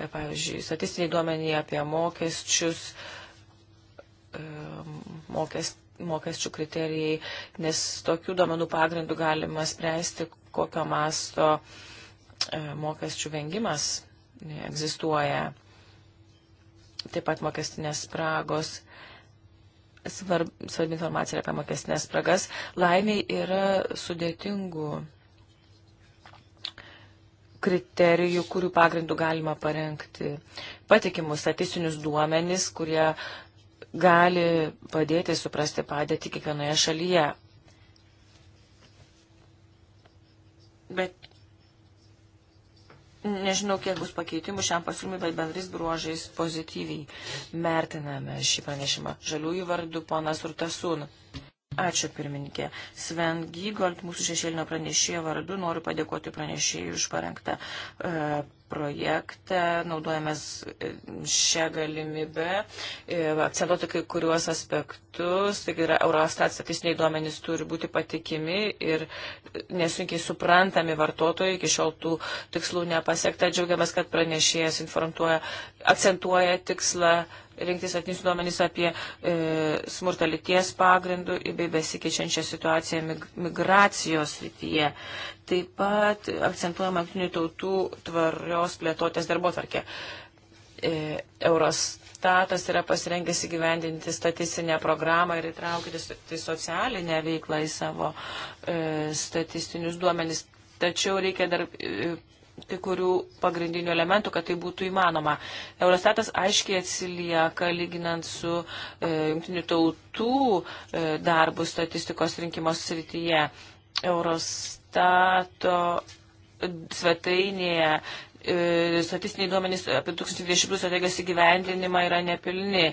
e, pavyzdžiui, statistiniai duomeniai apie mokesčius, e, mokest, mokesčių kriterijai, nes tokių duomenų pagrindų galima spręsti, kokio masto e, mokesčių vengimas egzistuoja taip pat mokestinės spragos. Svarb, svarbi informacija apie mokestinės spragas. Laimiai yra sudėtingų kriterijų, kurių pagrindų galima parengti patikimus statistinius duomenis, kurie gali padėti suprasti padėtį kiekvienoje šalyje. Bet Nežinau, kiek bus pakeitimų šiam pasiūlymui, bet bendrais bruožais pozityviai mertiname šį pranešimą. Žaliųjų vardu ponas Urtasūn. Ačiū pirmininkė. Sven Gygolt, mūsų šešėlinio pranešėjo vardu, noriu padėkoti pranešėjui už parengtą. Uh, e, projekte, naudojamės e, šią galimybę, e, akcentuoti kai kuriuos aspektus, tai yra Eurostat statistiniai duomenys turi būti patikimi ir e, nesunkiai suprantami vartotojai, iki šiol tų tikslų nepasiekta, džiaugiamės, kad pranešėjas akcentuoja tikslą rinkti statinius duomenys apie e, smurtą lyties pagrindų bei besikeičiančią situaciją mig, migracijos rytyje. Taip pat akcentuojama jungtinių tautų tvarios plėtotės darbo tvarkė. E, Eurostatas yra pasirengęs įgyvendinti statistinę programą ir įtraukti tai socialinę veiklą į savo e, statistinius duomenys. Tačiau reikia dar e, kai kurių pagrindinių elementų, kad tai būtų įmanoma. Eurostatas aiškiai atsilieka lyginant su e, jungtinių tautų e, darbų statistikos rinkimos srityje. Eurostato svetainėje e, statistiniai duomenys apie 2020 strategijos įgyvendinimą yra nepilni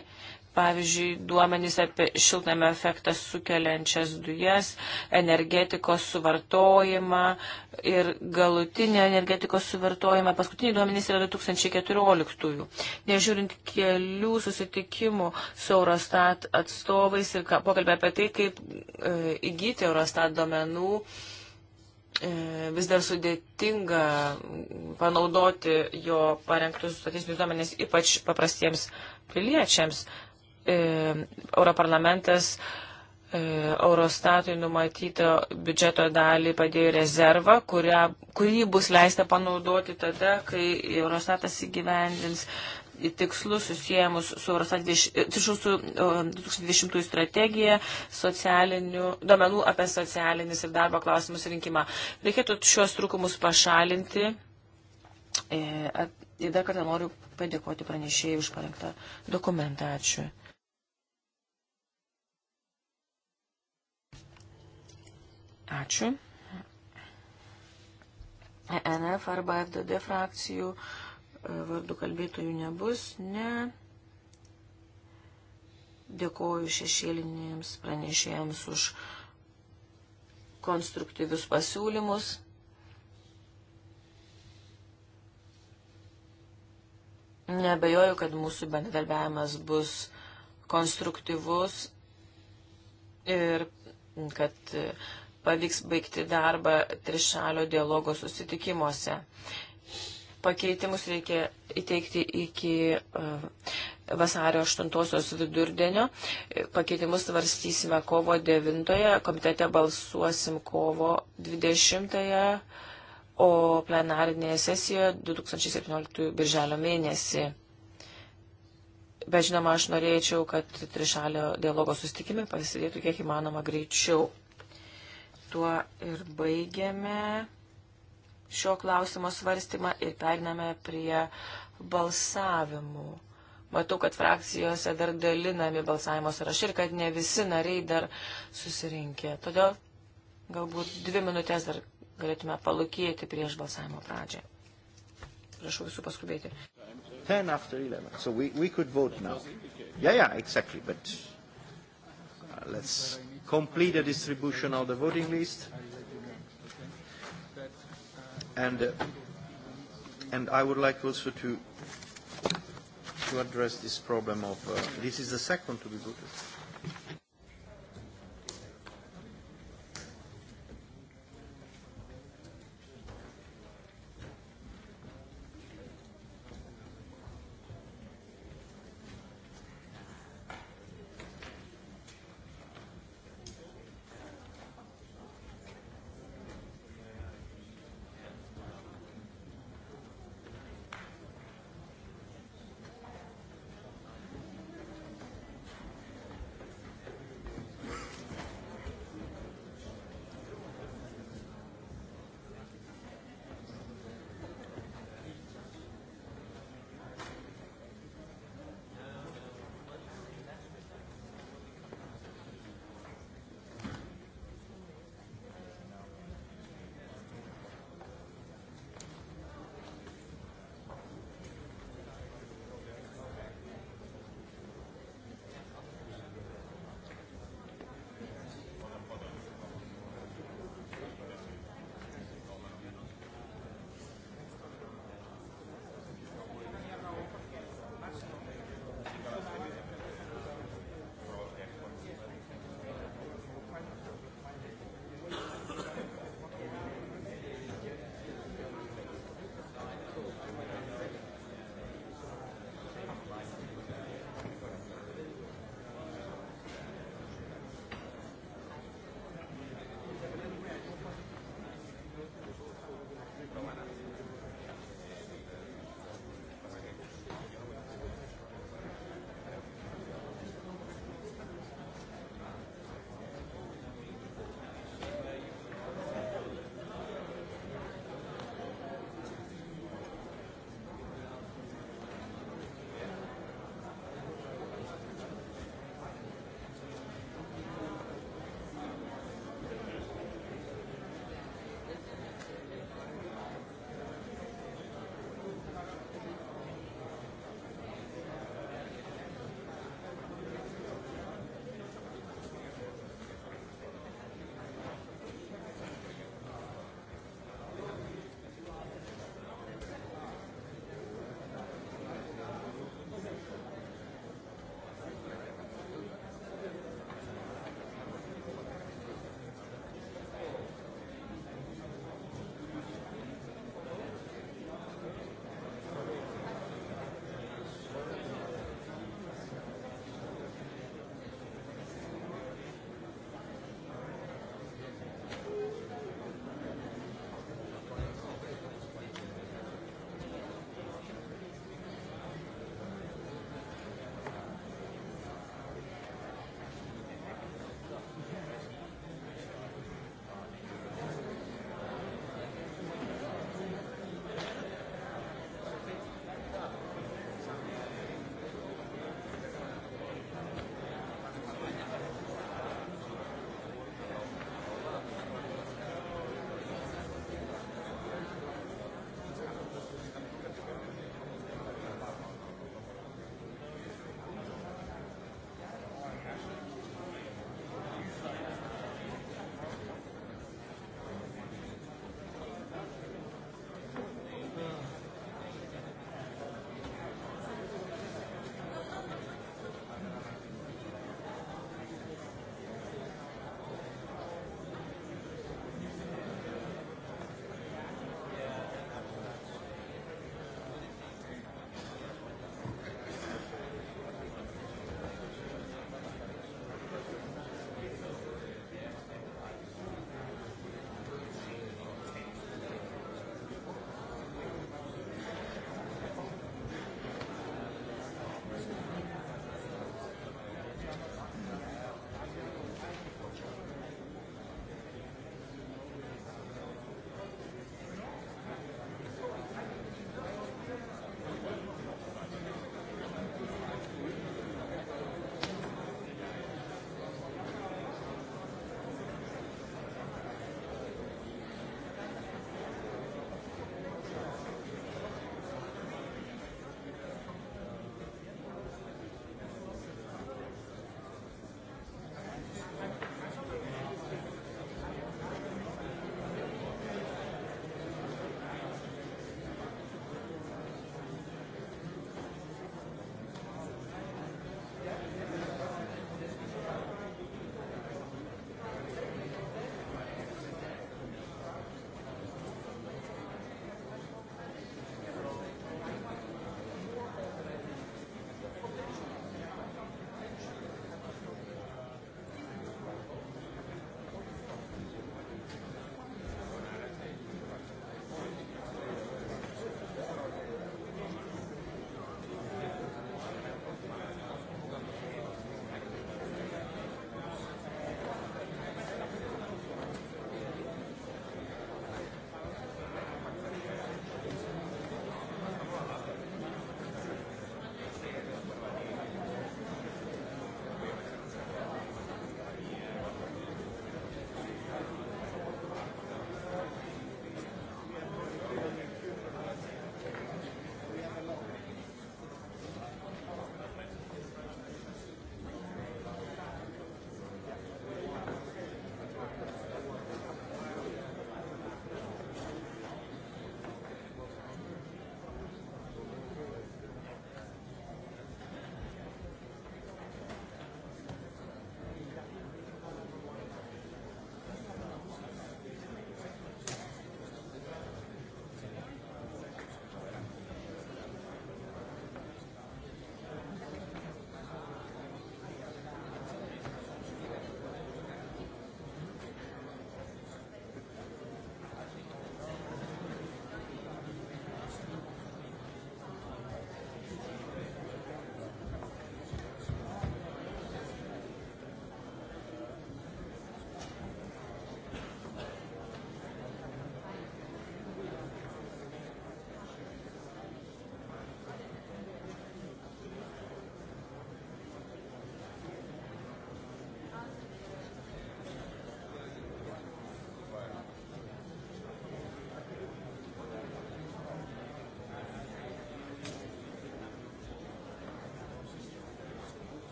pavyzdžiui, duomenys apie šiltnamio efektą sukeliančias dujas, energetikos suvartojimą ir galutinę energetikos suvartojimą. Paskutiniai duomenys yra 2014. Nežiūrint kelių susitikimų su Eurostat atstovais ir pokalbė apie tai, kaip e, įgyti Eurostat domenų, e, vis dar sudėtinga panaudoti jo parengtus statistinius duomenys ypač paprastiems piliečiams. E, Europarlamentas e, Eurostatui numatyto biudžeto dalį padėjo rezervą, kurią, kurį bus leista panaudoti tada, kai Eurostatas įgyvendins tikslus susijęmus su Eurostat 2020 e, strategija, duomenų apie socialinis ir darbo klausimus rinkimą. Reikėtų šios trūkumus pašalinti. Ir dar kartą noriu padėkoti pranešėjai už parengtą dokumentą. Ačiū. Ačiū. ENF arba FDD frakcijų e, vardų kalbėtojų nebus. Ne. Dėkoju šešėlinėms pranešėjams už konstruktyvius pasiūlymus. Nebejoju, kad mūsų bendradarbiavimas bus konstruktyvus ir kad pavyks baigti darbą trišalio dialogo susitikimuose. Pakeitimus reikia įteikti iki e, vasario 8 vidurdienio. Pakeitimus svarstysime kovo 9, komitete balsuosim kovo 20, o plenarinėje sesijoje 2017 birželio mėnesį. Bet žinoma, aš norėčiau, kad trišalio dialogo sustikimai prasidėtų kiek įmanoma greičiau. Tuo ir baigiame šio klausimo svarstymą ir periname prie balsavimų. Matau, kad frakcijose dar dalinami balsavimo sąrašai ir kad ne visi nariai dar susirinkė. Todėl galbūt dvi minutės dar galėtume palūkėti prieš balsavimo pradžią. Prašau visų paskubėti. 10 after 11. So we, we could vote now. Yeah, yeah, exactly. But uh, let's complete the distribution of the voting list. And, uh, and I would like also to, to address this problem of, uh, this is the second to be voted.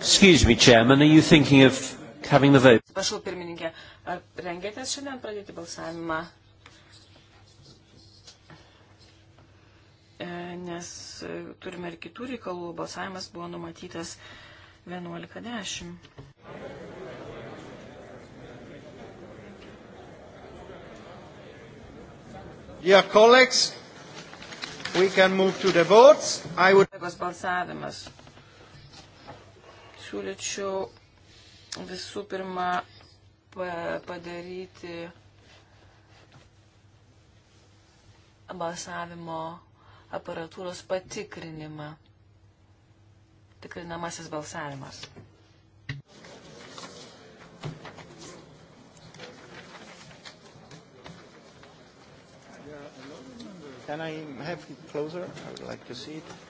Excuse me, Chairman, are you thinking of having the vote? Prašau, pirmininkė, ar rengėtės šiandien pradėti balsavimą? E, nes e, turime ir kitų reikalų, balsavimas buvo numatytas 11.10. Dear colleagues, we can move to the votes. I would... Balsavimas siūlyčiau visų pirma padaryti balsavimo aparatūros patikrinimą. Tikrinamasis balsavimas. Can I have it closer? I would like to see it.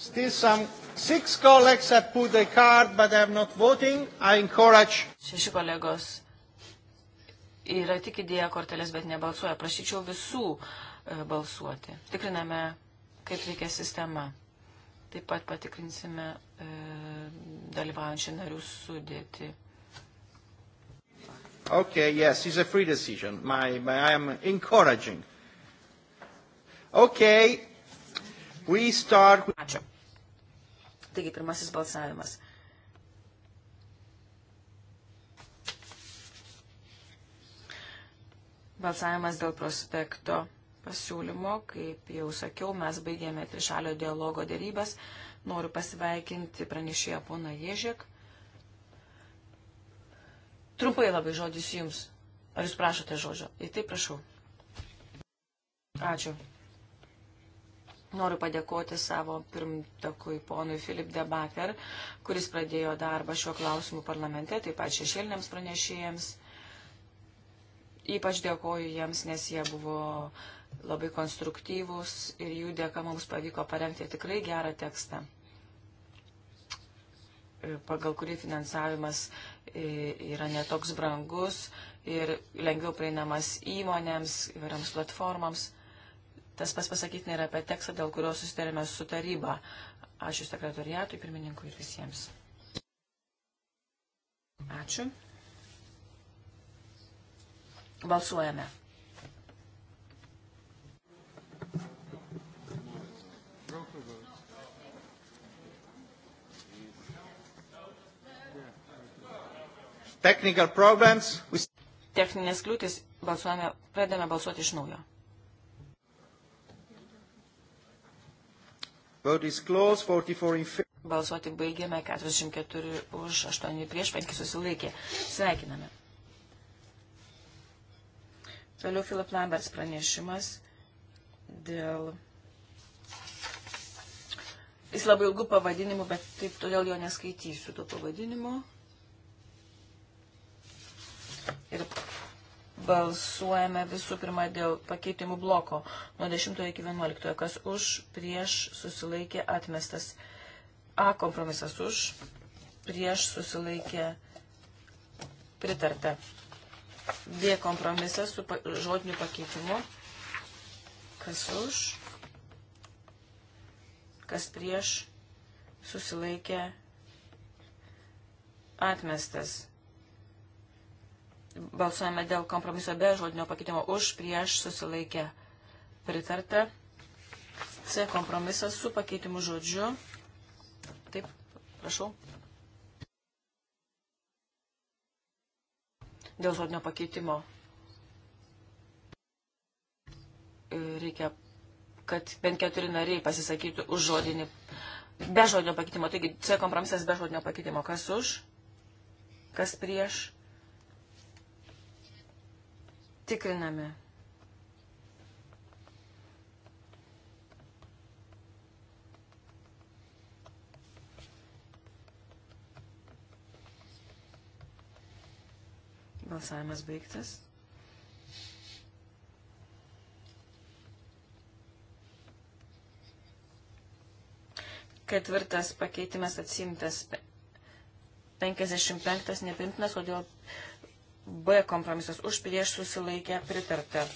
Still some six colleagues have put their card, but they are not voting. I encourage. Šeši kolegos yra tik idėja kortelės, bet nebalsuoja. Prašyčiau visų e, balsuoti. Tikriname, kaip veikia sistema. Taip pat patikrinsime e, dalyvaujančių narių sudėti. Okay, yes, it's a free decision. My, my, I am encouraging. Okay, we start. With... Ačiū. Taigi pirmasis balsavimas. Balsavimas dėl prospekto pasiūlymo, kaip jau sakiau, mes baigėme trišalio dialogo dėrybas. Noriu pasveikinti pranešėją poną Ježek. Trumpai labai žodis jums. Ar jūs prašote žodžio? Į tai prašau. Ačiū. Noriu padėkoti savo pirmtakui ponui Filip de Baker, kuris pradėjo darbą šiuo klausimu parlamente, taip pat šešėliniams pranešėjams. Ypač dėkoju jiems, nes jie buvo labai konstruktyvūs ir jų dėka mums pavyko parengti tikrai gerą tekstą, e, pagal kurį finansavimas e, yra netoks brangus ir lengviau prieinamas įmonėms, įvairiams platformoms. Tas pas pasakytina ir apie tekstą, dėl kurio susitarėme su taryba. Ačiū sekretoriatui, pirmininkui ir visiems. Ačiū. Balsuojame. Technical problems. Techninės kliūtis balsuojame, pradame balsuoti iš naujo. Balsuoti baigėme 44 už 8 prieš 5 susilaikė. Sveikiname. Toliau Filip Lamberts pranešimas dėl. Jis labai ilgų pavadinimų, bet taip todėl jo neskaitysiu to pavadinimo. Ir Balsuojame visų pirma dėl pakeitimų bloko nuo 10 iki 11, kas už, prieš, susilaikė, atmestas. A kompromisas už, prieš, susilaikė, pritarta. D kompromisas su žodiniu pakeitimu, kas už, kas prieš, susilaikė, atmestas. Balsuojame dėl kompromiso be žodinio pakeitimo už, prieš, susilaikę, pritarta. C kompromisas su pakeitimu žodžiu. Taip, prašau. Dėl žodinio pakeitimo reikia, kad bent keturi nariai pasisakytų už žodinį, be žodinio pakeitimo. Taigi, C kompromisas be žodinio pakeitimo. Kas už, kas prieš, Tikriname. Balsavimas baigtas. Ketvirtas pakeitimas atsimtas. 55 neprimtinas, o dėl B kompromisas už prieš susilaikę pritarta.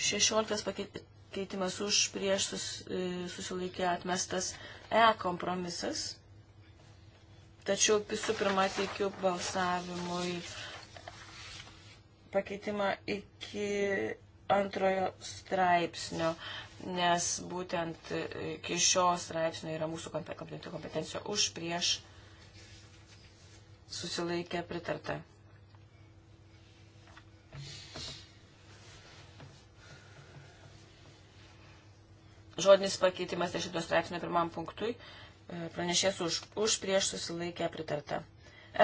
16 pakeitimas už prieš sus, e, susilaikę atmestas E kompromisas. Tačiau visų pirma teikiu balsavimui pakeitimą iki antrojo straipsnio, nes būtent iki šio straipsnio yra mūsų kompetencija už prieš susilaikė pritarta. Žodinis pakeitimas 10 straipsnio pirmam punktui e, pranešės už, už prieš susilaikę pritarta.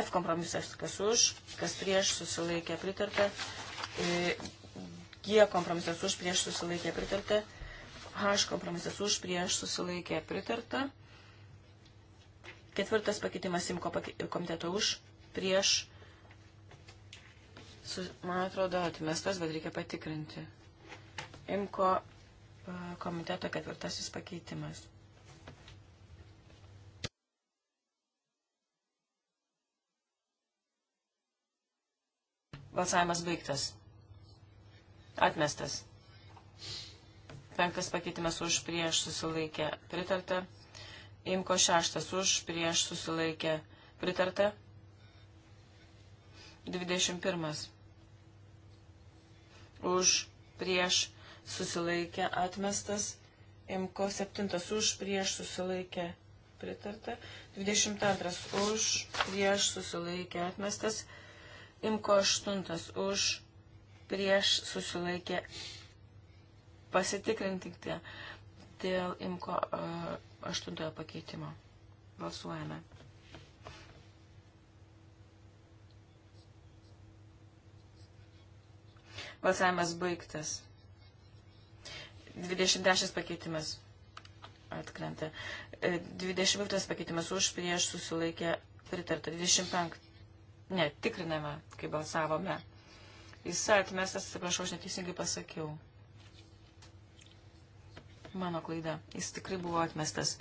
F kompromisas kas už, kas prieš susilaikę pritarta. E, G kompromisas už prieš susilaikę pritarta. H kompromisas už prieš susilaikę pritarta. Ketvirtas pakeitimas Simko komiteto už, prieš. Su, man atrodo, atmestas, bet reikia patikrinti. Imko e, komiteto ketvirtasis pakeitimas. Balsavimas baigtas. Atmestas. Penktas pakeitimas už prieš susilaikė pritarta. Imko šeštas už, prieš susilaikė pritarta. 21. Už, prieš susilaikė atmestas. Imko septintas už, prieš susilaikė pritarta. 22. Už, prieš susilaikė atmestas. Imko aštuntas už, prieš susilaikė pasitikrinkite dėl imko uh, aštuntojo pakeitimo. Balsuojame. Balsavimas baigtas. 26 pakeitimas atkrenta. 25 e, pakeitimas už prieš susilaikė pritarta. 25. Ne, tikriname, kai balsavome. Jis atmestas, atsiprašau, aš neteisingai pasakiau. Mano klaida. Jis tikrai buvo atmestas.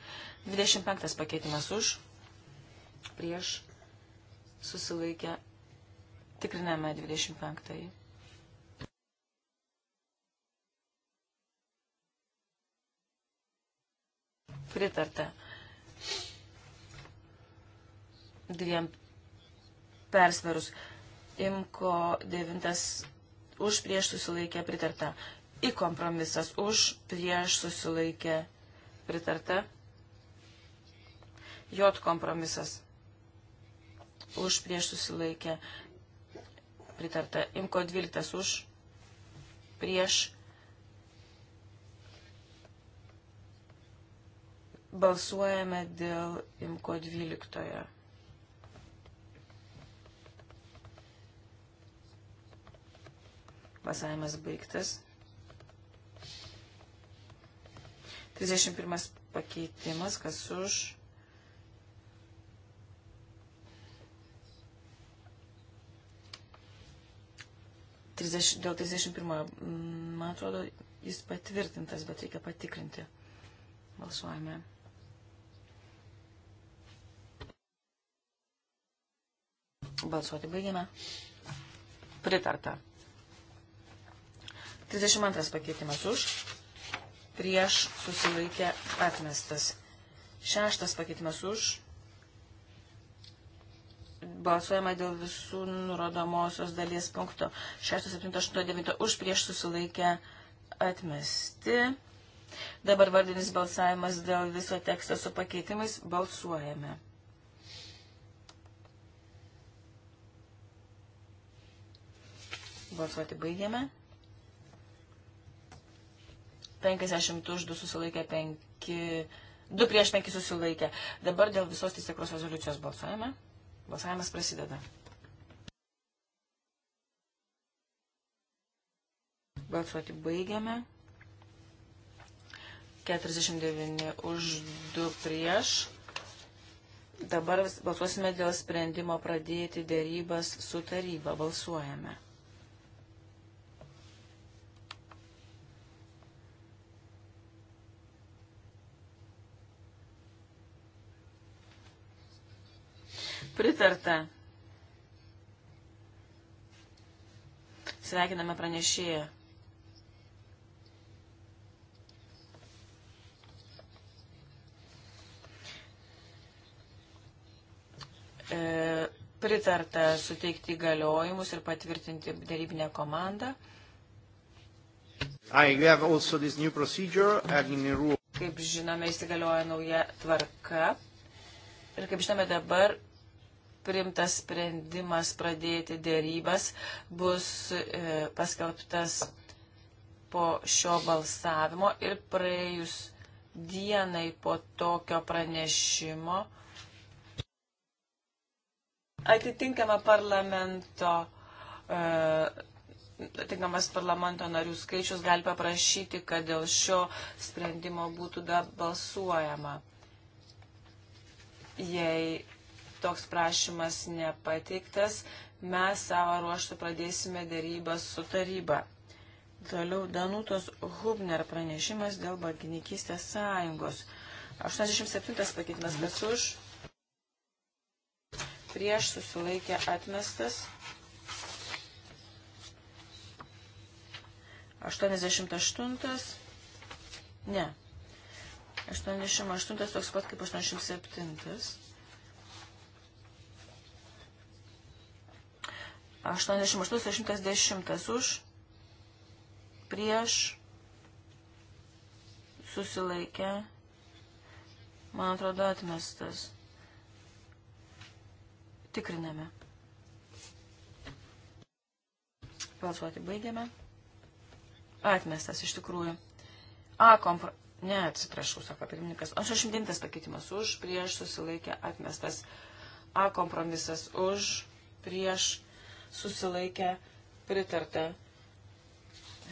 25 pakeitimas už, prieš, susilaikę. Tikriname 25. Pritarta. Dviem persverus. Imko 9 už prieš susilaikę pritarta į kompromisas už prieš susilaikę pritarta. J kompromisas už prieš susilaikę pritarta. Imko 12 už prieš balsuojame dėl Imko 12. Balsavimas baigtas. 31 pakeitimas, kas už. Dėl 31, mm, man atrodo, jis patvirtintas, bet reikia patikrinti. Balsuojame. Balsuoti baigėme. Pritarta. 32 pakeitimas už prieš susilaikė atmestas. Šeštas pakeitimas už. Balsuojama dėl visų nurodomosios dalies punkto. 6, 7, 8, 9 už prieš susilaikė atmesti. Dabar vardinis balsavimas dėl viso teksto su pakeitimais. Balsuojame. Balsuoti baigiame. 50 už 2 susilaikė 5, 2 prieš 5 susilaikė. Dabar dėl visos teisėkros rezoliucijos balsuojame. Balsavimas prasideda. Balsuoti baigiame. 49 už 2 prieš. Dabar balsuosime dėl sprendimo pradėti dėrybas su taryba. Balsuojame. pritarta. Sveikiname pranešėją. E, pritarta suteikti įgaliojimus ir patvirtinti darybinę komandą. Kaip žinome, įsigalioja nauja tvarka. Ir kaip žinome, dabar primtas sprendimas pradėti dėrybas bus e, paskelbtas po šio balsavimo ir praėjus dienai po tokio pranešimo atitinkama parlamento e, tinkamas parlamento narių skaičius gali paprašyti, kad dėl šio sprendimo būtų da balsuojama. Jei toks prašymas nepateiktas, mes savo ruoštų pradėsime dėrybas su taryba. Toliau Danutos Hubner pranešimas dėl bankininkystės sąjungos. 87 pakeitimas, kas už? Prieš susilaikė atmestas. 88. Ne. 88 toks pat kaip 87. 88-110 už, prieš, susilaikė, man atrodo atmestas. Tikriname. Balsuoti baigiame. Atmestas iš tikrųjų. A kompro... Ne, atsiprašau, sako pirmininkas. 89 pakeitimas už, prieš susilaikė atmestas. A kompromisas už, prieš susilaikę pritarta.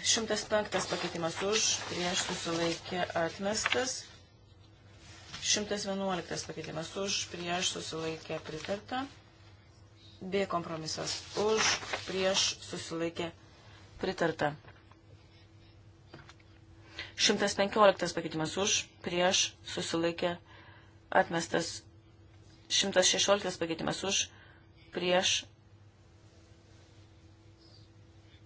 105 pakeitimas už, prieš susilaikė atmestas. 111 pakeitimas už, prieš susilaikė pritarta. B kompromisas už, prieš susilaikė pritarta. 115 pakeitimas už, prieš susilaikė atmestas. 116 pakeitimas už, prieš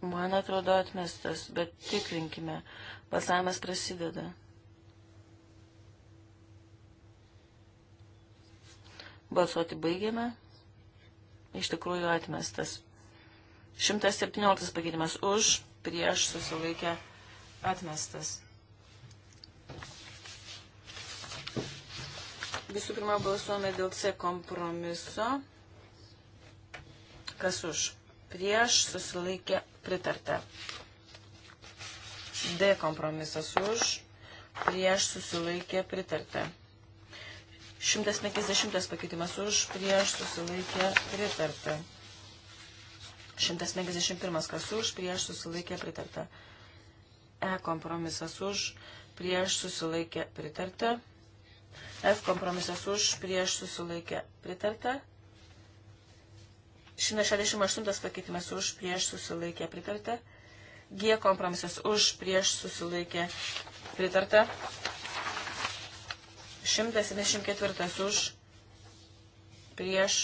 Man atrodo atmestas, bet tikrinkime. Balsavimas prasideda. Balsuoti baigėme. Iš tikrųjų atmestas. 117 pakeitimas už, prieš susilaikę atmestas. Visų pirma, balsuome dėl C kompromiso. Kas už? prieš susilaikė pritarta. D kompromisas už, prieš susilaikė pritarta. 150 pakeitimas už, prieš susilaikė pritarta. 151 kas už, prieš susilaikė pritarta. E kompromisas už, prieš susilaikė pritarta. F kompromisas už, prieš susilaikė pritarta. 168 pakeitimas už prieš susilaikė pritarta. G kompromisas už prieš susilaikė pritarta. 174 už prieš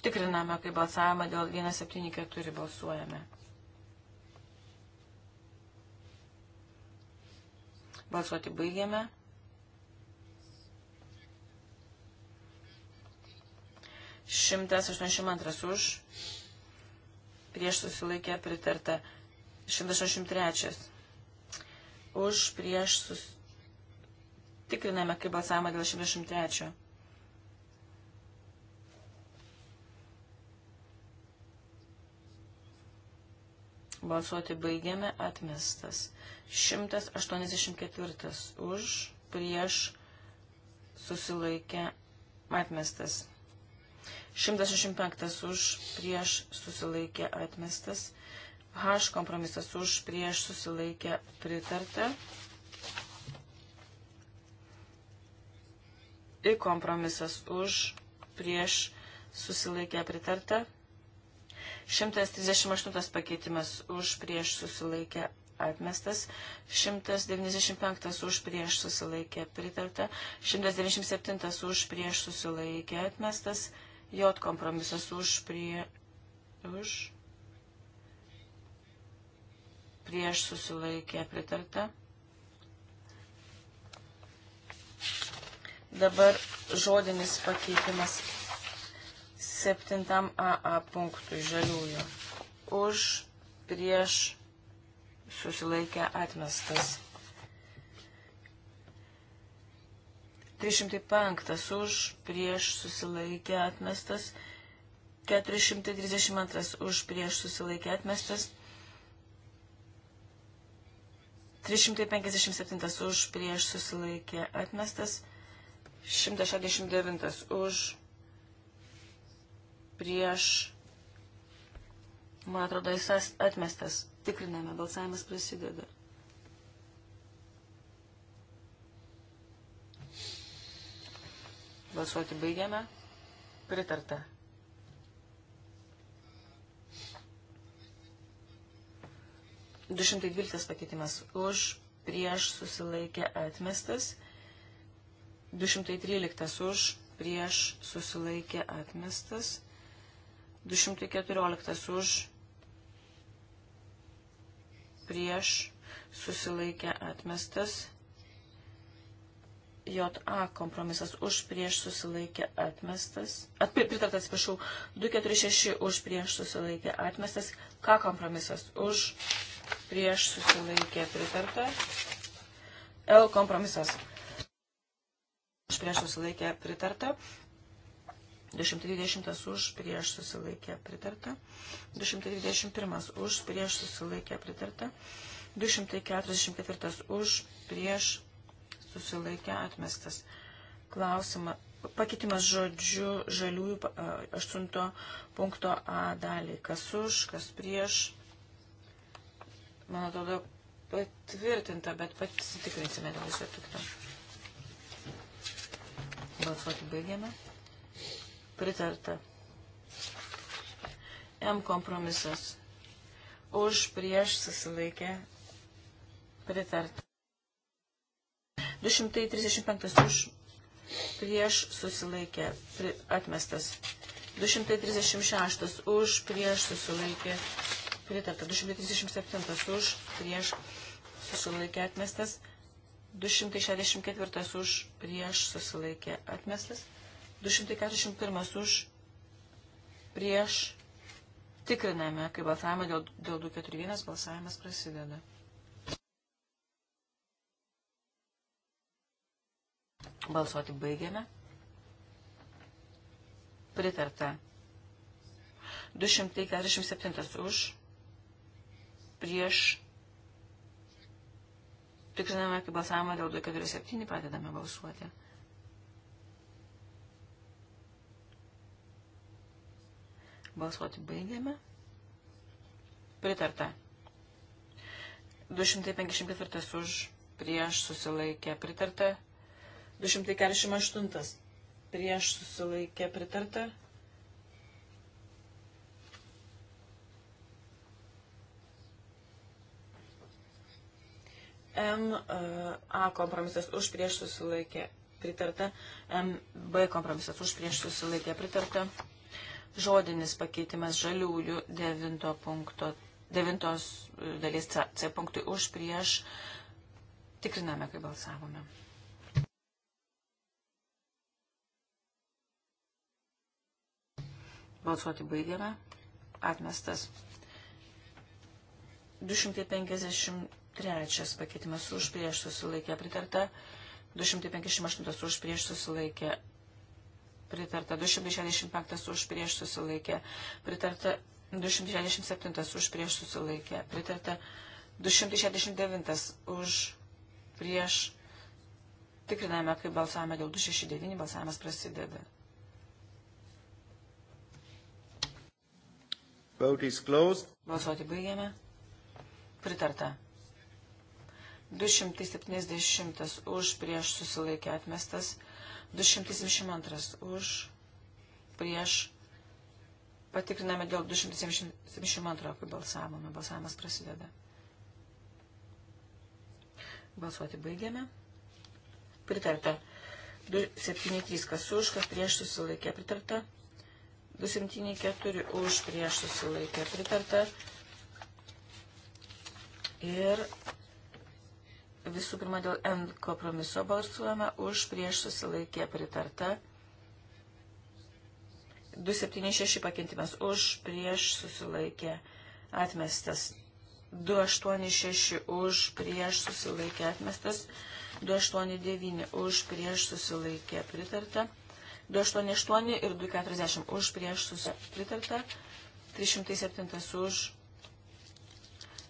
tikriname, kai balsavimą dėl 174 balsuojame. Balsuoti baigėme. 182 už, prieš susilaikė pritarta 183. Už, prieš sus... Tikriname, kaip balsavimą dėl 183. Balsuoti baigiame atmestas. 184 už, prieš susilaikę atmestas. 165 už prieš susilaikė atmestas. H kompromisas už prieš susilaikė pritarta. I kompromisas už prieš susilaikė pritarta. 138 pakeitimas už prieš susilaikė atmestas, 195 už prieš susilaikė pritarta, 197 už prieš susilaikė atmestas, J kompromisas už prie už prieš susilaikė pritarta. Dabar žodinis pakeitimas 7 AA punktui žaliųjų. Už prieš susilaikę atmestas. 305 už, prieš susilaikė atmestas, 432 už, prieš susilaikė atmestas, 357 už, prieš susilaikė atmestas, 169 už, prieš, man atrodo, jis atmestas. Tikriname, balsavimas prasideda. Balsuoti baigiame. Pritarta. Du šimtai dvyliktas pakeitimas už, prieš susilaikė atmestas. Du šimtai tryliktas už, prieš susilaikė atmestas. Du šimtai keturioliktas už, prieš susilaikė atmestas. JA kompromisas už prieš susilaikė atmestas. At, pritartas, atsiprašau, 246 už prieš susilaikė atmestas. K kompromisas už prieš susilaikė pritarta. L kompromisas už prieš susilaikė pritarta. 220 už prieš susilaikė pritarta. 221 už prieš susilaikė pritarta. 244 už prieš susilaikė atmestas. Klausimą. Pakitimas žodžiu žaliųjų 8 punkto A dalį. Kas už, kas prieš. Man atrodo, patvirtinta, bet pasitikrinsime dėl viso pikto. Balsuoti baigiame. Pritarta. M kompromisas. Už prieš susilaikė pritarta. 235 už prieš susilaikė pri, atmestas. 236 už prieš susilaikė pritarta. 237 už prieš susilaikė atmestas. 264 už prieš susilaikė atmestas. 241 už prieš tikriname, kai balsavimą dėl, dėl 241 balsavimas prasideda. Balsuoti baigiame. Pritarta. 247 už. Prieš. Tikriname, kaip balsavimą dėl 247 pradedame balsuoti. Balsuoti baigiame. Pritarta. 254 už prieš susilaikė pritarta. 248. Prieš susilaikė pritarta. M e, A kompromisas už prieš susilaikė pritarta. M B kompromisas už prieš susilaikė pritarta. Žodinis pakeitimas žaliųjų 9 punkto, 9 e, dalies C, C punktui už prieš. Tikriname, kai balsavome. Balsuoti baigiame. Atmestas. 253 pakeitimas už prieš susilaikė pritarta. 258 už prieš susilaikė pritarta. 265 už prieš susilaikė pritarta. 267 už prieš susilaikė pritarta. 269 už prieš. Tikriname, kaip balsavome dėl 269, balsavimas prasideda. Vote is closed. Balsuoti baigiame. Pritarta. 270 už prieš susilaikė atmestas, 272 už prieš patikriname dėl 272, kai balsavome. Balsavimas prasideda. Balsuoti baigiame. Pritarta. 273 kas už, kas prieš susilaikė pritarta. 274 už prieš susilaikė pritarta. Ir visų pirma dėl N kompromiso balsuojame už prieš susilaikė pritarta. 276 pakintimas už prieš susilaikė atmestas. 286 už prieš susilaikė atmestas. 289 už prieš susilaikė pritarta. 288 ir 240 už prieš pritarta, 307 už,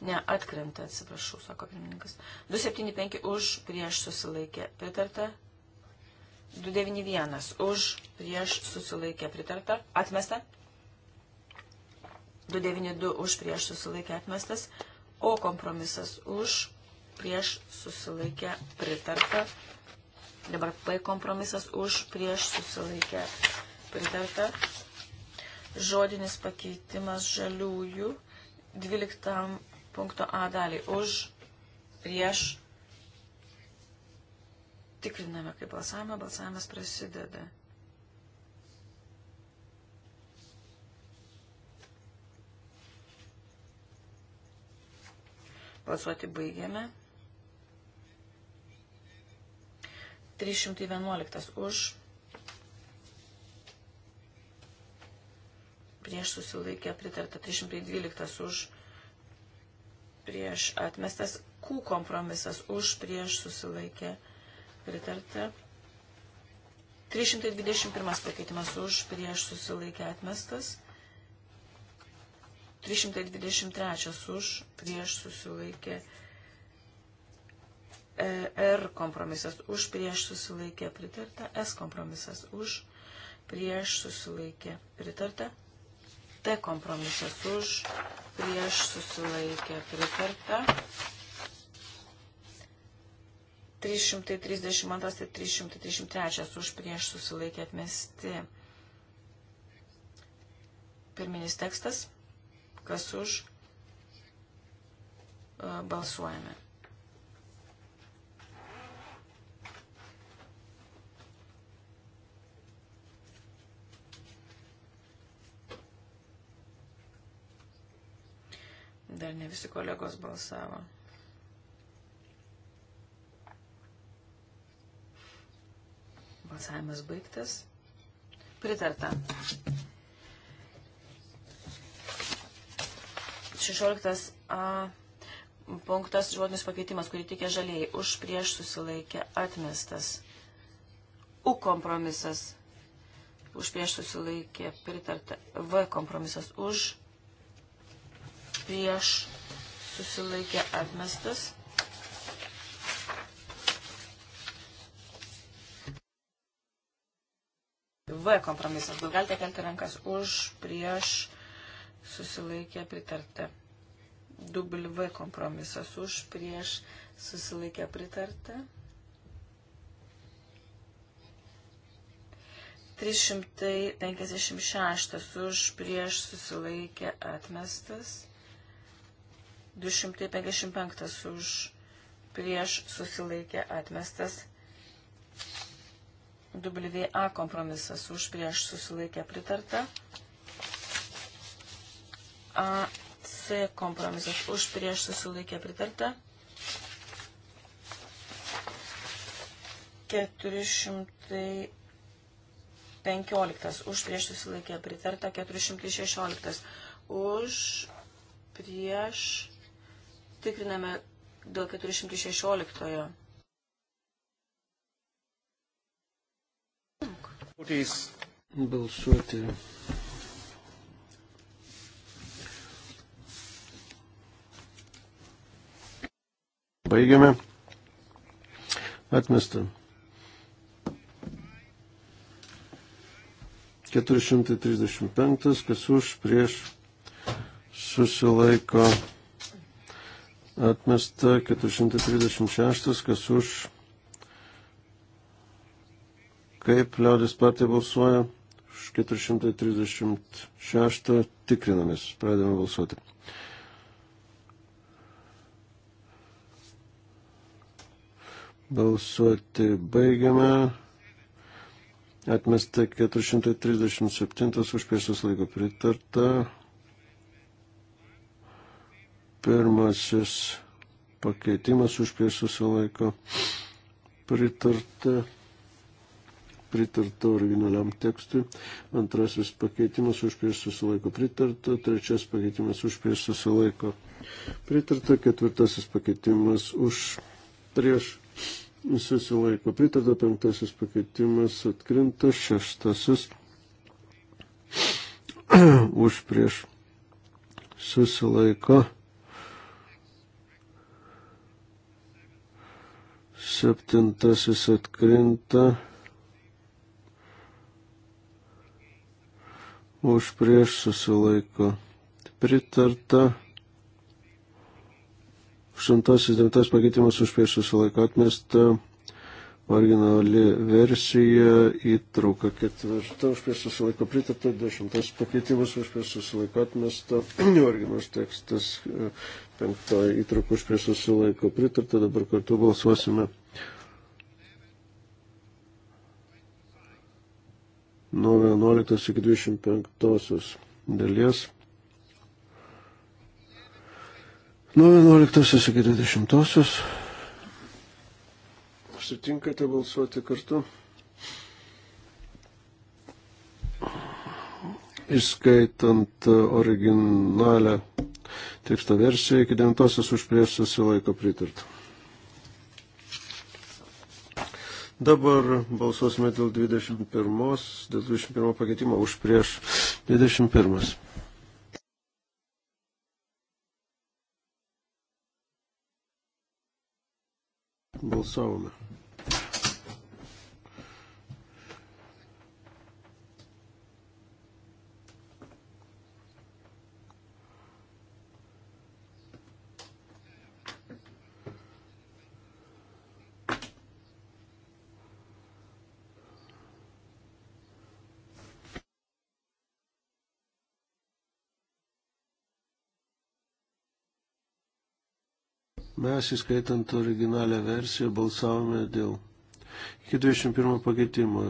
ne, atkrenta, atsiprašau, sako pirmininkas, 275 už prieš susilaikė pritarta, 291 už prieš susilaikė pritarta, atmesta, 292 už prieš susilaikė atmestas, o kompromisas už prieš susilaikė pritarta, Dabar P kompromisas už prieš susilaikę pritarta. Žodinis pakeitimas žaliųjų 12 punkto A daliai už prieš. Tikriname, kaip balsavime balsavimas prasideda. Balsuoti baigiame. 311 už, prieš susilaikę pritarta 312 už, prieš atmestas Q kompromisas už, prieš susilaikę pritarta 321 pakeitimas už, prieš susilaikę atmestas 323 už, prieš susilaikę pritarta. E R kompromisas už prieš susilaikė pritarta, S kompromisas už prieš susilaikė pritarta, T kompromisas už prieš susilaikė pritarta. 332 ir 333 už prieš susilaikė atmesti. Pirminis tekstas, kas už, e, balsuojame. Dar ne visi kolegos balsavo. Balsavimas baigtas. Pritarta. 16 a, punktas žodinis pakeitimas, kurį tikė žaliai. Už prieš susilaikė atmestas. U kompromisas. Už prieš susilaikė pritarta. V kompromisas. Už prieš susilaikė atmestas. V kompromisas. Gal galite kelti rankas už, prieš, susilaikė, pritarta. W kompromisas už, prieš, susilaikė, pritarta. 356 už, prieš, susilaikė, atmestas. 255 už prieš susilaikė atmestas. WA kompromisas už prieš susilaikė pritarta. AC kompromisas už prieš susilaikė pritarta. 415 už prieš susilaikė pritarta. 416 už prieš Tikriname dėl 416. Balsuoti. Baigiame. Atmesta. 435, kas už prieš susilaiko Atmesta 436, kas už. Kaip liaudės partija balsuoja? Už 436 tikrinamės, pradėjome balsuoti. Balsuoti baigiame. Atmesta 437 už priešus laiko pritarta. Pirmasis pakeitimas už prieš susilaiko pritarta, pritarta originaliam tekstui. Antrasis pakeitimas už prieš susilaiko pritarta. Trečias pakeitimas už prieš susilaiko pritarta. Ketvirtasis pakeitimas už prieš susilaiko pritarta. Penktasis pakeitimas atkrinta. Šeštasis už prieš susilaiko pritarta Septintasis atkrinta. Už prieš susilaiko. Pritarta. Aštuntasis, devintas pakeitimas už prieš susilaiko atmesta. Originali versija įtrauka ketvirta. Už prieš susilaiko pritarta. Dešimtas pakeitimas už prieš susilaiko atmesta. Originalus tekstas e, penktoji įtrauka už prieš susilaiko pritarta. Dabar kartu balsuosime nuo 11 iki 25 dalies. Nuo 11 iki 20. Sutinkate balsuoti kartu? Įskaitant originalią teksto versiją iki 9 už prieš susilaiko pritartą. Dabar balsuosime dėl 21, dėl 21 pakeitimo už prieš 21. Balsavome. Mes, įskaitant originalią versiją, balsavome dėl iki 21 pakeitimo.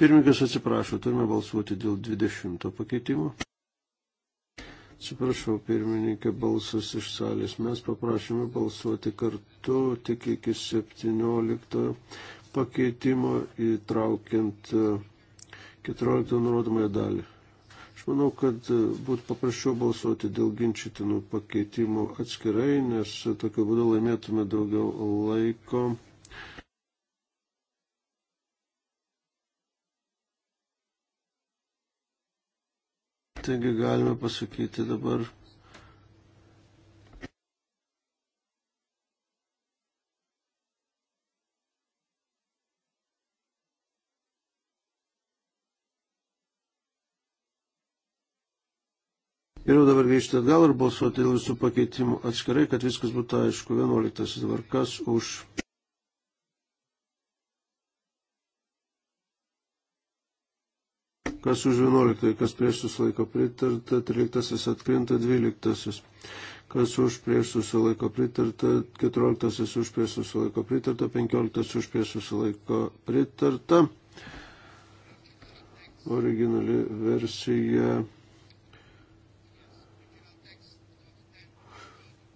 Pirmininkas atsiprašo, turime balsuoti dėl 20 pakeitimo. Atsiprašau, pirmininkė, balsas iš salės. Mes paprašėme balsuoti kartu tik iki 17 pakeitimo įtraukiant 14 e, nurodomąją dalį. Aš manau, kad e, būtų paprasčiau balsuoti dėl ginčytinų pakeitimų atskirai, nes tokiu būdu laimėtume daugiau laiko. Taigi galime pasakyti dabar Geriau dabar grįžti atgal ir balsuoti dėl visų pakeitimų atskirai, kad viskas būtų aišku. 11 dabar kas už. Kas už 11, kas prieš susilaiko pritarta, 13 atkrinta, 12. Kas už prieš susilaiko pritarta, 14 už prieš susilaiko pritarta, 15 už prieš susilaiko pritarta. Originali versija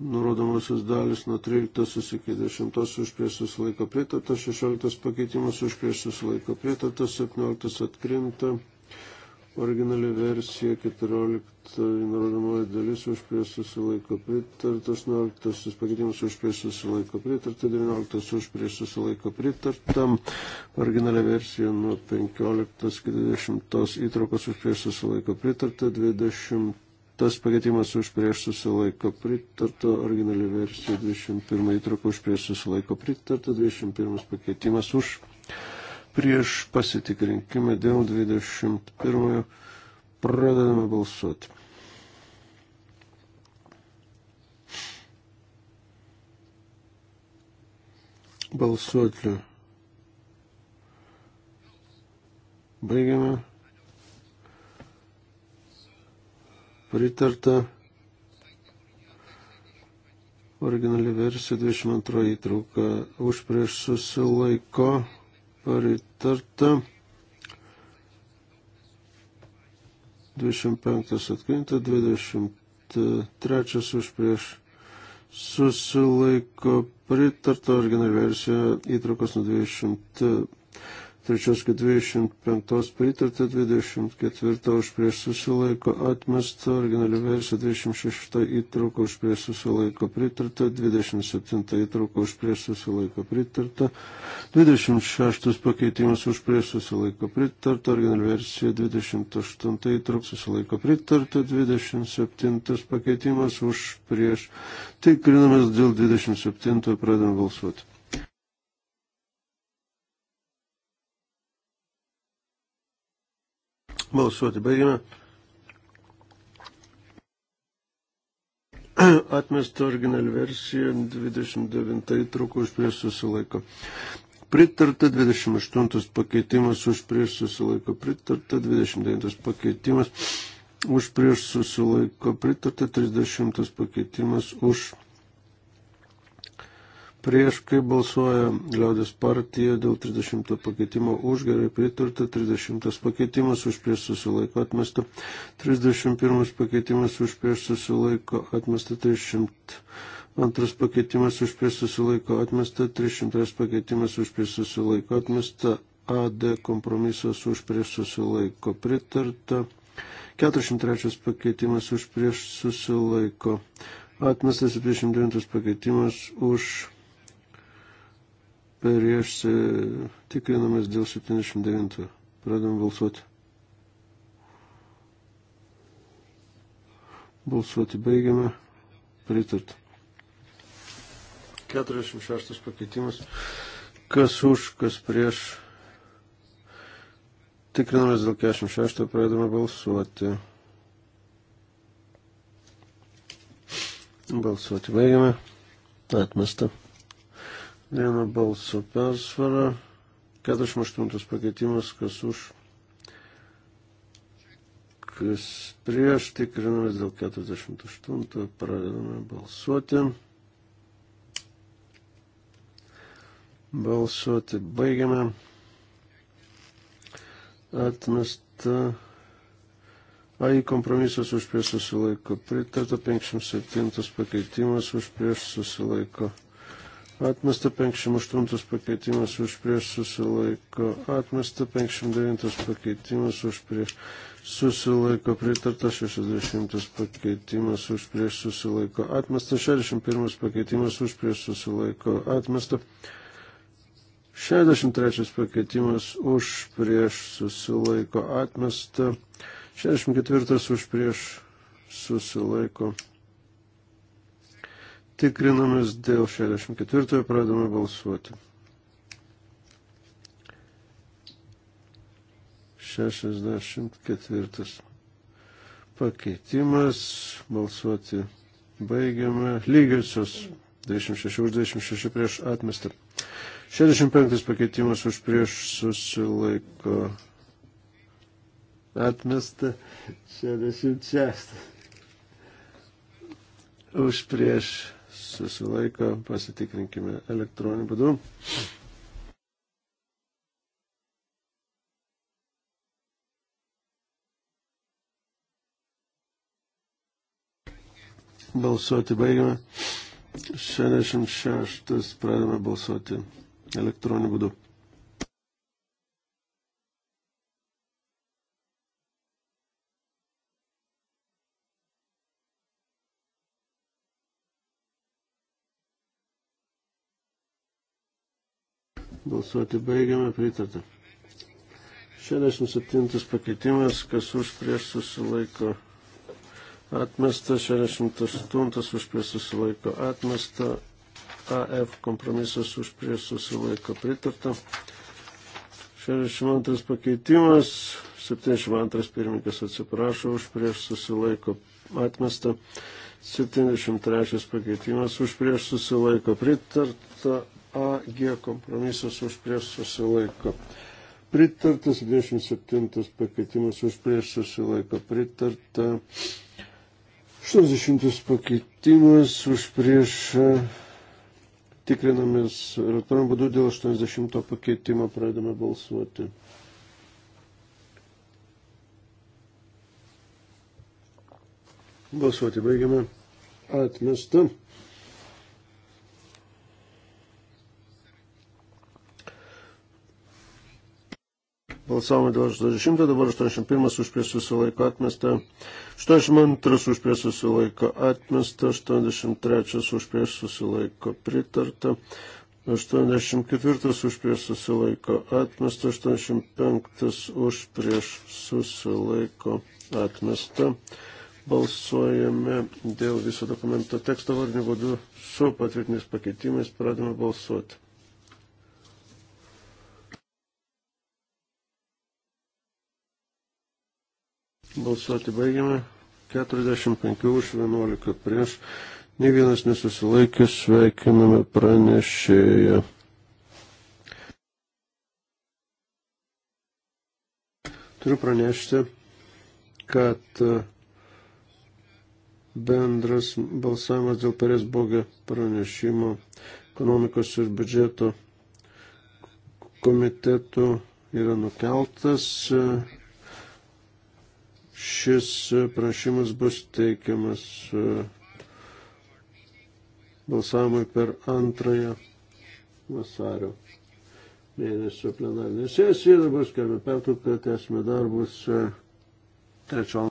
nurodomosios dalis nuo 13 iki 10 už prieš susilaiko pritartas, 16 pakeitimas už prieš susilaiko pritartas, 17 atkrinta, originali versija 14 nurodomoji dalis už prieš susilaiko pritartas, 18 pakeitimas už prieš susilaiko pritartas, 19 už prieš susilaiko pritartam, originali versija nuo 15 iki 20 įtraukos už prieš susilaiko pritartas, 20 Tas pakeitimas už prieš susilaiko pritarto, originali versija 21 įtrauka už prieš susilaiko pritarto, 21 pakeitimas už prieš pasitikrinkime dėl 21 pradedame balsuoti. Balsuoti. Baigiame. pritarta originali versija 22 įtrauka už prieš susilaiko pritarta 25 atkrinta 23 už prieš susilaiko pritarta originali versija įtraukos nuo 20 trečios, kad 25 pritarta, 24 už prieš susilaiko atmesta, originali versija 26 įtrauka už prieš susilaiko pritarta, 27 įtrauka už prieš susilaiko pritarta, 26 pakeitimas už prieš susilaiko pritarta, originali versija 28 įtrauka susilaiko pritarta, 27 pakeitimas už prieš. Tikrinamas dėl 27 pradėm balsuoti. Balsuoti baigime. Atmesta original versija 29 trukus prieš susilaiko. Pritarta 28 pakeitimas už prieš susilaiko. Pritarta 29 pakeitimas už prieš susilaiko. Pritarta 30 pakeitimas už prieš, kaip balsuoja liaudės partija dėl 30 pakeitimo už, gerai pritarta, 30 pakeitimas už prieš susilaiko atmesta, 31 pakeitimas už prieš susilaiko atmesta, 302 pakeitimas už prieš susilaiko atmesta, 300 pakeitimas už prieš susilaiko atmesta, AD kompromisas už prieš susilaiko pritarta, 403 pakeitimas už prieš susilaiko atmestas, 29 pakeitimas už prieš e, tikrinamas dėl 79. Pradam balsuoti. Balsuoti baigiame. Pritarta. 46 pakeitimas. Kas už, kas prieš. Tikrinamės dėl 46, pradame balsuoti. Balsuoti baigiame. Atmesta. Vieno balso persvara. 48 pakeitimas, kas už, kas prieš, tikrinamės dėl 48, pradedame balsuoti. Balsuoti baigiame. Atmesta. AI kompromisas už prieš susilaiko pritarta, 57 pakeitimas už prieš susilaiko pritarta. Atmesta 58 pakeitimas už prieš susilaiko. Atmesta 59 pakeitimas už prieš susilaiko. Pritarta 60 pakeitimas už prieš susilaiko. Atmesta 61 pakeitimas už prieš susilaiko. Atmesta 63 pakeitimas už prieš susilaiko. Atmesta 64 už prieš susilaiko. Tikrinamės dėl 64 pradame balsuoti. 64 pakeitimas, balsuoti baigiame, lygiosios 26 už 26 prieš atmestą. 65 pakeitimas už prieš susilaiko atmestą, 66 už prieš susilaiko, pasitikrinkime elektroniniu būdu. Balsuoti baigiame. 66 pradame balsuoti elektroniniu būdu. Balsuoti baigiame, pritarta. 67 pakeitimas, kas už prieš susilaiko atmesta, 68 už prieš susilaiko atmesta, AF kompromisas už prieš susilaiko pritarta. 62 pakeitimas, 72 pirmininkas atsiprašo už prieš susilaiko atmesta, 73 pakeitimas už prieš susilaiko pritarta, AG kompromisas už prieš susilaiko. Pritartas 27 pakeitimas už prieš susilaiko. Pritarta 80 pakeitimas už prieš tikrinamės elektroniniu būdu dėl 80 pakeitimo pradedame balsuoti. Balsuoti baigiame. Atmesta. Balsavome dėl 80, dabar 81 už prieš susilaiko atmestą, 82 už prieš susilaiko atmestą, 83 už prieš susilaiko pritarta, 84 už prieš susilaiko atmestą, 85 už prieš susilaiko atmestą. Balsuojame dėl viso dokumento teksto varnių būdų su patvirtiniais pakeitimais, pradame balsuoti. Balsuoti baigiame. 45 už 11 prieš. Ne vienas nesusilaikė, sveikiname pranešėją. Turiu pranešti, kad e, bendras balsavimas dėl perės blogio pranešimo ekonomikos ir biudžeto komitetų yra nukeltas. Šis e, prašymas bus teikiamas e, balsavimui per antrąją vasario mėnesio plenarinę sesiją. Dabar skelbia pertrauką, tęsime darbus e, trečiom.